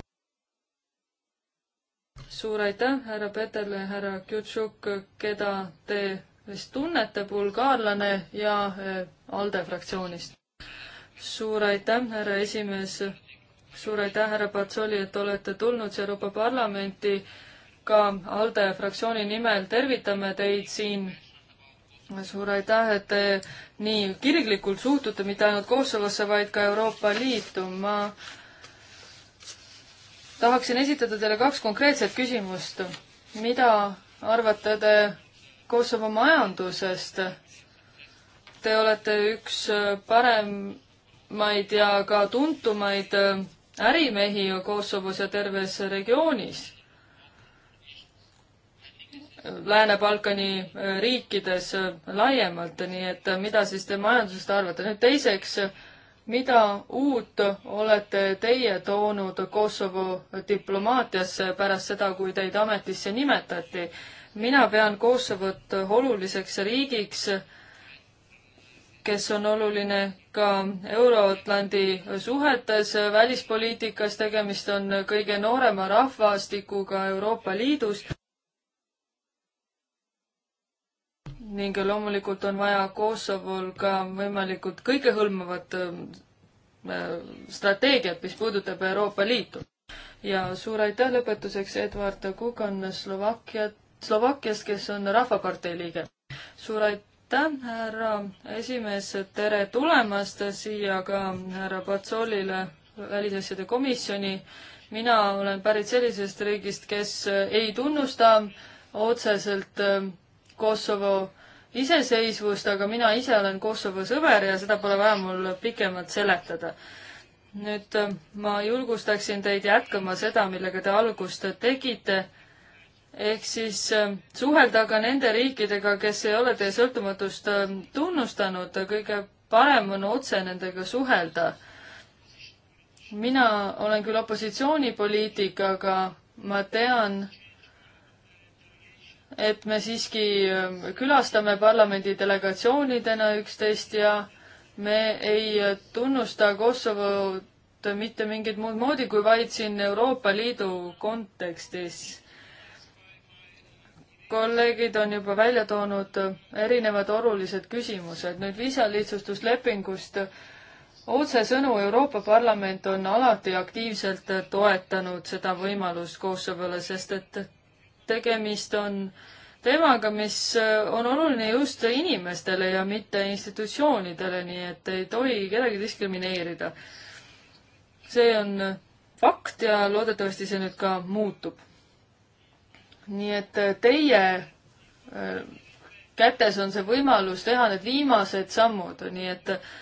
suur aitäh, härra Peterle, härra Kjutšuk, keda te vist tunnete, bulgaarlane ja eh, ALDE fraktsioonist. suur aitäh, härra esimees, suur aitäh, härra Patsoli, et olete tulnud siia Euroopa Parlamenti. ka ALDE fraktsiooni nimel tervitame teid siin suur aitäh, et te nii kirglikult suhtute mitte ainult Kosovosse, vaid ka Euroopa Liitu. ma tahaksin esitada teile kaks konkreetset küsimust. mida arvate te Kosovo majandusest. Te olete üks äh, paremaid ja ka tuntumaid äh, ärimehi Kosovos ja terves regioonis. Lääne-Balkani äh, riikides laiemalt, nii et mida siis te majandusest arvate? nüüd teiseks, mida uut olete teie toonud Kosovo diplomaatiasse pärast seda, kui teid ametisse nimetati? mina pean Kosovot oluliseks riigiks, kes on oluline ka Euro-Atlandi suhetes, välispoliitikas, tegemist on kõige noorema rahvastikuga Euroopa Liidus. ning loomulikult on vaja Kosovol ka võimalikult kõikehõlmavat äh, strateegiat, mis puudutab Euroopa Liitu. ja suur aitäh lõpetuseks, Edward Kukan Slovakkiat Slovakkias, kes on Rahvakartei liige. suur aitäh, härra esimees, tere tulemast siia ka härra Patsolile, välisasjade komisjoni. mina olen pärit sellisest riigist, kes ei tunnusta otseselt ähm, Kosovo iseseisvust, aga mina ise olen Kosovo sõber ja seda pole vaja mul pikemalt seletada. nüüd ähm, ma julgustaksin teid jätkama seda, millega te algust tegite ehk siis äh, suhelda ka nende riikidega, kes ei ole teie sõltumatust äh, tunnustanud, kõige parem on otse nendega suhelda. mina olen küll opositsioonipoliitik, aga ma tean, et me siiski äh, külastame parlamendi delegatsioonidena üksteist ja me ei tunnusta Kosovot mitte mingit muud moodi kui vaid siin Euroopa Liidu kontekstis kolleegid on juba välja toonud erinevad olulised küsimused. nüüd viisalihtsustuslepingust otsesõnu Euroopa Parlament on alati aktiivselt toetanud seda võimalust Kosovole, sest et tegemist on teemaga, mis on oluline just inimestele ja mitte institutsioonidele, nii et ei tohi kedagi diskrimineerida. see on fakt ja loodetavasti see nüüd ka muutub nii et äh, teie äh, kätes on see võimalus teha need viimased sammud, nii et äh,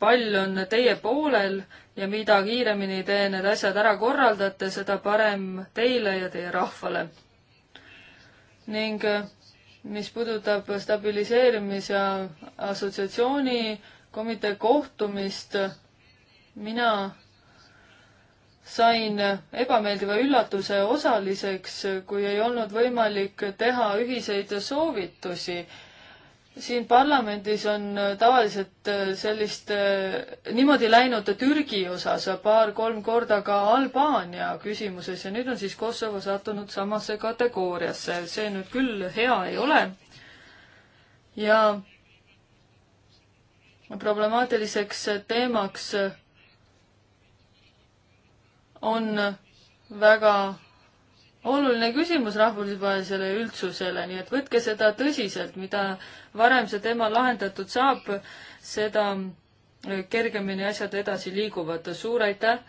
pall on teie poolel ja mida kiiremini te need asjad ära korraldate, seda parem teile ja teie rahvale. ning mis puudutab stabiliseerimis- ja assotsiatsioonikomitee kohtumist, mina sain ebameeldiva üllatuse osaliseks, kui ei olnud võimalik teha ühiseid soovitusi. siin parlamendis on tavaliselt sellist, niimoodi läinud Türgi osas paar-kolm korda ka Albaania küsimuses ja nüüd on siis Kosovo sattunud samasse kategooriasse, see nüüd küll hea ei ole. ja problemaatiliseks teemaks on väga oluline küsimus rahvusvahelisele üldsusele, nii et võtke seda tõsiselt, mida varem see teema lahendatud saab, seda eh, kergemini asjad edasi liiguvad. suur aitäh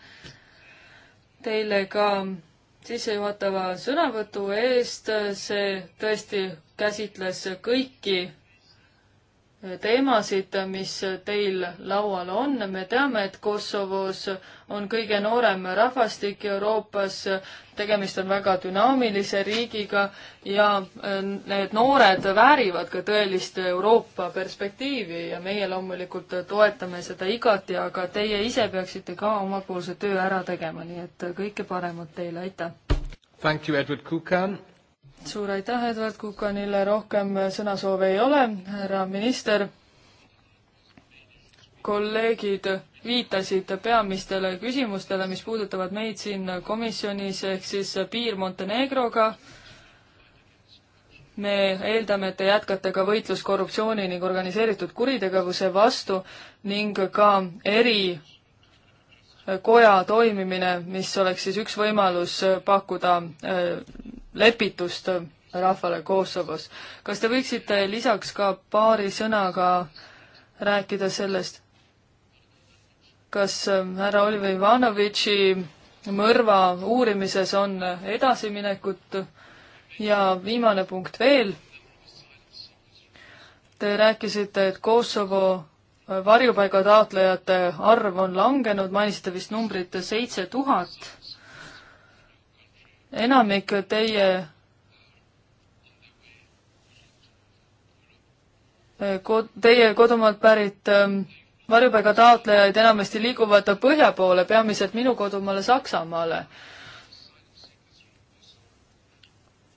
teile ka sissejuhatava sõnavõtu eest, see tõesti käsitles kõiki teemasid, mis teil laual on. me teame, et Kosovos on kõige noorem rahvastik Euroopas, tegemist on väga dünaamilise riigiga ja äh, need noored väärivad ka tõelist Euroopa perspektiivi ja meie loomulikult toetame seda igati, aga teie ise peaksite ka omapoolse töö ära tegema, nii et kõike paremat teile, aitäh! Thank you, Edward Kukan suur aitäh Edward Kukanile, rohkem sõnasoove ei ole, härra minister. kolleegid viitasid peamistele küsimustele, mis puudutavad meid siin komisjonis, ehk siis piir Montenegroga. me eeldame, et te jätkate ka võitlust korruptsiooni ning organiseeritud kuritegevuse vastu ning ka eri koja toimimine, mis oleks siis üks võimalus pakkuda äh, lepitust rahvale Kosovos. kas te võiksite lisaks ka paari sõnaga rääkida sellest, kas ähm, härra Oliver Ivanovitši mõrva uurimises on edasiminekut ja viimane punkt veel. Te rääkisite, et Kosovo äh, varjupaiga taotlejate arv on langenud, mainisite vist numbrit seitse tuhat enamik teie eh, kod-, teie kodumaalt pärit ehm, varjupaiga taotlejaid enamasti liiguvad põhja poole, peamiselt minu kodumaale Saksamaale.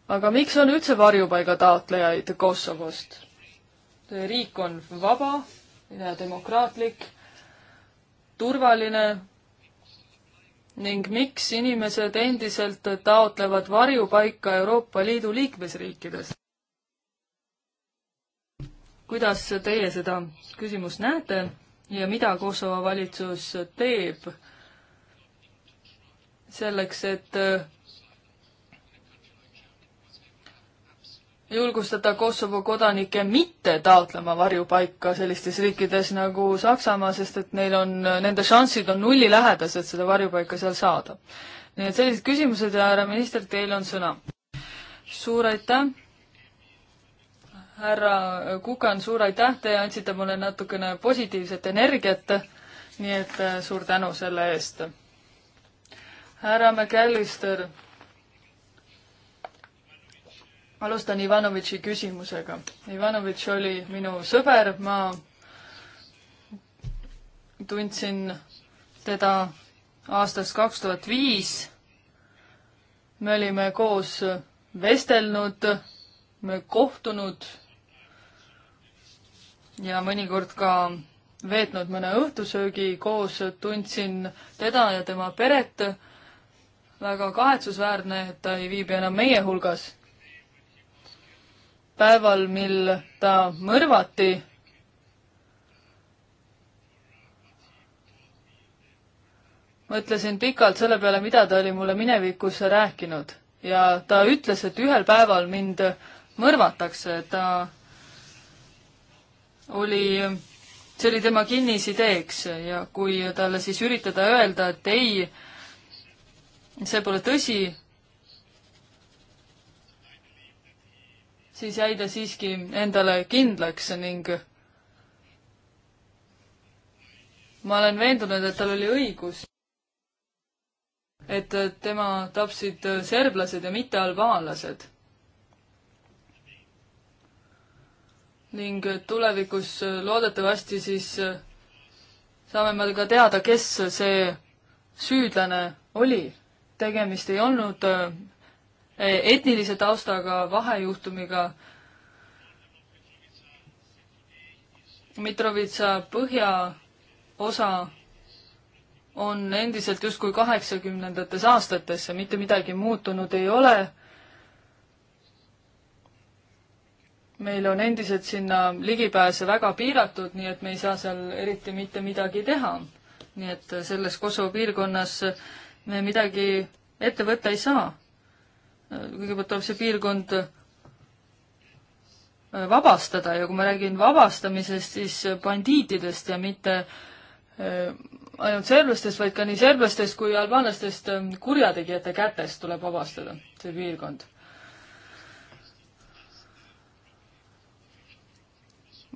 aga miks on üldse varjupaiga taotlejaid Kosovost? riik on vaba ja demokraatlik, turvaline ning miks inimesed endiselt taotlevad varjupaika Euroopa Liidu liikmesriikides? kuidas teie seda küsimust näete ja mida Kosovo valitsus teeb selleks, et julgustada Kosovo kodanikke mitte taotlema varjupaika sellistes riikides nagu Saksamaa, sest et neil on, nende šanssid on nullilähedased seda varjupaika seal saada. nii et sellised küsimused ja härra minister, teil on sõna. suur aitäh! härra Kukan, suur aitäh, te andsite mulle natukene positiivset energiat, nii et eh, suur tänu selle eest! härra McAllister alustan Ivanovitši küsimusega. Ivanovitš oli minu sõber, ma tundsin teda aastast kaks tuhat viis. me olime koos vestelnud, me kohtunud ja mõnikord ka veetnud mõne õhtusöögi koos, tundsin teda ja tema peret. väga kahetsusväärne, et ta ei viibi enam meie hulgas päeval, mil ta mõrvati, mõtlesin pikalt selle peale, mida ta oli mulle minevikus rääkinud ja ta ütles, et ühel päeval mind mõrvatakse, ta oli, see oli tema kinnisideeks ja kui talle siis üritada öelda, et ei, see pole tõsi, siis jäi ta siiski endale kindlaks ning ma olen veendunud, et tal oli õigus. et tema tapsid serblased ja mitte albaanlased. ning tulevikus loodetavasti siis saame me ka teada, kes see süüdlane oli. tegemist ei olnud Eh, etnilise taustaga vahejuhtumiga. Mitrovitsa põhjaosa on endiselt justkui kaheksakümnendates aastatesse, mitte midagi muutunud ei ole. meil on endiselt sinna ligipääse väga piiratud, nii et me ei saa seal eriti mitte midagi teha. nii et selles Kosovo piirkonnas me midagi ette võtta ei saa kõigepealt tuleb see piirkond äh, vabastada ja kui ma räägin vabastamisest, siis äh, bandiitidest ja mitte äh, ainult serblastest, vaid ka nii serblastest kui albaanlastest kurjategijate kätest tuleb vabastada see piirkond.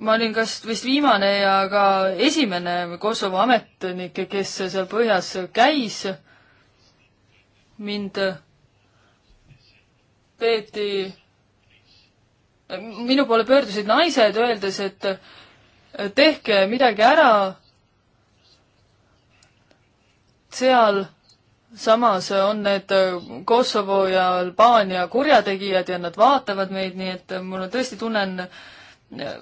ma olin kas vist viimane ja ka esimene Kosovo ametnik, kes seal põhjas käis. mind peeti, minu poole pöördusid naised, öeldes, et tehke midagi ära. seal samas on need Kosovo ja Albaania kurjategijad ja nad vaatavad meid, nii et mul on tõesti tunnen,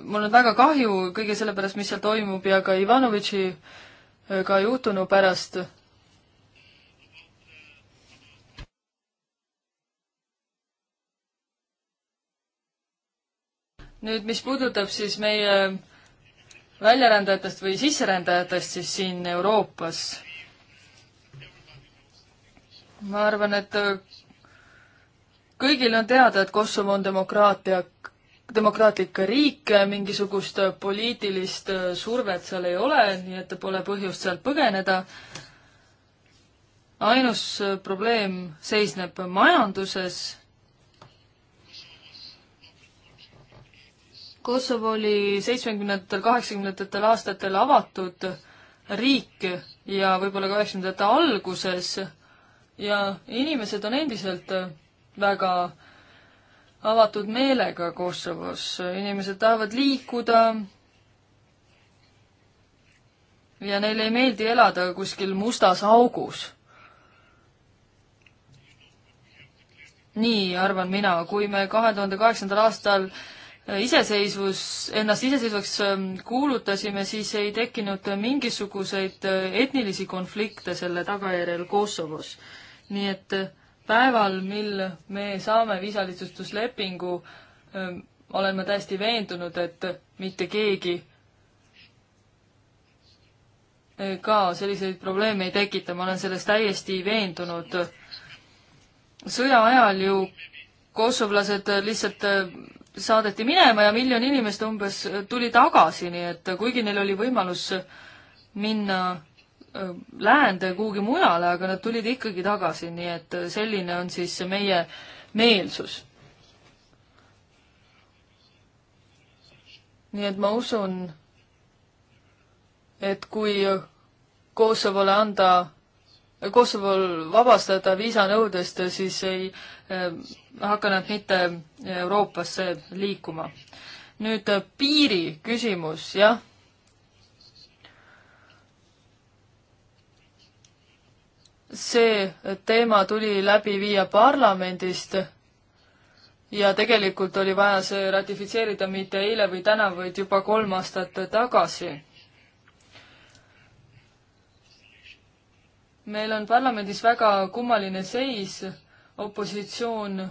mul on väga kahju kõige selle pärast, mis seal toimub ja ka Ivanovitši ka juhtunu pärast nüüd, mis puudutab siis meie väljarändajatest või sisserändajatest siis siin Euroopas, ma arvan, et äh, kõigil on teada, et Kosovo on demokraatia, demokraatlik riik, mingisugust poliitilist äh, survet seal ei ole, nii et pole põhjust sealt põgeneda. ainus äh, probleem seisneb majanduses Kosovo oli seitsmekümnendatel, kaheksakümnendatel aastatel avatud riik ja võib-olla ka üheksakümnendate alguses ja inimesed on endiselt väga avatud meelega Kosovos, inimesed tahavad liikuda ja neile ei meeldi elada kuskil mustas augus. nii arvan mina, kui me kahe tuhande kaheksandal aastal iseseisvus, ennast iseseisvaks ähm, kuulutasime, siis ei tekkinud mingisuguseid äh, etnilisi konflikte selle tagajärjel Kosovos. nii et äh, päeval, mil me saame viisalitsustuslepingu, ähm, olen ma täiesti veendunud, et mitte keegi äh, ka selliseid probleeme ei tekita, ma olen selles täiesti veendunud. sõja ajal ju kosovlased lihtsalt saadeti minema ja miljon inimest umbes tuli tagasi, nii et kuigi neil oli võimalus minna läände kuhugi mujale, aga nad tulid ikkagi tagasi, nii et selline on siis meie meelsus. nii et ma usun, et kui Kosovole anda, Kosovol vabastada viisanõudest, siis ei hakanud mitte Euroopasse liikuma. nüüd äh, piiri küsimus, jah. see teema tuli läbi viia parlamendist ja tegelikult oli vaja see ratifitseerida mitte eile või täna, vaid juba kolm aastat tagasi meil on parlamendis väga kummaline seis, opositsioon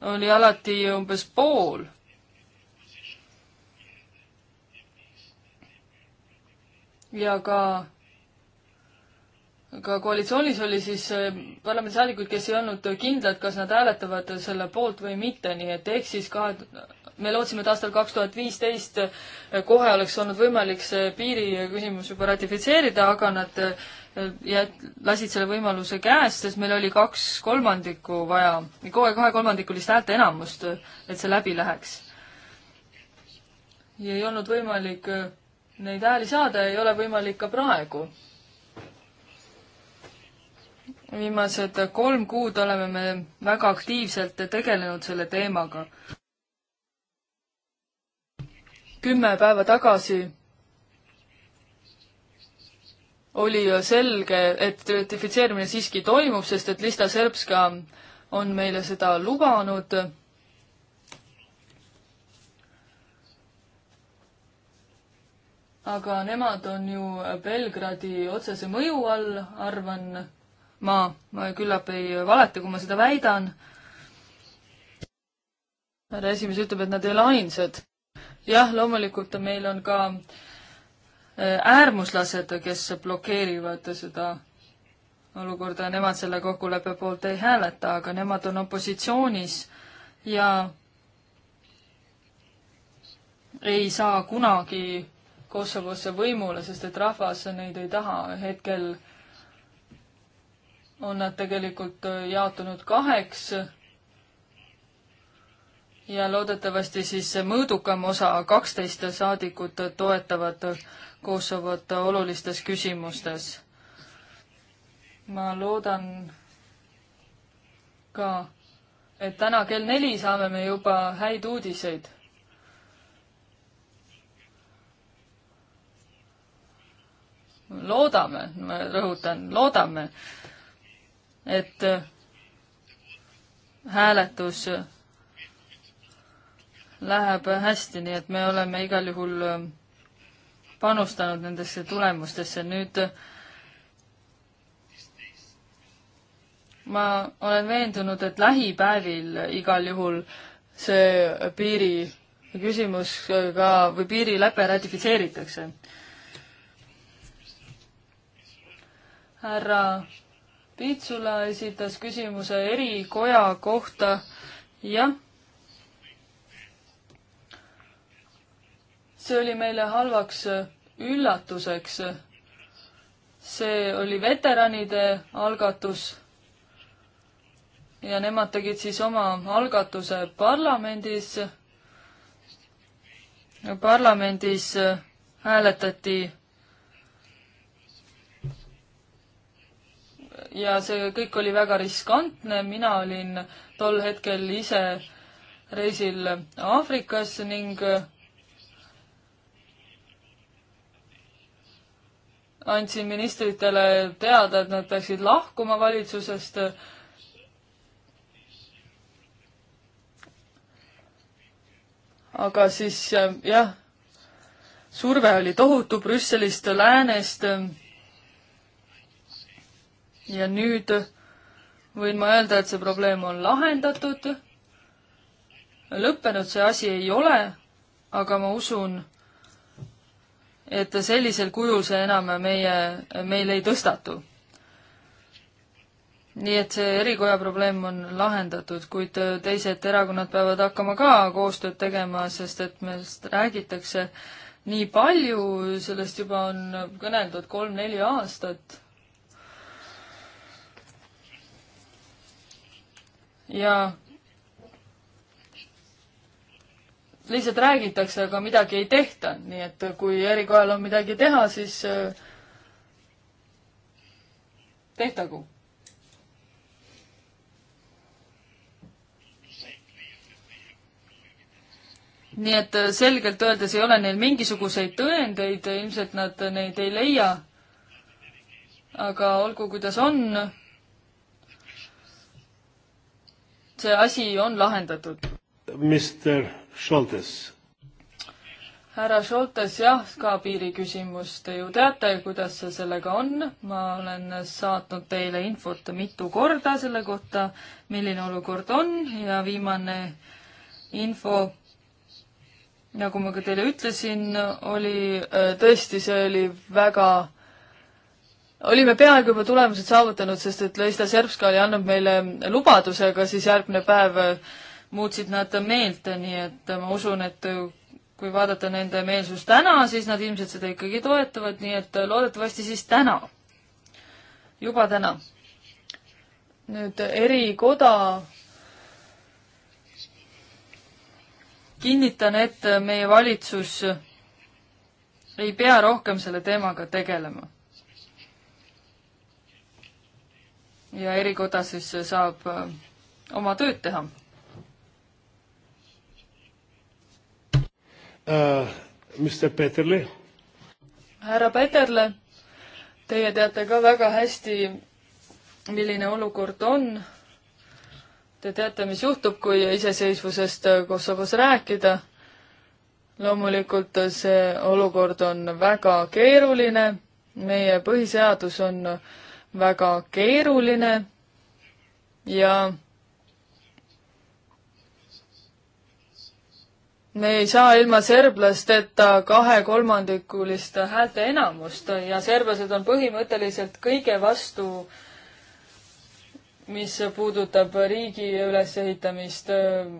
oli alati umbes pool. ja ka, ka koalitsioonis oli siis äh, parlamendisaadikuid, kes ei olnud kindlad, kas nad hääletavad selle poolt või mitte, nii et ehk siis kahe, me lootsime, et aastal kaks tuhat viisteist kohe oleks olnud võimalik see piiriküsimus juba ratifitseerida, aga nad ja lasid selle võimaluse käest, sest meil oli kaks kolmandikku vaja, kohe kahekolmandikulist häälteenamust, et see läbi läheks. ja ei olnud võimalik äh, neid hääli saada, ei ole võimalik ka praegu. viimased kolm kuud oleme me väga aktiivselt tegelenud selle teemaga. kümme päeva tagasi oli selge, et ratifitseerimine siiski toimub, sest et Lista Serbska on meile seda lubanud. aga nemad on ju Belgradi otsese mõju all, arvan ma, ma küllap ei valeta, kui ma seda väidan. härra esimees ütleb, et nad ei ole ainsad. jah, loomulikult meil on ka äh, Äh, äärmuslased, kes blokeerivad seda olukorda ja nemad selle kokkuleppe poolt ei hääleta, aga nemad on opositsioonis ja ei saa kunagi Kosovosse võimule, sest et rahvas neid ei taha. hetkel on nad tegelikult äh, jaotunud kaheks ja loodetavasti siis see mõõdukam osa, kaksteist saadikut toetavad Kosovot olulistes küsimustes. ma loodan ka, et täna kell neli saame me juba häid uudiseid. loodame, ma rõhutan, loodame, et hääletus läheb hästi, nii et me oleme igal juhul panustanud nendesse tulemustesse. nüüd ma olen veendunud, et lähipäevil igal juhul see piiri küsimus ka või piirilepe ratifitseeritakse. härra Piitsula esitas küsimuse erikoja kohta. jah see oli meile halvaks äh, üllatuseks. see oli veteranide algatus ja nemad tegid siis oma algatuse parlamendis. parlamendis äh, hääletati ja see kõik oli väga riskantne, mina olin tol hetkel ise reisil Aafrikas ning äh, andsin ministritele teada, et nad peaksid lahkuma valitsusest. aga siis jah, surve oli tohutu Brüsselist, läänest. ja nüüd võin ma öelda, et see probleem on lahendatud. lõppenud see asi ei ole, aga ma usun, et sellisel kujul see enam meie, meil ei tõstatu. nii et see erikoja probleem on lahendatud, kuid teised erakonnad peavad hakkama ka koostööd tegema, sest et meist räägitakse nii palju, sellest juba on kõneldud kolm-neli aastat. ja lihtsalt räägitakse, aga midagi ei tehta, nii et kui erikojal on midagi teha, siis äh, tehtagu. nii et äh, selgelt öeldes ei ole neil mingisuguseid tõendeid, ilmselt nad neid ei leia. aga olgu, kuidas on. see asi on lahendatud. Mister Šoltes. härra Šoltes, jah, ka piiriküsimus, te ju teate, kuidas see sellega on, ma olen saatnud teile infot mitu korda selle kohta, milline olukord on ja viimane info, nagu ma ka teile ütlesin, oli äh, tõesti, see oli väga olime peaaegu juba tulemused saavutanud, sest et Leista Serbska oli andnud meile lubaduse, aga siis järgmine päev äh, muutsid nad meelt, nii et ma usun, et kui vaadata nende meelsust täna, siis nad ilmselt seda ikkagi toetavad, nii et loodetavasti siis täna, juba täna. nüüd erikoda kinnitan, et meie valitsus ei pea rohkem selle teemaga tegelema. ja erikoda siis saab oma tööd teha uh,. Mr Peterle. härra Peterle, teie teate ka väga hästi, milline olukord on. Te teate, mis juhtub, kui iseseisvusest Kosovos rääkida. loomulikult see olukord on väga keeruline. meie põhiseadus on väga keeruline ja me ei saa ilma serblasteta kahekolmandikulist häälteenamust ja serblased on põhimõtteliselt kõige vastu, mis puudutab riigi ülesehitamist äh,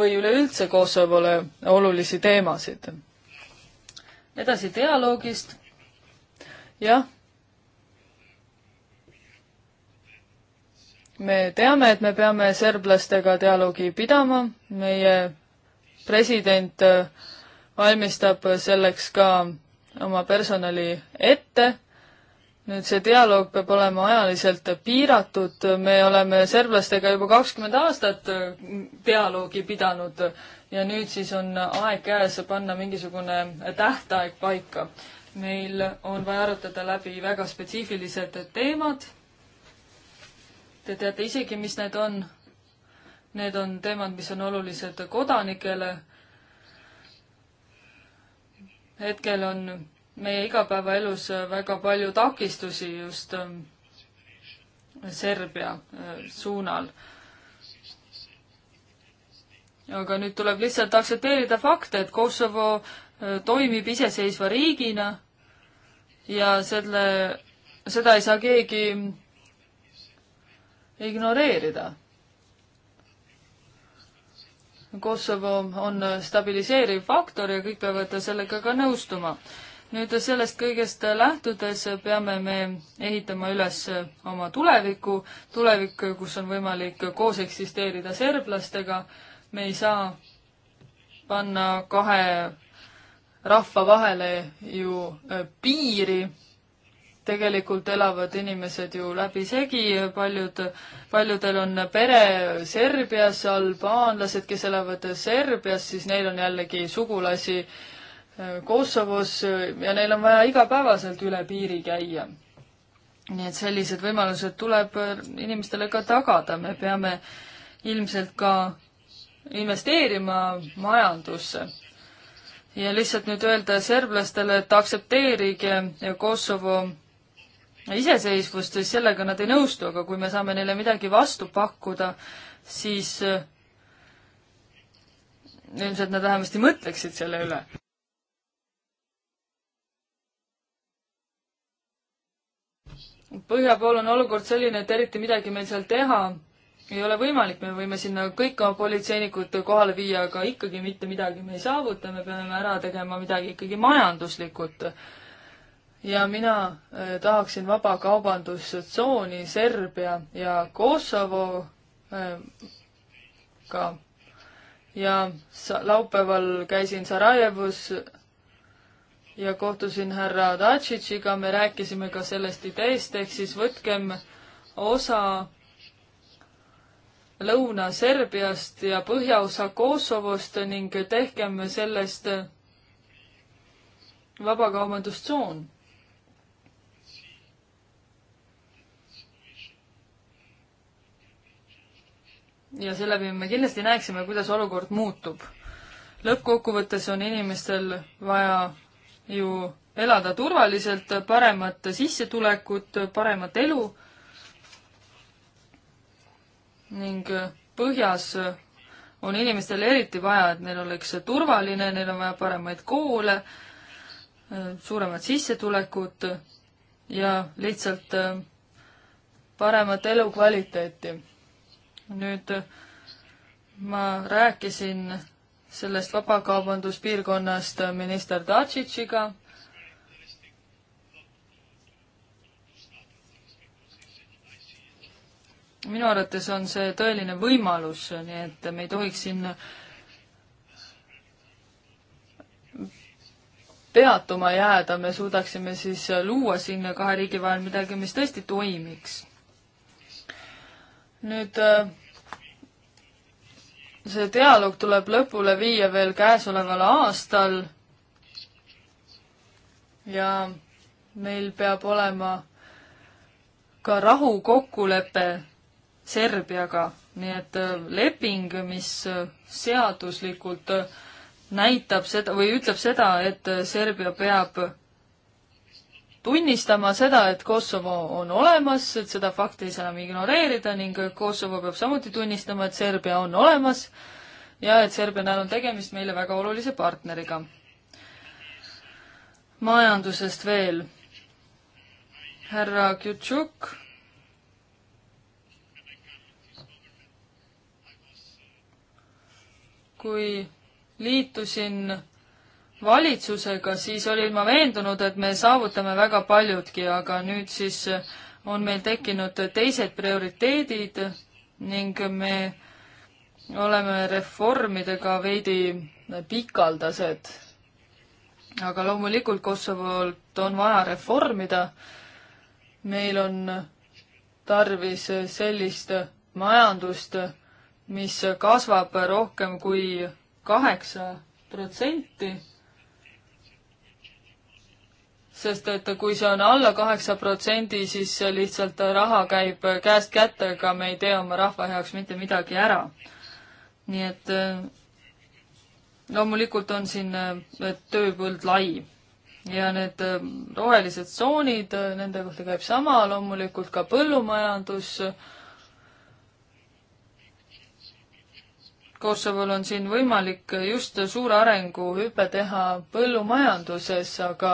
või üleüldse Kosovole olulisi teemasid. edasi dialoogist. jah me teame, et me peame serblastega dialoogi pidama, meie president äh, valmistab selleks ka oma personali ette. nüüd see dialoog peab olema ajaliselt piiratud, me oleme serblastega juba kakskümmend aastat äh, dialoogi pidanud ja nüüd siis on aeg käes panna mingisugune tähtaeg paika. meil on vaja arutada läbi väga spetsiifilised teemad Te teate isegi, mis need on. Need on teemad, mis on olulised kodanikele. hetkel on meie igapäevaelus väga palju takistusi just ähm, Serbia äh, suunal. aga nüüd tuleb lihtsalt aktsepteerida fakte, et Kosovo äh, toimib iseseisva riigina ja selle, seda ei saa keegi ignoreerida. Kosovo on stabiliseeriv faktor ja kõik peavad sellega ka nõustuma. nüüd sellest kõigest lähtudes peame me ehitama üles oma tulevikku, tulevik, kus on võimalik koos eksisteerida serblastega, me ei saa panna kahe rahva vahele ju piiri tegelikult elavad inimesed ju läbisegi, paljud, paljudel on pere Serbias, albaanlased, kes elavad Serbias, siis neil on jällegi sugulasi äh, Kosovos äh, ja neil on vaja igapäevaselt üle piiri käia. nii et sellised võimalused tuleb äh, inimestele ka tagada, me peame ilmselt ka investeerima majandusse ja lihtsalt nüüd öelda serblastele, et aktsepteerige Kosovo iseseisvust, siis sellega nad ei nõustu, aga kui me saame neile midagi vastu pakkuda, siis äh, ilmselt nad vähemasti mõtleksid selle üle. põhja pool on olukord selline, et eriti midagi meil seal teha ei ole võimalik, me võime sinna kõik oma politseinikud kohale viia, aga ikkagi mitte midagi me ei saavuta, me peame ära tegema midagi ikkagi majanduslikult ja mina äh, tahaksin vabakaubandustsooni Serbia ja Kosovoga äh, ja laupäeval käisin Sarajevos ja kohtusin härra Tadžitšiga, me rääkisime ka sellest ideest, ehk siis võtkem osa Lõuna-Serbiast ja põhjaosa Kosovost ning tehkem sellest vabakaubandustsoon ja seeläbi me kindlasti näeksime, kuidas olukord muutub. lõppkokkuvõttes on inimestel vaja ju elada turvaliselt, paremat sissetulekut, paremat elu ning põhjas on inimestel eriti vaja, et neil oleks turvaline, neil on vaja paremaid koole, suuremat sissetulekut ja lihtsalt paremat elukvaliteeti nüüd äh, ma rääkisin sellest vabakaubanduspiirkonnast äh, minister Tadžitšiga minu arvates on see tõeline võimalus, nii et me ei tohiks siin peatuma jääda, me suudaksime siis luua siin kahe riigi vahel midagi, mis tõesti toimiks. nüüd äh, see dialoog tuleb lõpule viia veel käesoleval aastal ja meil peab olema ka rahukokkulepe Serbiaga, nii et äh, leping, mis äh, seaduslikult äh, näitab seda või ütleb seda, et Serbia peab tunnistama seda, et Kosovo on olemas, et seda fakti ei saa enam ignoreerida ning Kosovo peab samuti tunnistama, et Serbia on olemas ja et Serbia näol on tegemist meile väga olulise partneriga. majandusest veel. härra Kjutšuk. kui liitusin valitsusega, siis olin ma veendunud, et me saavutame väga paljudki, aga nüüd siis on meil tekkinud teised prioriteedid ning me oleme reformidega veidi pikaldased. aga loomulikult Kosovolt on vaja reformida. meil on tarvis sellist majandust, mis kasvab rohkem kui kaheksa protsenti sest et kui see on alla kaheksa protsendi, siis lihtsalt raha käib käest kätte, ega me ei tee oma rahva heaks mitte midagi ära. nii et eh, loomulikult on siin eh, tööpõld lai ja need eh, rohelised tsoonid, nende kohta käib sama, loomulikult ka põllumajandus. Kosovol on siin võimalik just suure arenguhüpe teha põllumajanduses, aga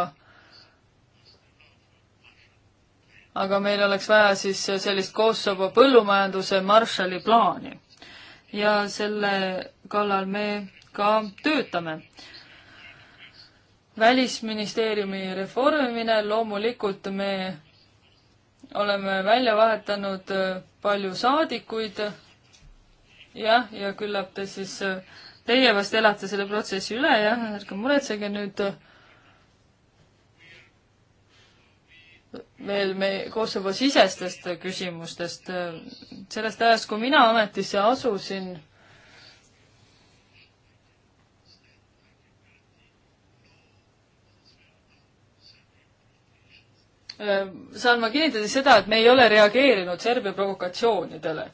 aga meil oleks vaja siis sellist Kosovo põllumajanduse Marshalli plaani. ja selle kallal me ka töötame. välisministeeriumi reformimine, loomulikult me oleme välja vahetanud äh, palju saadikuid, jah, ja küllap te siis, äh, teie vast elate selle protsessi üle, jah, ärge muretsege nüüd äh, veel me Kosovo sisestest küsimustest. sellest ajast, kui mina ametisse asusin, saan ma kinnitada seda, et me ei ole reageerinud Serbia provokatsioonidele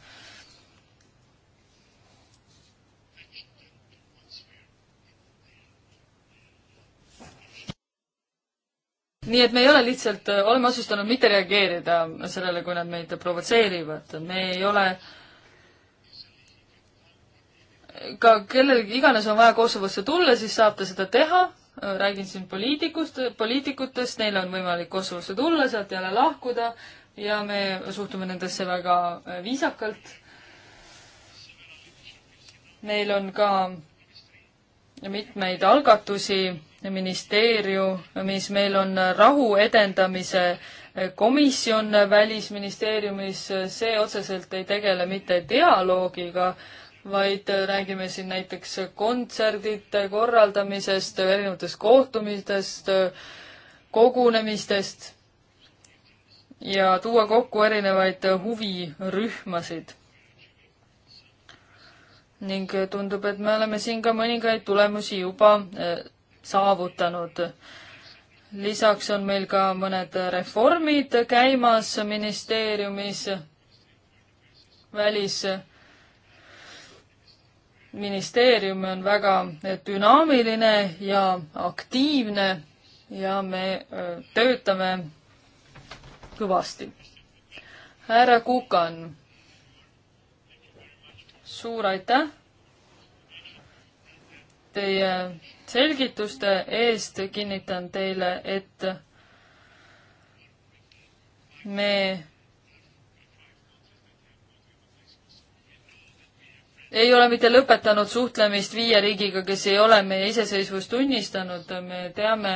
nii et me ei ole lihtsalt, äh, oleme otsustanud mitte reageerida sellele, kui nad meid provotseerivad, me ei ole ka kellel iganes on vaja Kosovosse tulla, siis saab ta seda teha, äh, räägin siin poliitikust, poliitikutest, neil on võimalik Kosovosse tulla, sealt jälle lahkuda ja me suhtume nendesse väga äh, viisakalt. Neil on ka mitmeid algatusi ministeeriumis, meil on rahu edendamise komisjon Välisministeeriumis, see otseselt ei tegele mitte dialoogiga, vaid räägime siin näiteks kontserdite korraldamisest, erinevatest kohtumistest, kogunemistest ja tuua kokku erinevaid huvirühmasid. ning tundub, et me oleme siin ka mõningaid tulemusi juba eh, saavutanud. lisaks on meil ka mõned reformid käimas ministeeriumis, välis ministeerium on väga dünaamiline ja aktiivne ja me töötame kõvasti. härra Kukan, suur aitäh teie selgituste eest, kinnitan teile, et me ei ole mitte lõpetanud suhtlemist viie riigiga, kes ei ole meie iseseisvust tunnistanud, me teame,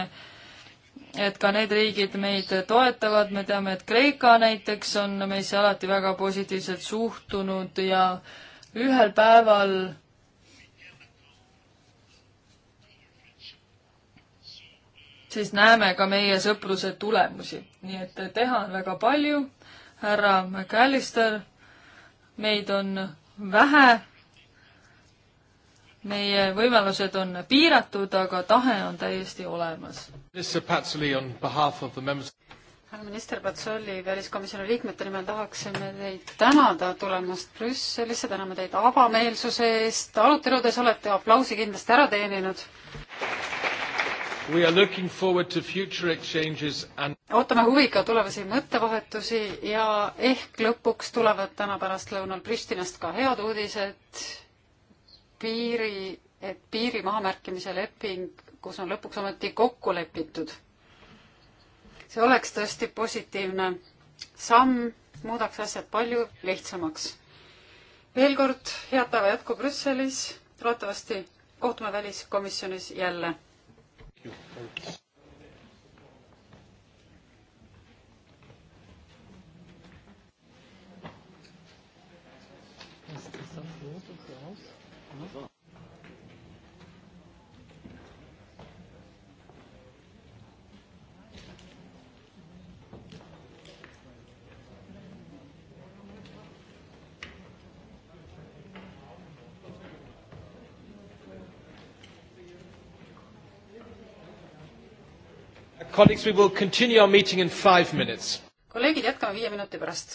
et ka need riigid meid toetavad, me teame, et Kreeka näiteks on meisse alati väga positiivselt suhtunud ja ühel päeval siis näeme ka meie sõpruse tulemusi. nii et teha on väga palju, härra McAllister, meid on vähe, meie võimalused on piiratud, aga tahe on täiesti olemas. härra minister Patsoli väliskomisjoni liikmete nimel tahaksime teid tänada tulemast Brüsselisse, täname teid avameelsuse eest, aruteludes olete aplausi kindlasti ära teeninud. And... ootame huviga tulevasi mõttevahetusi ja ehk lõpuks tulevad täna pärastlõunal Pristinast ka head uudised. piiri, et piiri mahamärkimise leping, kus on lõpuks ometi kokku lepitud. see oleks tõesti positiivne samm, muudaks asjad palju lihtsamaks. veel kord head päeva jätku Brüsselis, loodetavasti kohtume väliskomisjonis jälle you. kolleegid, jätkame viie minuti pärast.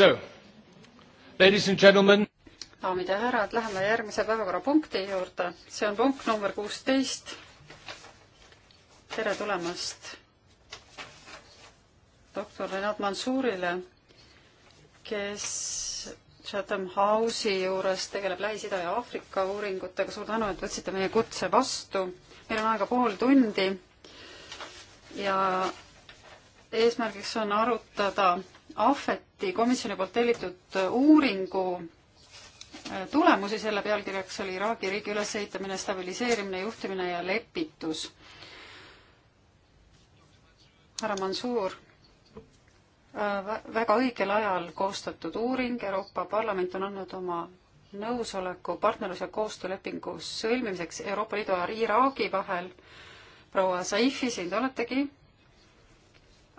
So, ladies and gentlemen. daamid ja härrad, läheme järgmise päevakorrapunkti juurde. see on punkt number kuusteist. tere tulemast doktor Renat Mansuurile, kes Chatham House'i juures tegeleb Lähis-Ida ja Aafrika uuringutega. suur tänu, et võtsite meie kutse vastu. meil on aega pool tundi ja eesmärgiks on arutada ahvet esitati komisjoni poolt tellitud uuringu äh, tulemusi, selle pealkirjaks oli Iraagi riigi ülesehitamine, stabiliseerimine, juhtimine ja lepitus. härra Mansour, äh, väga õigel ajal koostatud uuring, Euroopa Parlament on andnud oma nõusoleku partnerluse koostöölepingu sõlmimiseks Euroopa Liidu ja Iraagi vahel. proua Saifi, siin te oletegi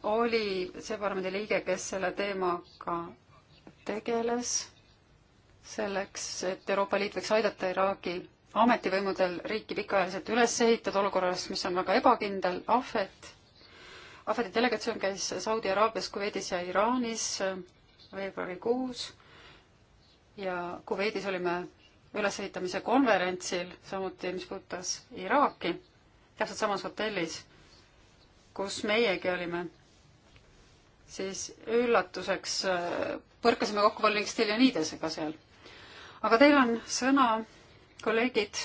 oli see parlamendi liige, kes selle teemaga tegeles selleks, et Euroopa Liit võiks aidata Iraagi ametivõimudel riiki pikaajaliselt üles ehitada olukorras, mis on väga ebakindel, ahvet. ahveti delegatsioon käis Saudi Araabias, Kuveidis ja Iraanis veebruarikuus ja Kuveidis olime ülesehitamise konverentsil, samuti mis puudutas Iraaki, täpselt samas hotellis, kus meiegi olime siis üllatuseks äh, põrkasime kokku kolleeg Steljanidesega seal. aga teil on sõna, kolleegid,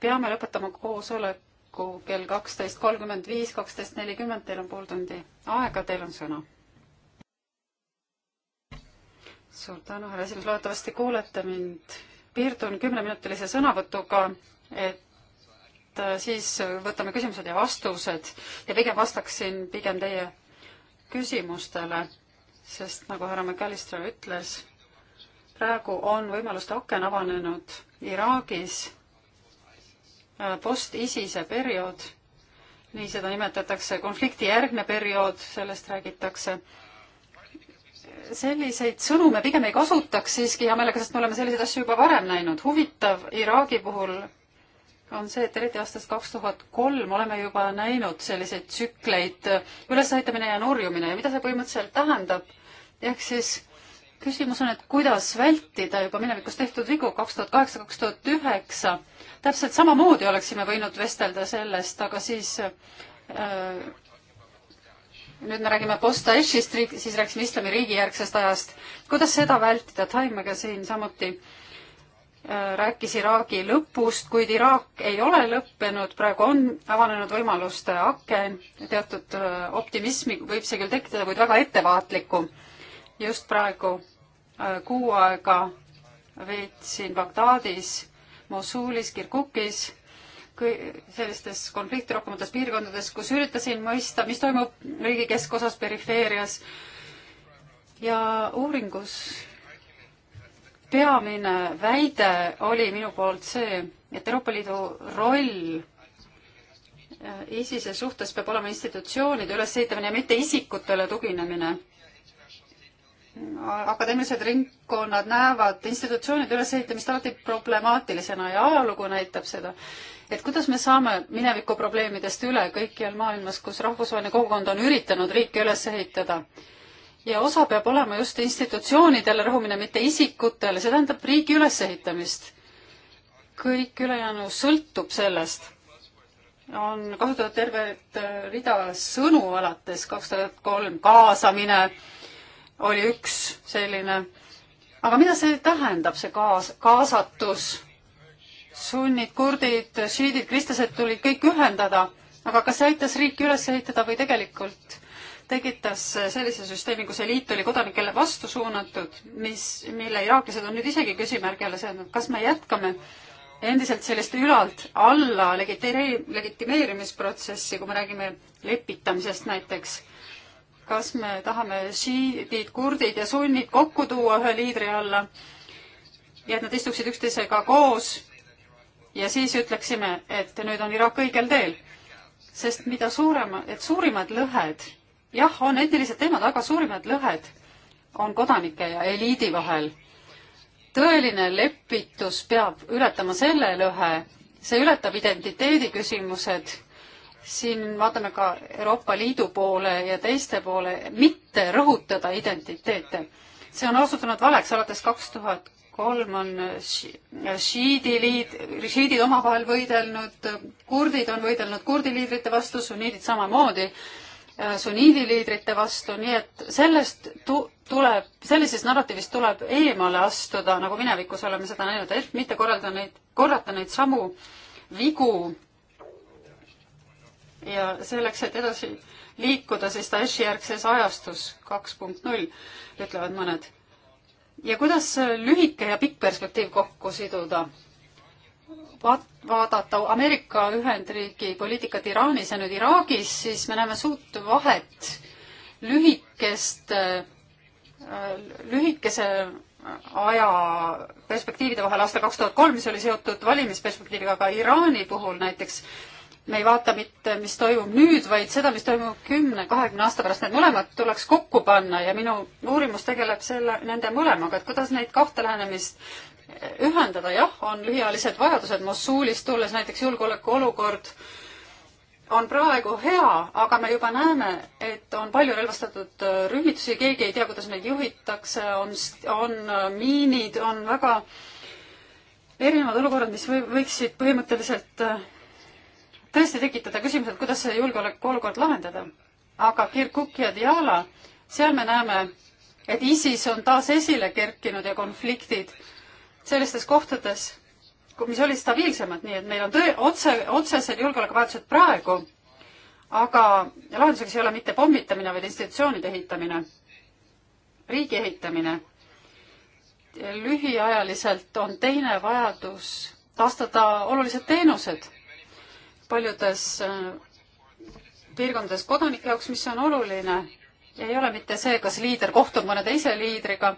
peame lõpetama koosoleku kell kaksteist kolmkümmend viis, kaksteist nelikümmend, teil on pool tundi aega, teil on sõna. suur tänu, härra esimees, loodetavasti kuulete mind. piirdun kümneminutilise sõnavõtuga, et äh, siis võtame küsimused ja vastused ja pigem vastaksin pigem teie küsimustele, sest nagu härra McAllister ütles, praegu on võimaluste aken avanenud Iraagis äh, post-ISISe periood, nii seda nimetatakse, konfliktijärgne periood, sellest räägitakse. selliseid sõnu me pigem ei kasutaks siiski hea meelega, sest me oleme selliseid asju juba varem näinud. huvitav Iraagi puhul on see, et eriti aastast kaks tuhat kolm oleme juba näinud selliseid tsükleid ülesäitamine ja nurjumine ja mida see põhimõtteliselt tähendab. ehk siis küsimus on, et kuidas vältida juba minevikus tehtud vigu kaks tuhat kaheksa, kaks tuhat üheksa. täpselt samamoodi oleksime võinud vestelda sellest, aga siis äh, nüüd me räägime post-Daeshist, siis rääkisime islamiriigijärgsest ajast. kuidas seda vältida, Taimega siin samuti äh, rääkis Iraagi lõpust, kuid Iraak ei ole lõppenud, praegu on avanenud võimaluste aken, teatud äh, optimismi võib see küll tekitada, kuid väga ettevaatlikum. just praegu äh, kuu aega veetsin Bagdaadis, Mosulis, Kirkukis, sellistes konfliktirohkemates piirkondades, kus üritasin mõista, mis toimub riigi keskosas, perifeerias ja uuringus peamine väide oli minu poolt see, et Euroopa Liidu roll äh, ISISe suhtes peab olema institutsioonide ülesehitamine ja mitte isikutele tuginemine. akadeemilised ringkonnad näevad institutsioonide ülesehitamist alati problemaatilisena ja ajalugu näitab seda, et kuidas me saame mineviku probleemidest üle kõikjal maailmas, kus rahvusvaheline kogukond on üritanud riiki üles ehitada ja osa peab olema just institutsioonidele rõhumine, mitte isikutele, see tähendab riigi ülesehitamist. kõik ülejäänu sõltub sellest. on kasutatud tervet äh, rida sõnu alates kaks tuhat kolm, kaasamine oli üks selline. aga mida see tähendab, see kaas-, kaasatus? sunnid, kurdid, šiidid, kristlased tulid kõik ühendada, aga kas see aitas riiki üles ehitada või tegelikult tekitas sellise süsteemi, kus eliit oli kodanikele vastu suunatud, mis, mille iraaklased on nüüd isegi küsimärgi alla seadnud, kas me jätkame endiselt sellist ülalt alla legiteeri-, legitimeerimisprotsessi, kui me räägime lepitamisest näiteks. kas me tahame šiidid, kurdid ja sunnid kokku tuua ühe liidri alla ja et nad istuksid üksteisega koos ja siis ütleksime, et nüüd on Iraak õigel teel sest mida suurema, et suurimad lõhed jah, on endilised teemad, aga suurimad lõhed on kodanike ja eliidi vahel. tõeline lepitus peab ületama selle lõhe, see ületab identiteedi küsimused, siin vaatame ka Euroopa Liidu poole ja teiste poole, mitte rõhutada identiteete. see on osutunud valeks, alates kaks tuhat kolm on šiidi liid, šiidid omavahel võidelnud, kurdid on võidelnud kurdi liidrite vastu, sunniidid samamoodi Äh, sunniidiliidrite vastu, nii et sellest tu-, tuleb, sellisest narratiivist tuleb eemale astuda, nagu minevikus oleme seda näinud, et mitte korralda neid, korrata neid samu vigu. ja selleks, et edasi liikuda siis Daeshi järgses ajastus kaks punkt null, ütlevad mõned. ja kuidas lühike ja pikk perspektiiv kokku siduda? vaadata Ameerika Ühendriigi poliitikat Iraanis ja nüüd Iraagis, siis me näeme suurt vahet lühikest, äh, lühikese aja perspektiivide vahel aastal kaks tuhat kolm, mis oli seotud valimisperspektiiviga, aga Iraani puhul näiteks me ei vaata mitte, mis toimub nüüd, vaid seda, mis toimub kümne, kahekümne aasta pärast, need mõlemad tuleks kokku panna ja minu uurimus tegeleb selle, nende mõlemaga, et kuidas neid kahte lähenemist ühendada, jah, on lühiajalised vajadused, Mosulist tulles näiteks julgeolekuolukord on praegu hea, aga me juba näeme, et on palju relvastatud äh, rühmitusi, keegi ei tea, kuidas neid juhitakse, on, on äh, miinid, on väga erinevad olukorrad, mis või, võiksid põhimõtteliselt äh, tõesti tekitada küsimuse, et kuidas see julgeolekuolukord lahendada. aga Kirkuk ja Diala, seal me näeme, et ISIS on taas esile kerkinud ja konfliktid sellistes kohtades, mis olid stabiilsemad, nii et meil on tõe, otse, otsesed julgeolekuvajadused praegu, aga lahenduseks ei ole mitte pommitamine, vaid institutsioonide ehitamine, riigi ehitamine. lühiajaliselt on teine vajadus taastada olulised teenused paljudes äh, piirkondades kodanike jaoks, mis on oluline, ei ole mitte see, kas liider kohtub mõne teise liidriga,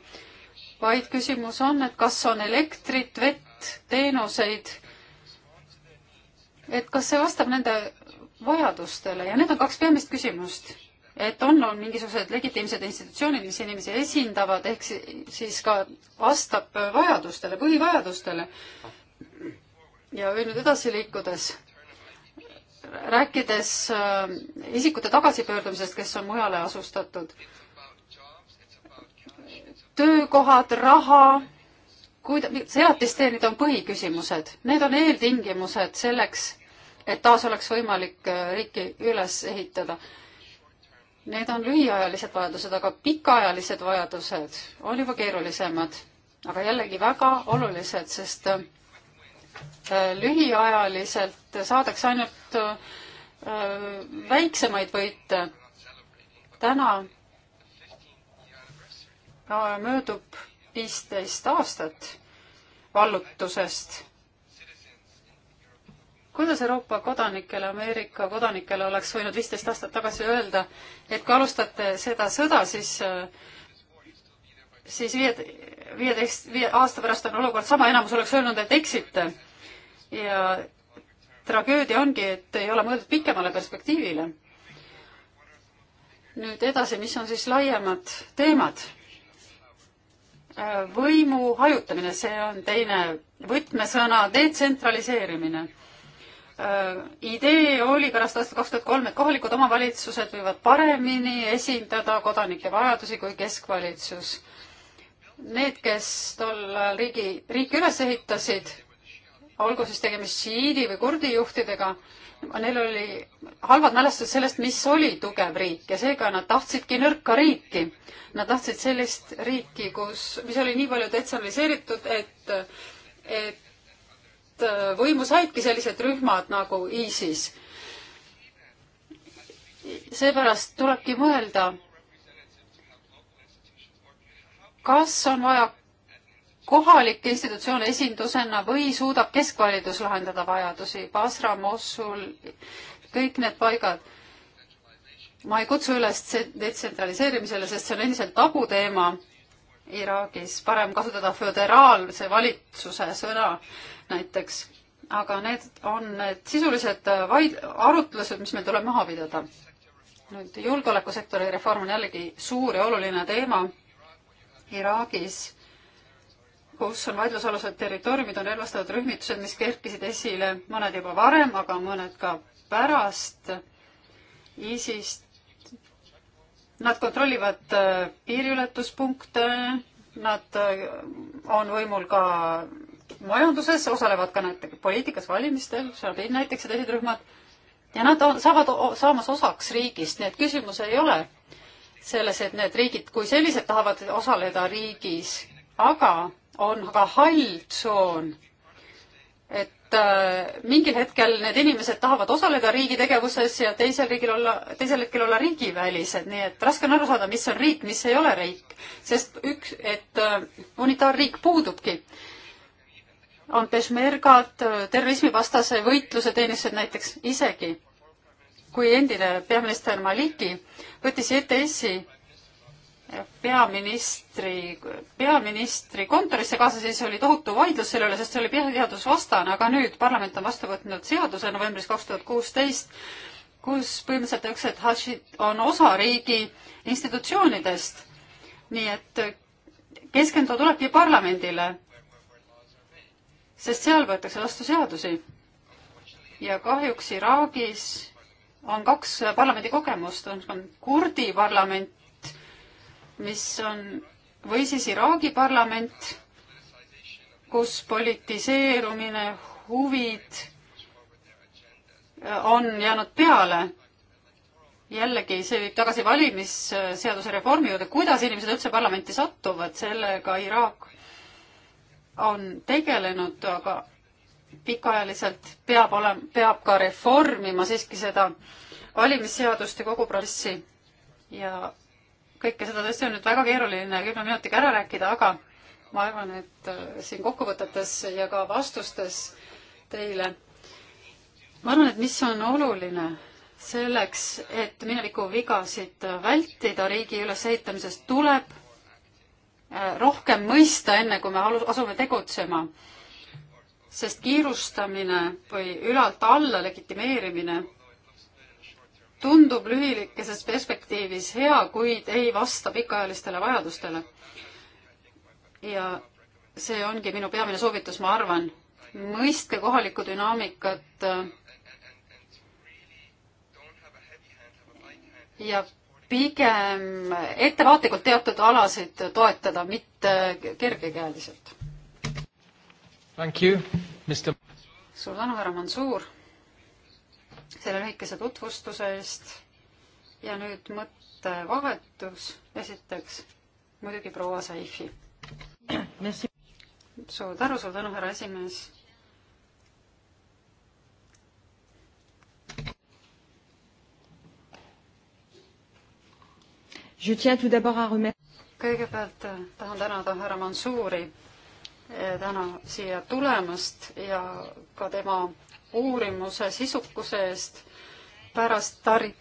vaid küsimus on, et kas on elektrit, vett, teenuseid, et kas see vastab nende vajadustele ja need on kaks peamist küsimust. et on, on mingisugused legitiimsed institutsioonid, mis inimesi esindavad, ehk siis ka vastab vajadustele, põhivajadustele. ja veel nüüd edasi liikudes, rääkides äh, isikute tagasipöördumisest, kes on mujale asustatud töökohad, raha, kuida-, elatistee, need on põhiküsimused, need on eeltingimused selleks, et taas oleks võimalik äh, riiki üles ehitada. Need on lühiajalised vajadused, aga pikaajalised vajadused on juba keerulisemad, aga jällegi väga olulised, sest äh, lühiajaliselt saadakse ainult äh, väiksemaid võite. täna möödub viisteist aastat vallutusest. kuidas Euroopa kodanikele, Ameerika kodanikele oleks võinud viisteist aastat tagasi öelda, et kui alustate seda sõda, siis siis viie, viieteist, viie aasta pärast on olukord sama, enamus oleks öelnud, et eksite. ja tragöödia ongi, et ei ole mõeldud pikemale perspektiivile. nüüd edasi, mis on siis laiemad teemad? võimu hajutamine, see on teine võtmesõna, detsentraliseerimine. Äh, idee oli pärast aastat kaks tuhat kolm, et kohalikud omavalitsused võivad paremini esindada kodanike vajadusi kui keskvalitsus. Need, kes tol ajal riigi, riiki üles ehitasid olgu siis tegemist šiiidi või kurdi juhtidega, neil oli halvad mälestused sellest, mis oli tugev riik ja seega nad tahtsidki nõrka riiki. Nad tahtsid sellist riiki, kus, mis oli nii palju detsentraliseeritud, et, et äh, võimu saidki sellised rühmad nagu ISIS. seepärast tulebki mõelda, kas on vaja kohalikke institutsioone esindusena või suudab keskvalitsus lahendada vajadusi, Basra, Mosul, kõik need paigad. ma ei kutsu üles detsentraliseerimisele, sest see on endiselt tabuteema Iraagis, parem kasutada föderaalse valitsuse sõna näiteks. aga need on need sisulised äh, vaid-, arutlused, mis meil tuleb maha pidada. nüüd julgeolekusektori reform on jällegi suur ja oluline teema Iraagis kus on vaidlusalused territooriumid, on relvastatud rühmitused, mis kerkisid esile mõned juba varem, aga mõned ka pärast ISIS-t. Nad kontrollivad äh, piiriületuspunkte, nad äh, on võimul ka majanduses, osalevad ka näiteks poliitikas, valimistel, Šabin näiteks ja teised rühmad. ja nad on, saavad, saamas osaks riigist, nii et küsimus ei ole selles, et need riigid kui sellised tahavad osaleda riigis aga on ka hall tsoon, et äh, mingil hetkel need inimesed tahavad osaleda riigi tegevuses ja teisel riigil olla, teisel hetkel olla riigivälised, nii et raske on aru saada, mis on riik, mis ei ole riik, sest üks, et äh, unitaarriik puudubki. on peshmergad, äh, terrorismivastase võitluse teenistused näiteks isegi, kui endine peaminister Maliki võttis ETS-i peaministri, peaministri kontorisse kaasa, siis oli tohutu vaidlus selle üle, sest see oli põhiseadusvastane, aga nüüd parlament on vastu võtnud seaduse novembris kaks tuhat kuusteist, kus põhimõtteliselt öeldakse, et Hashid on osa riigi institutsioonidest. nii et keskenduda tulebki parlamendile, sest seal võetakse vastu seadusi. ja kahjuks Iraagis on kaks parlamendi kogemust, on kurdi parlament mis on, või siis Iraagi parlament, kus politiseerumine, huvid äh, on jäänud peale. jällegi, see viib tagasi valimisseaduse reformi juurde, kuidas inimesed üldse parlamenti satuvad, sellega Iraak on tegelenud, aga pikaajaliselt peab olema, peab ka reformima siiski seda valimisseadust ja kogu protsessi ja kõike seda tõesti on nüüd väga keeruline kümne minutiga ära rääkida, aga ma arvan, et äh, siin kokkuvõtetes ja ka vastustes teile, ma arvan, et mis on oluline selleks, et mineviku vigasid vältida riigi ülesehitamises, tuleb äh, rohkem mõista, enne kui me asume tegutsema. sest kiirustamine või ülalt alla legitimeerimine tundub lühilikeses perspektiivis hea, kuid ei vasta pikaajalistele vajadustele. ja see ongi minu peamine soovitus, ma arvan, mõistke kohalikku dünaamikat äh, ja pigem ettevaatlikult teatud alasid toetada, mitte kergekäeliselt. suur tänu, härra Mansur! selle lühikese tutvustuse eest ja nüüd mõttevahetus esiteks muidugi proua Saifi. suur tänu, suur tänu, härra esimees Je tiens tout d'abord à remercier. kõigepealt tahan tänada härra Mansuuri eh, täna siia tulemast ja ka tema uurimuse sisukuse eest pärast tari-,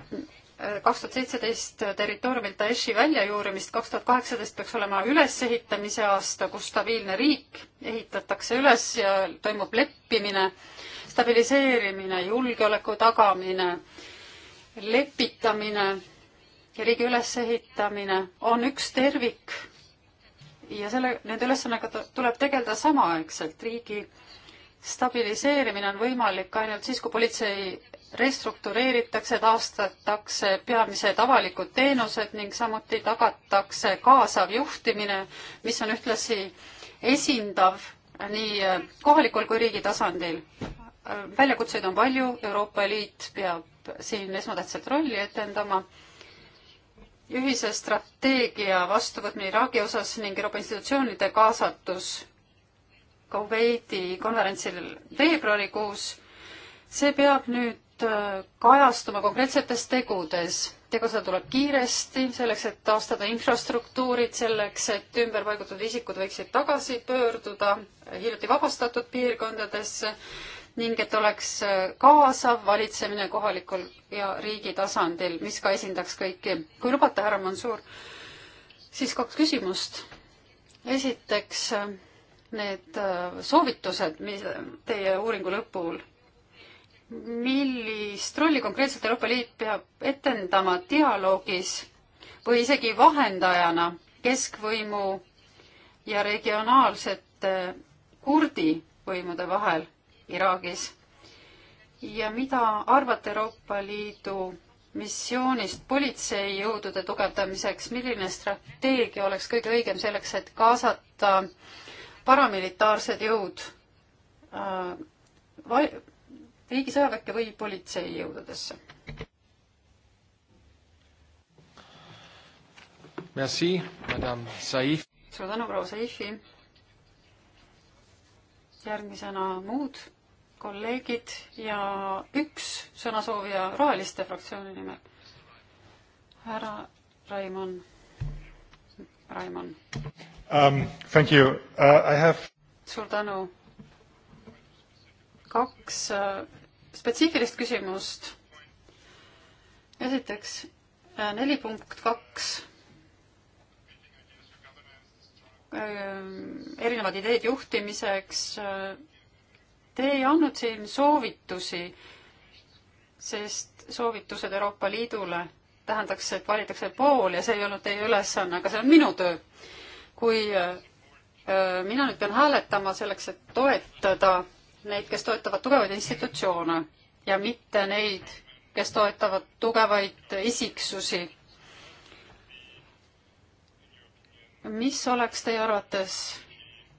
kaks tuhat seitseteist territooriumilt Daeshi väljajuurimist, kaks tuhat kaheksateist peaks olema ülesehitamise aasta, kus stabiilne riik ehitatakse üles ja toimub leppimine, stabiliseerimine, julgeoleku tagamine, lepitamine ja riigi ülesehitamine on üks tervik ja selle, nende ülesannega tuleb tegeleda samaaegselt riigi stabiliseerimine on võimalik ainult siis, kui politsei restruktureeritakse, taastatakse peamised avalikud teenused ning samuti tagatakse kaasav juhtimine, mis on ühtlasi esindav nii äh, kohalikul kui riigi tasandil. Äh, väljakutseid on palju, Euroopa Liit peab siin esmatähtsat rolli etendama. ühise strateegia vastuvõtmine Iraagi osas ning Euroopa institutsioonide kaasatus Kuveidi konverentsil veebruarikuus. see peab nüüd äh, kajastuma konkreetsetes tegudes. tegutseda tuleb kiiresti, selleks et taastada infrastruktuurid, selleks et ümberpaigutatud isikud võiksid tagasi pöörduda hiljuti vabastatud piirkondadesse ning et oleks äh, kaasav valitsemine kohalikul ja riigi tasandil, mis ka esindaks kõiki. kui lubate, härra Mansur, siis kaks küsimust. esiteks äh, need äh, soovitused, mis teie uuringu lõpul, millist rolli konkreetselt Euroopa Liit peab etendama dialoogis või isegi vahendajana keskvõimu ja regionaalsete kurdi võimude vahel Iraagis? ja mida arvate Euroopa Liidu missioonist politseijõudude tugevdamiseks, milline strateegia oleks kõige õigem selleks, et kaasata äh, paramilitaarsed jõud äh, riigi sõjaväkke või politseijõududesse. Merci, madame Saif. suur tänu, proua Saifi. järgmisena muud kolleegid ja üks sõnasoovija Roheliste fraktsiooni nimel. härra Raimon, Raimon um,? Thank you uh,, I have. suur tänu. kaks uh, spetsiifilist küsimust. esiteks uh, neli punkt kaks. Uh, erinevad ideed juhtimiseks. Uh, te ei andnud siin soovitusi, sest soovitused Euroopa Liidule tähendaks, et valitakse pool ja see ei olnud teie ülesanne, aga see on minu töö kui äh, äh, mina nüüd pean hääletama selleks, et toetada neid, kes toetavad tugevaid institutsioone ja mitte neid, kes toetavad tugevaid isiksusi. mis oleks teie arvates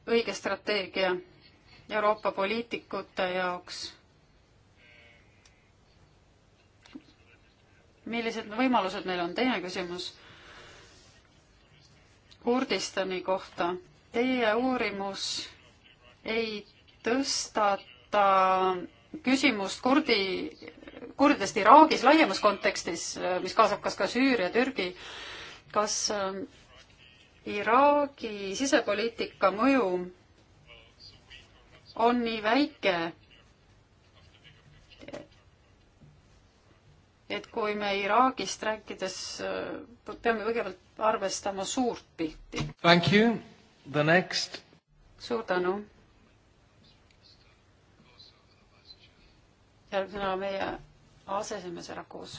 õige strateegia Euroopa poliitikute jaoks? millised võimalused meil on, teine küsimus Kurdistani kohta. Teie uurimus ei tõstata küsimust kurdi, kurdidest Iraagis laiemas kontekstis, mis kaasab kas ka Süüria, Türgi, kas äh, Iraagi sisepoliitika mõju on nii väike, et kui me Iraagist rääkides äh, peame kõigepealt arvestama suurt pilti. Thank you, the next. suur tänu. järgmisena meie aseesimees härra Kuus.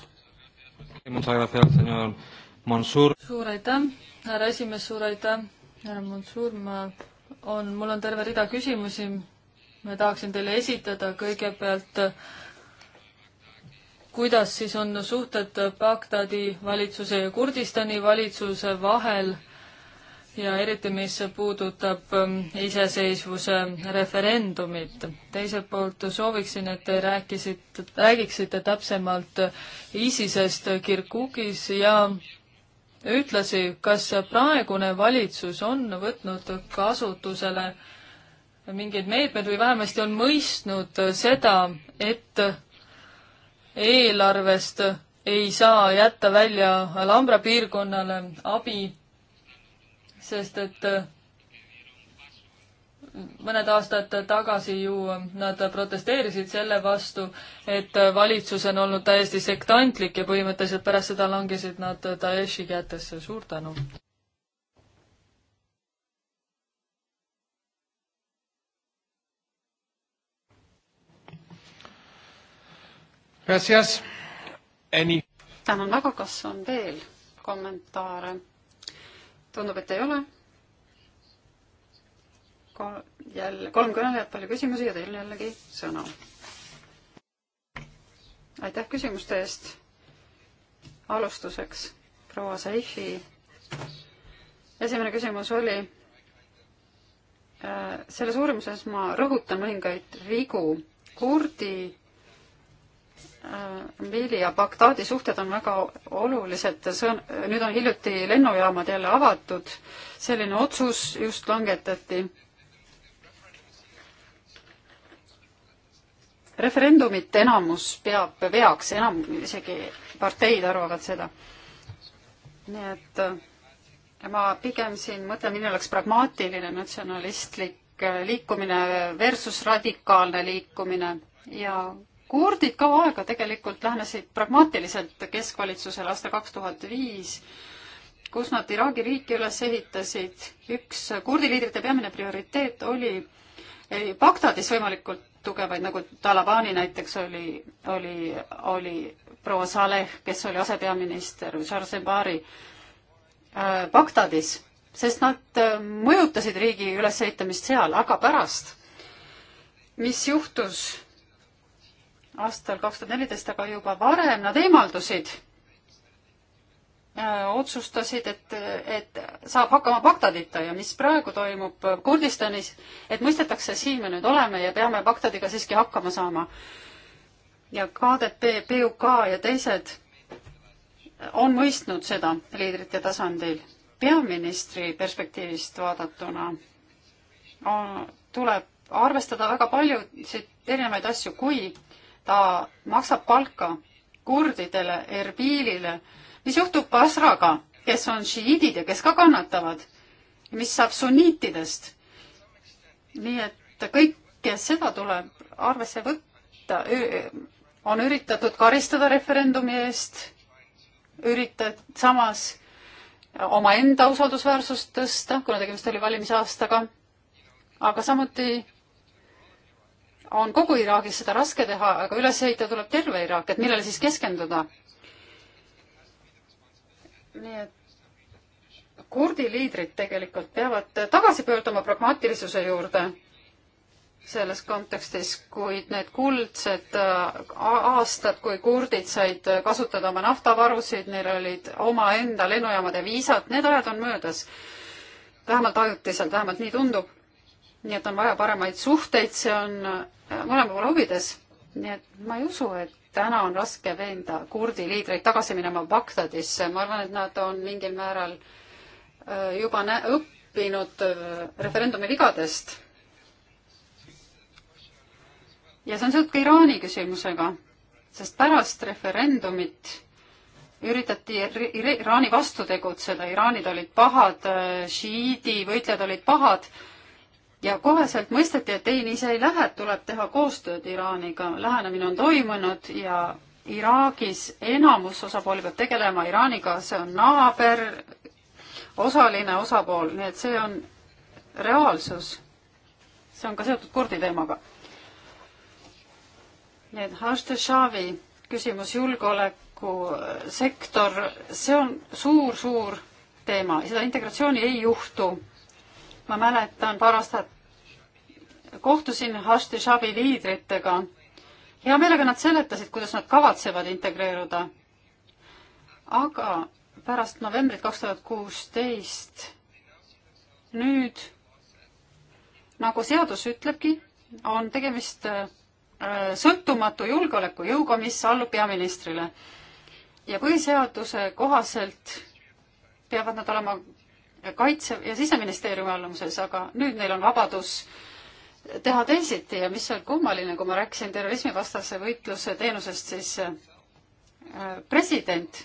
suur aitäh, härra esimees, suur aitäh, härra Mansur, ma on, mul on terve rida küsimusi, ma tahaksin teile esitada kõigepealt äh, kuidas siis on suhted Bagdadi valitsuse ja Kurdistani valitsuse vahel ja eriti, mis puudutab ähm, iseseisvuse referendumit. teiselt poolt sooviksin, et te rääkisite, räägiksite täpsemalt ISISest Kirkukis ja ühtlasi, kas praegune valitsus on võtnud kasutusele mingeid meetmeid või vähemasti on mõistnud seda, et eelarvest ei saa jätta välja Alhambra piirkonnale abi, sest et äh, mõned aastad tagasi ju nad protesteerisid selle vastu, et valitsus on olnud täiesti sektantlik ja põhimõtteliselt pärast seda langesid nad Daeshi kätesse. suur tänu! tänan väga, kas on veel kommentaare? tundub, et ei ole Kol. jälle kolm kõnelejat, palju küsimusi ja teil jällegi sõna. aitäh küsimuste eest. alustuseks proua Saifi. esimene küsimus oli äh, selles uurimuses ma rõhutan mõningaid vigu. kurdi Äh, Mili ja Bagdaadi suhted on väga olulised, see on, nüüd on hiljuti lennujaamad jälle avatud, selline otsus just langetati. referendumit enamus peab veaks, enam isegi parteid arvavad seda. nii et äh, ma pigem siin mõtlen, milline oleks pragmaatiline natsionalistlik äh, liikumine versus radikaalne liikumine ja kurdid kaua aega tegelikult lähenesid pragmaatiliselt keskvalitsusele aasta kaks tuhat viis, kus nad Iraagi riiki üles ehitasid. üks kurdi liidrite peamine prioriteet oli Bagdadis võimalikult tugevaid, nagu Talabani näiteks oli, oli, oli proua Saleh, kes oli asepeaminister, Charles-Ebari äh, Bagdadis, sest nad äh, mõjutasid riigi ülesehitamist seal, aga pärast, mis juhtus aastal kaks tuhat neliteist, aga juba varem nad eemaldusid. Äh, otsustasid, et, et saab hakkama Bagdadita ja mis praegu toimub Kurdistanis, et mõistetakse, siin me nüüd oleme ja peame Bagdadiga siiski hakkama saama. ja KDP, PUK ja teised on mõistnud seda liidrite tasandil. peaministri perspektiivist vaadatuna on, tuleb arvestada väga paljusid erinevaid asju, kui ta maksab palka kurdidele, Erbilile. mis juhtub Basraga, kes on šiiidid ja kes ka kannatavad? mis saab sunniitidest? nii et kõike seda tuleb arvesse võtta. on üritatud karistada referendumi eest, üritad samas omaenda usaldusväärsust tõsta, kuna tegemist oli valimisaastaga, aga samuti on kogu Iraagis seda raske teha, aga üles ehitada tuleb terve Iraak, et millele siis keskenduda? nii et kurdi liidrid tegelikult peavad tagasi pöörduma pragmaatilisuse juurde selles kontekstis, kuid need kuldsed äh, aastad, kui kurdid said kasutada oma naftavarusid, neil olid omaenda lennujaamade viisad, need ajad on möödas. vähemalt ajutiselt, vähemalt nii tundub. nii et on vaja paremaid suhteid, see on mõlema poole huvides. nii et ma ei usu, et täna on raske veenda kurdi liidreid tagasi minema Bagdadisse, ma arvan, et nad on mingil määral äh, juba nä-, õppinud äh, referendumi vigadest. ja see on seotud ka Iraani küsimusega, sest pärast referendumit üritati Iraani vastu tegutseda, iraanid olid pahad, äh, šiiidi võitlejad olid pahad ja koheselt mõisteti, et ei, nii see ei lähe, tuleb teha koostööd Iraaniga, lähenemine on toimunud ja Iraagis enamus osapooli peab tegelema Iraaniga, see on naaber, osaline osapool, nii et see on reaalsus. see on ka seotud kurdi teemaga. nii et Hashtag-Shavi küsimus, julgeolekusektor, äh, see on suur-suur teema ja seda integratsiooni ei juhtu ma mäletan paar aastat kohtusin Hashti Shabi liidritega. hea meelega nad seletasid, kuidas nad kavatsevad integreeruda. aga pärast novembrit kaks tuhat kuusteist nüüd nagu seadus ütlebki, on tegemist äh, sõltumatu julgeolekujõuga, mis allub peaministrile. ja põhiseaduse kohaselt peavad nad olema kaitse- ja siseministeeriumi allumises, aga nüüd neil on vabadus teha teisiti ja mis on kummaline, kui ma rääkisin terrorismivastase võitluse teenusest, siis äh, president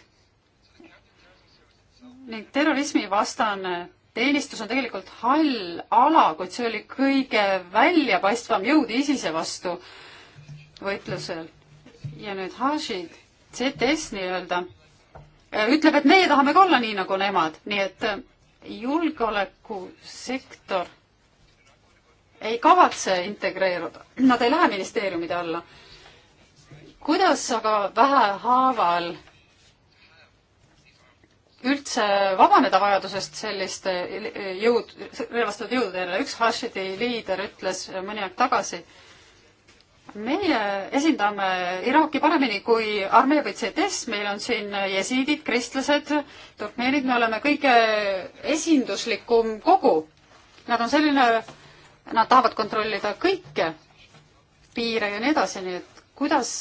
ning terrorismivastane teenistus on tegelikult hall ala, kuid see oli kõige väljapaistvam jõud ISISe vastu võitlusel. ja nüüd Hashid, CTS nii-öelda, äh, ütleb, et meie tahame ka olla nii nagu nemad, nii et äh, julgeolekusektor ei kavatse integreeruda, nad ei lähe ministeeriumide alla. kuidas aga vähehaaval üldse vabaneda vajadusest selliste jõud, relvastatud jõudude järele, üks Hashidi liider ütles mõni aeg tagasi, meie esindame Iraaki paremini kui armee või CDS, meil on siin jesiidid, kristlased, turkmeenid, me oleme kõige esinduslikum kogu. Nad on selline, nad tahavad kontrollida kõike, piire ja nii edasi, nii et kuidas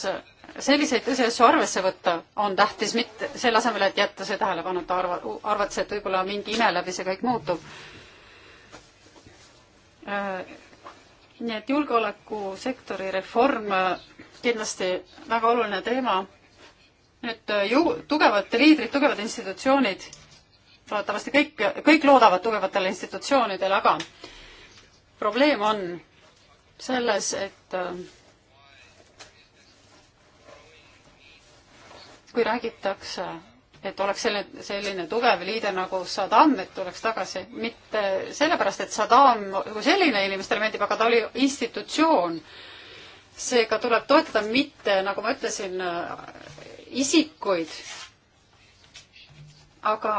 selliseid tõsiasju arvesse võtta on tähtis, mitte selle asemel, et jätta see tähelepanuta, arva, arvates, et võib-olla mingi ime läbi see kõik muutub äh, nii et julgeolekusektori reform äh, kindlasti väga oluline teema. nüüd äh, ju-, tugevad liidrid, tugevad institutsioonid, loodetavasti kõik, kõik loodavad tugevatele institutsioonidele, aga probleem on selles, et äh, kui räägitakse et oleks selline, selline tugev liide nagu Saddam, et tuleks tagasi, mitte sellepärast, et Saddam kui selline inimestele meeldib, aga ta oli institutsioon. seega tuleb toetada mitte, nagu ma ütlesin, äh, isikuid, aga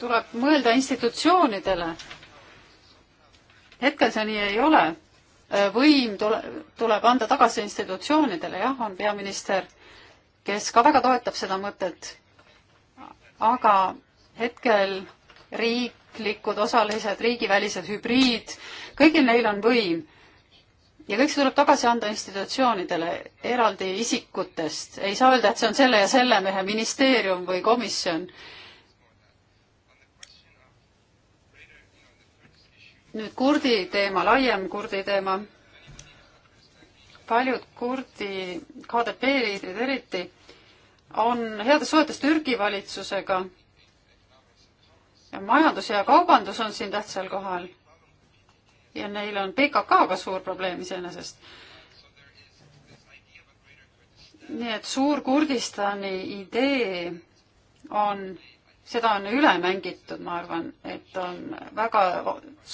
tuleb mõelda institutsioonidele. hetkel see nii ei ole. Äh, võim tule, tuleb anda tagasi institutsioonidele, jah, on peaminister kes ka väga toetab seda mõtet. aga hetkel riiklikud osalised, riigivälised hübriid, kõigil neil on võim. ja kõik see tuleb tagasi anda institutsioonidele eraldi isikutest. ei saa öelda, et see on selle ja selle mehe ministeerium või komisjon. nüüd kurdi teema, laiem kurdi teema paljud kurdi KDP liidrid eriti on heades suhetes Türgi valitsusega. majandus ja kaubandus on siin tähtsal kohal. ja neil on PKK-ga suur probleem iseenesest. nii et suur Kurdistani idee on, seda on üle mängitud, ma arvan, et on väga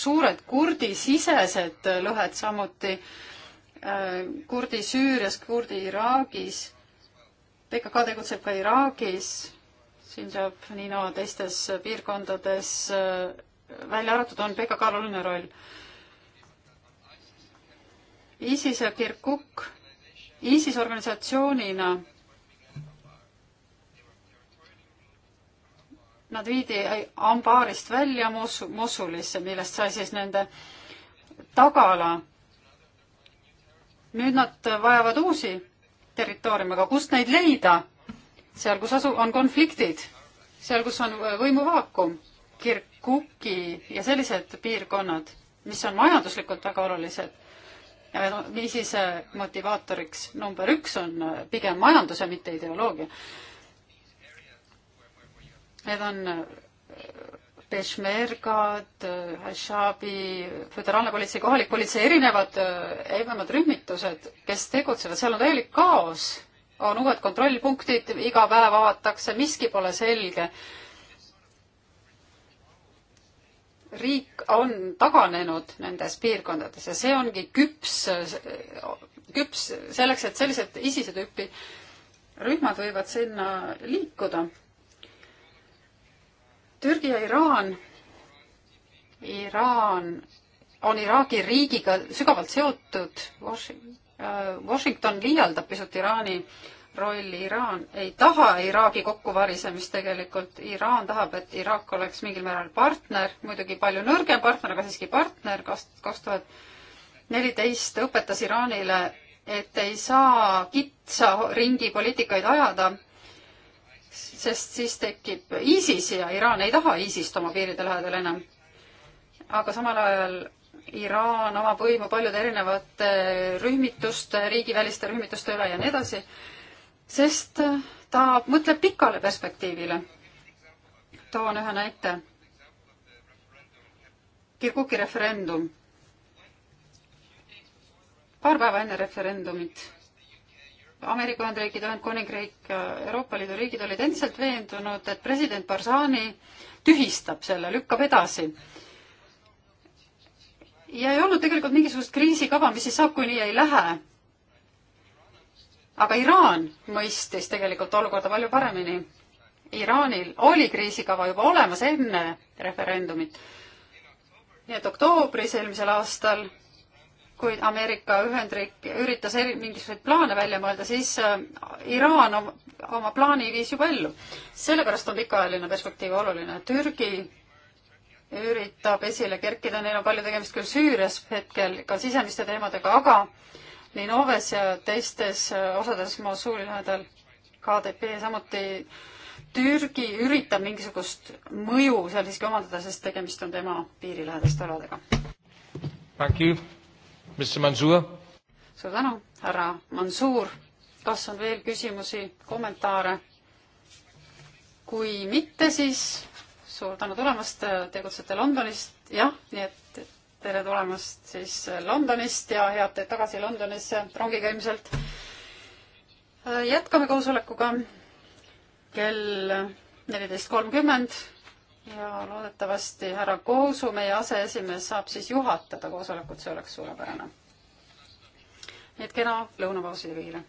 suured kurdisisesed lõhed samuti äh, Äh, kurdi Süürias, kurdi Iraagis. PKK tegutseb ka Iraagis, siin saab nii naa teistes piirkondades äh, välja arvatud, on PKK-l oluline roll. ISIS ja Kirkuk, ISIS organisatsioonina nad viidi Ambarist välja Mosulisse, millest sai siis nende tagala nüüd nad vajavad uusi territooriume, aga kust neid leida? seal, kus asu-, on konfliktid, seal, kus on äh, võimuvaakum, Kirkuki ja sellised piirkonnad, mis on majanduslikult väga olulised, niisiis äh, motivaatoriks number üks on äh, pigem majandus ja mitte ideoloogia. Need on peshmergad, Hashabi, föderaalne politsei, kohalik politsei, erinevad äh, erinevad rühmitused, kes tegutsevad, seal on täielik kaos, on uued kontrollpunktid, iga päev avatakse, miski pole selge. riik on taganenud nendes piirkondades ja see ongi küps, küps selleks, et sellised ISISe tüüpi rühmad võivad sinna liikuda Türgi ja Iraan. Iraan on Iraagi riigiga sügavalt seotud. Äh, Washington liialdab pisut Iraani rolli. Iraan ei taha Iraagi kokkuvarisemist tegelikult. Iraan tahab, et Iraak oleks mingil määral partner, muidugi palju nõrgem partner, aga siiski partner. kaks tuhat neliteist õpetas Iraanile, et ei saa kitsa ringi poliitikaid ajada sest siis tekib ISIS ja Iraan ei taha ISIS-t oma piiride lähedal enam. aga samal ajal Iraan omab võimu paljude erinevate rühmituste, riigiväliste rühmituste üle ja nii edasi, sest ta mõtleb pikale perspektiivile. toon ühe näite. Kirguki referendum. paar päeva enne referendumit Ameerika Ühendriigid, Ühendkuningriik, Euroopa Liidu riigid olid endiselt veendunud, et president Barzani tühistab selle, lükkab edasi. ja ei olnud tegelikult mingisugust kriisikava, mis siis saab, kui nii ei lähe. aga Iraan mõistis tegelikult olukorda palju paremini. Iraanil oli kriisikava juba olemas enne referendumit. nii et oktoobris eelmisel aastal kuid Ameerika Ühendriik üritas eri, mingisuguseid plaane välja mõelda, siis äh, Iraan oma, oma plaani viis juba ellu. sellepärast on pikaajaline perspektiiv oluline. Türgi üritab esile kerkida, neil on palju tegemist küll Süürias hetkel ka sisemiste teemadega, aga Linoves ja teistes äh, osades Mosuli lähedal KDP samuti Türgi üritab mingisugust mõju seal siiski omandada, sest tegemist on tema piirilähedaste aladega. Thank you suur tänu, härra Mansur. kas on veel küsimusi, kommentaare? kui mitte, siis suur tänu tulemast, tegutsete Londonist, jah, nii et tere tulemast siis Londonist ja head teed tagasi Londonisse rongiga ilmselt. jätkame koosolekuga kell neliteist kolmkümmend ja loodetavasti härra Koosu, meie aseesimees, saab siis juhatada koosolekut, see oleks suurepärane. nii et kena lõunapausi kõigile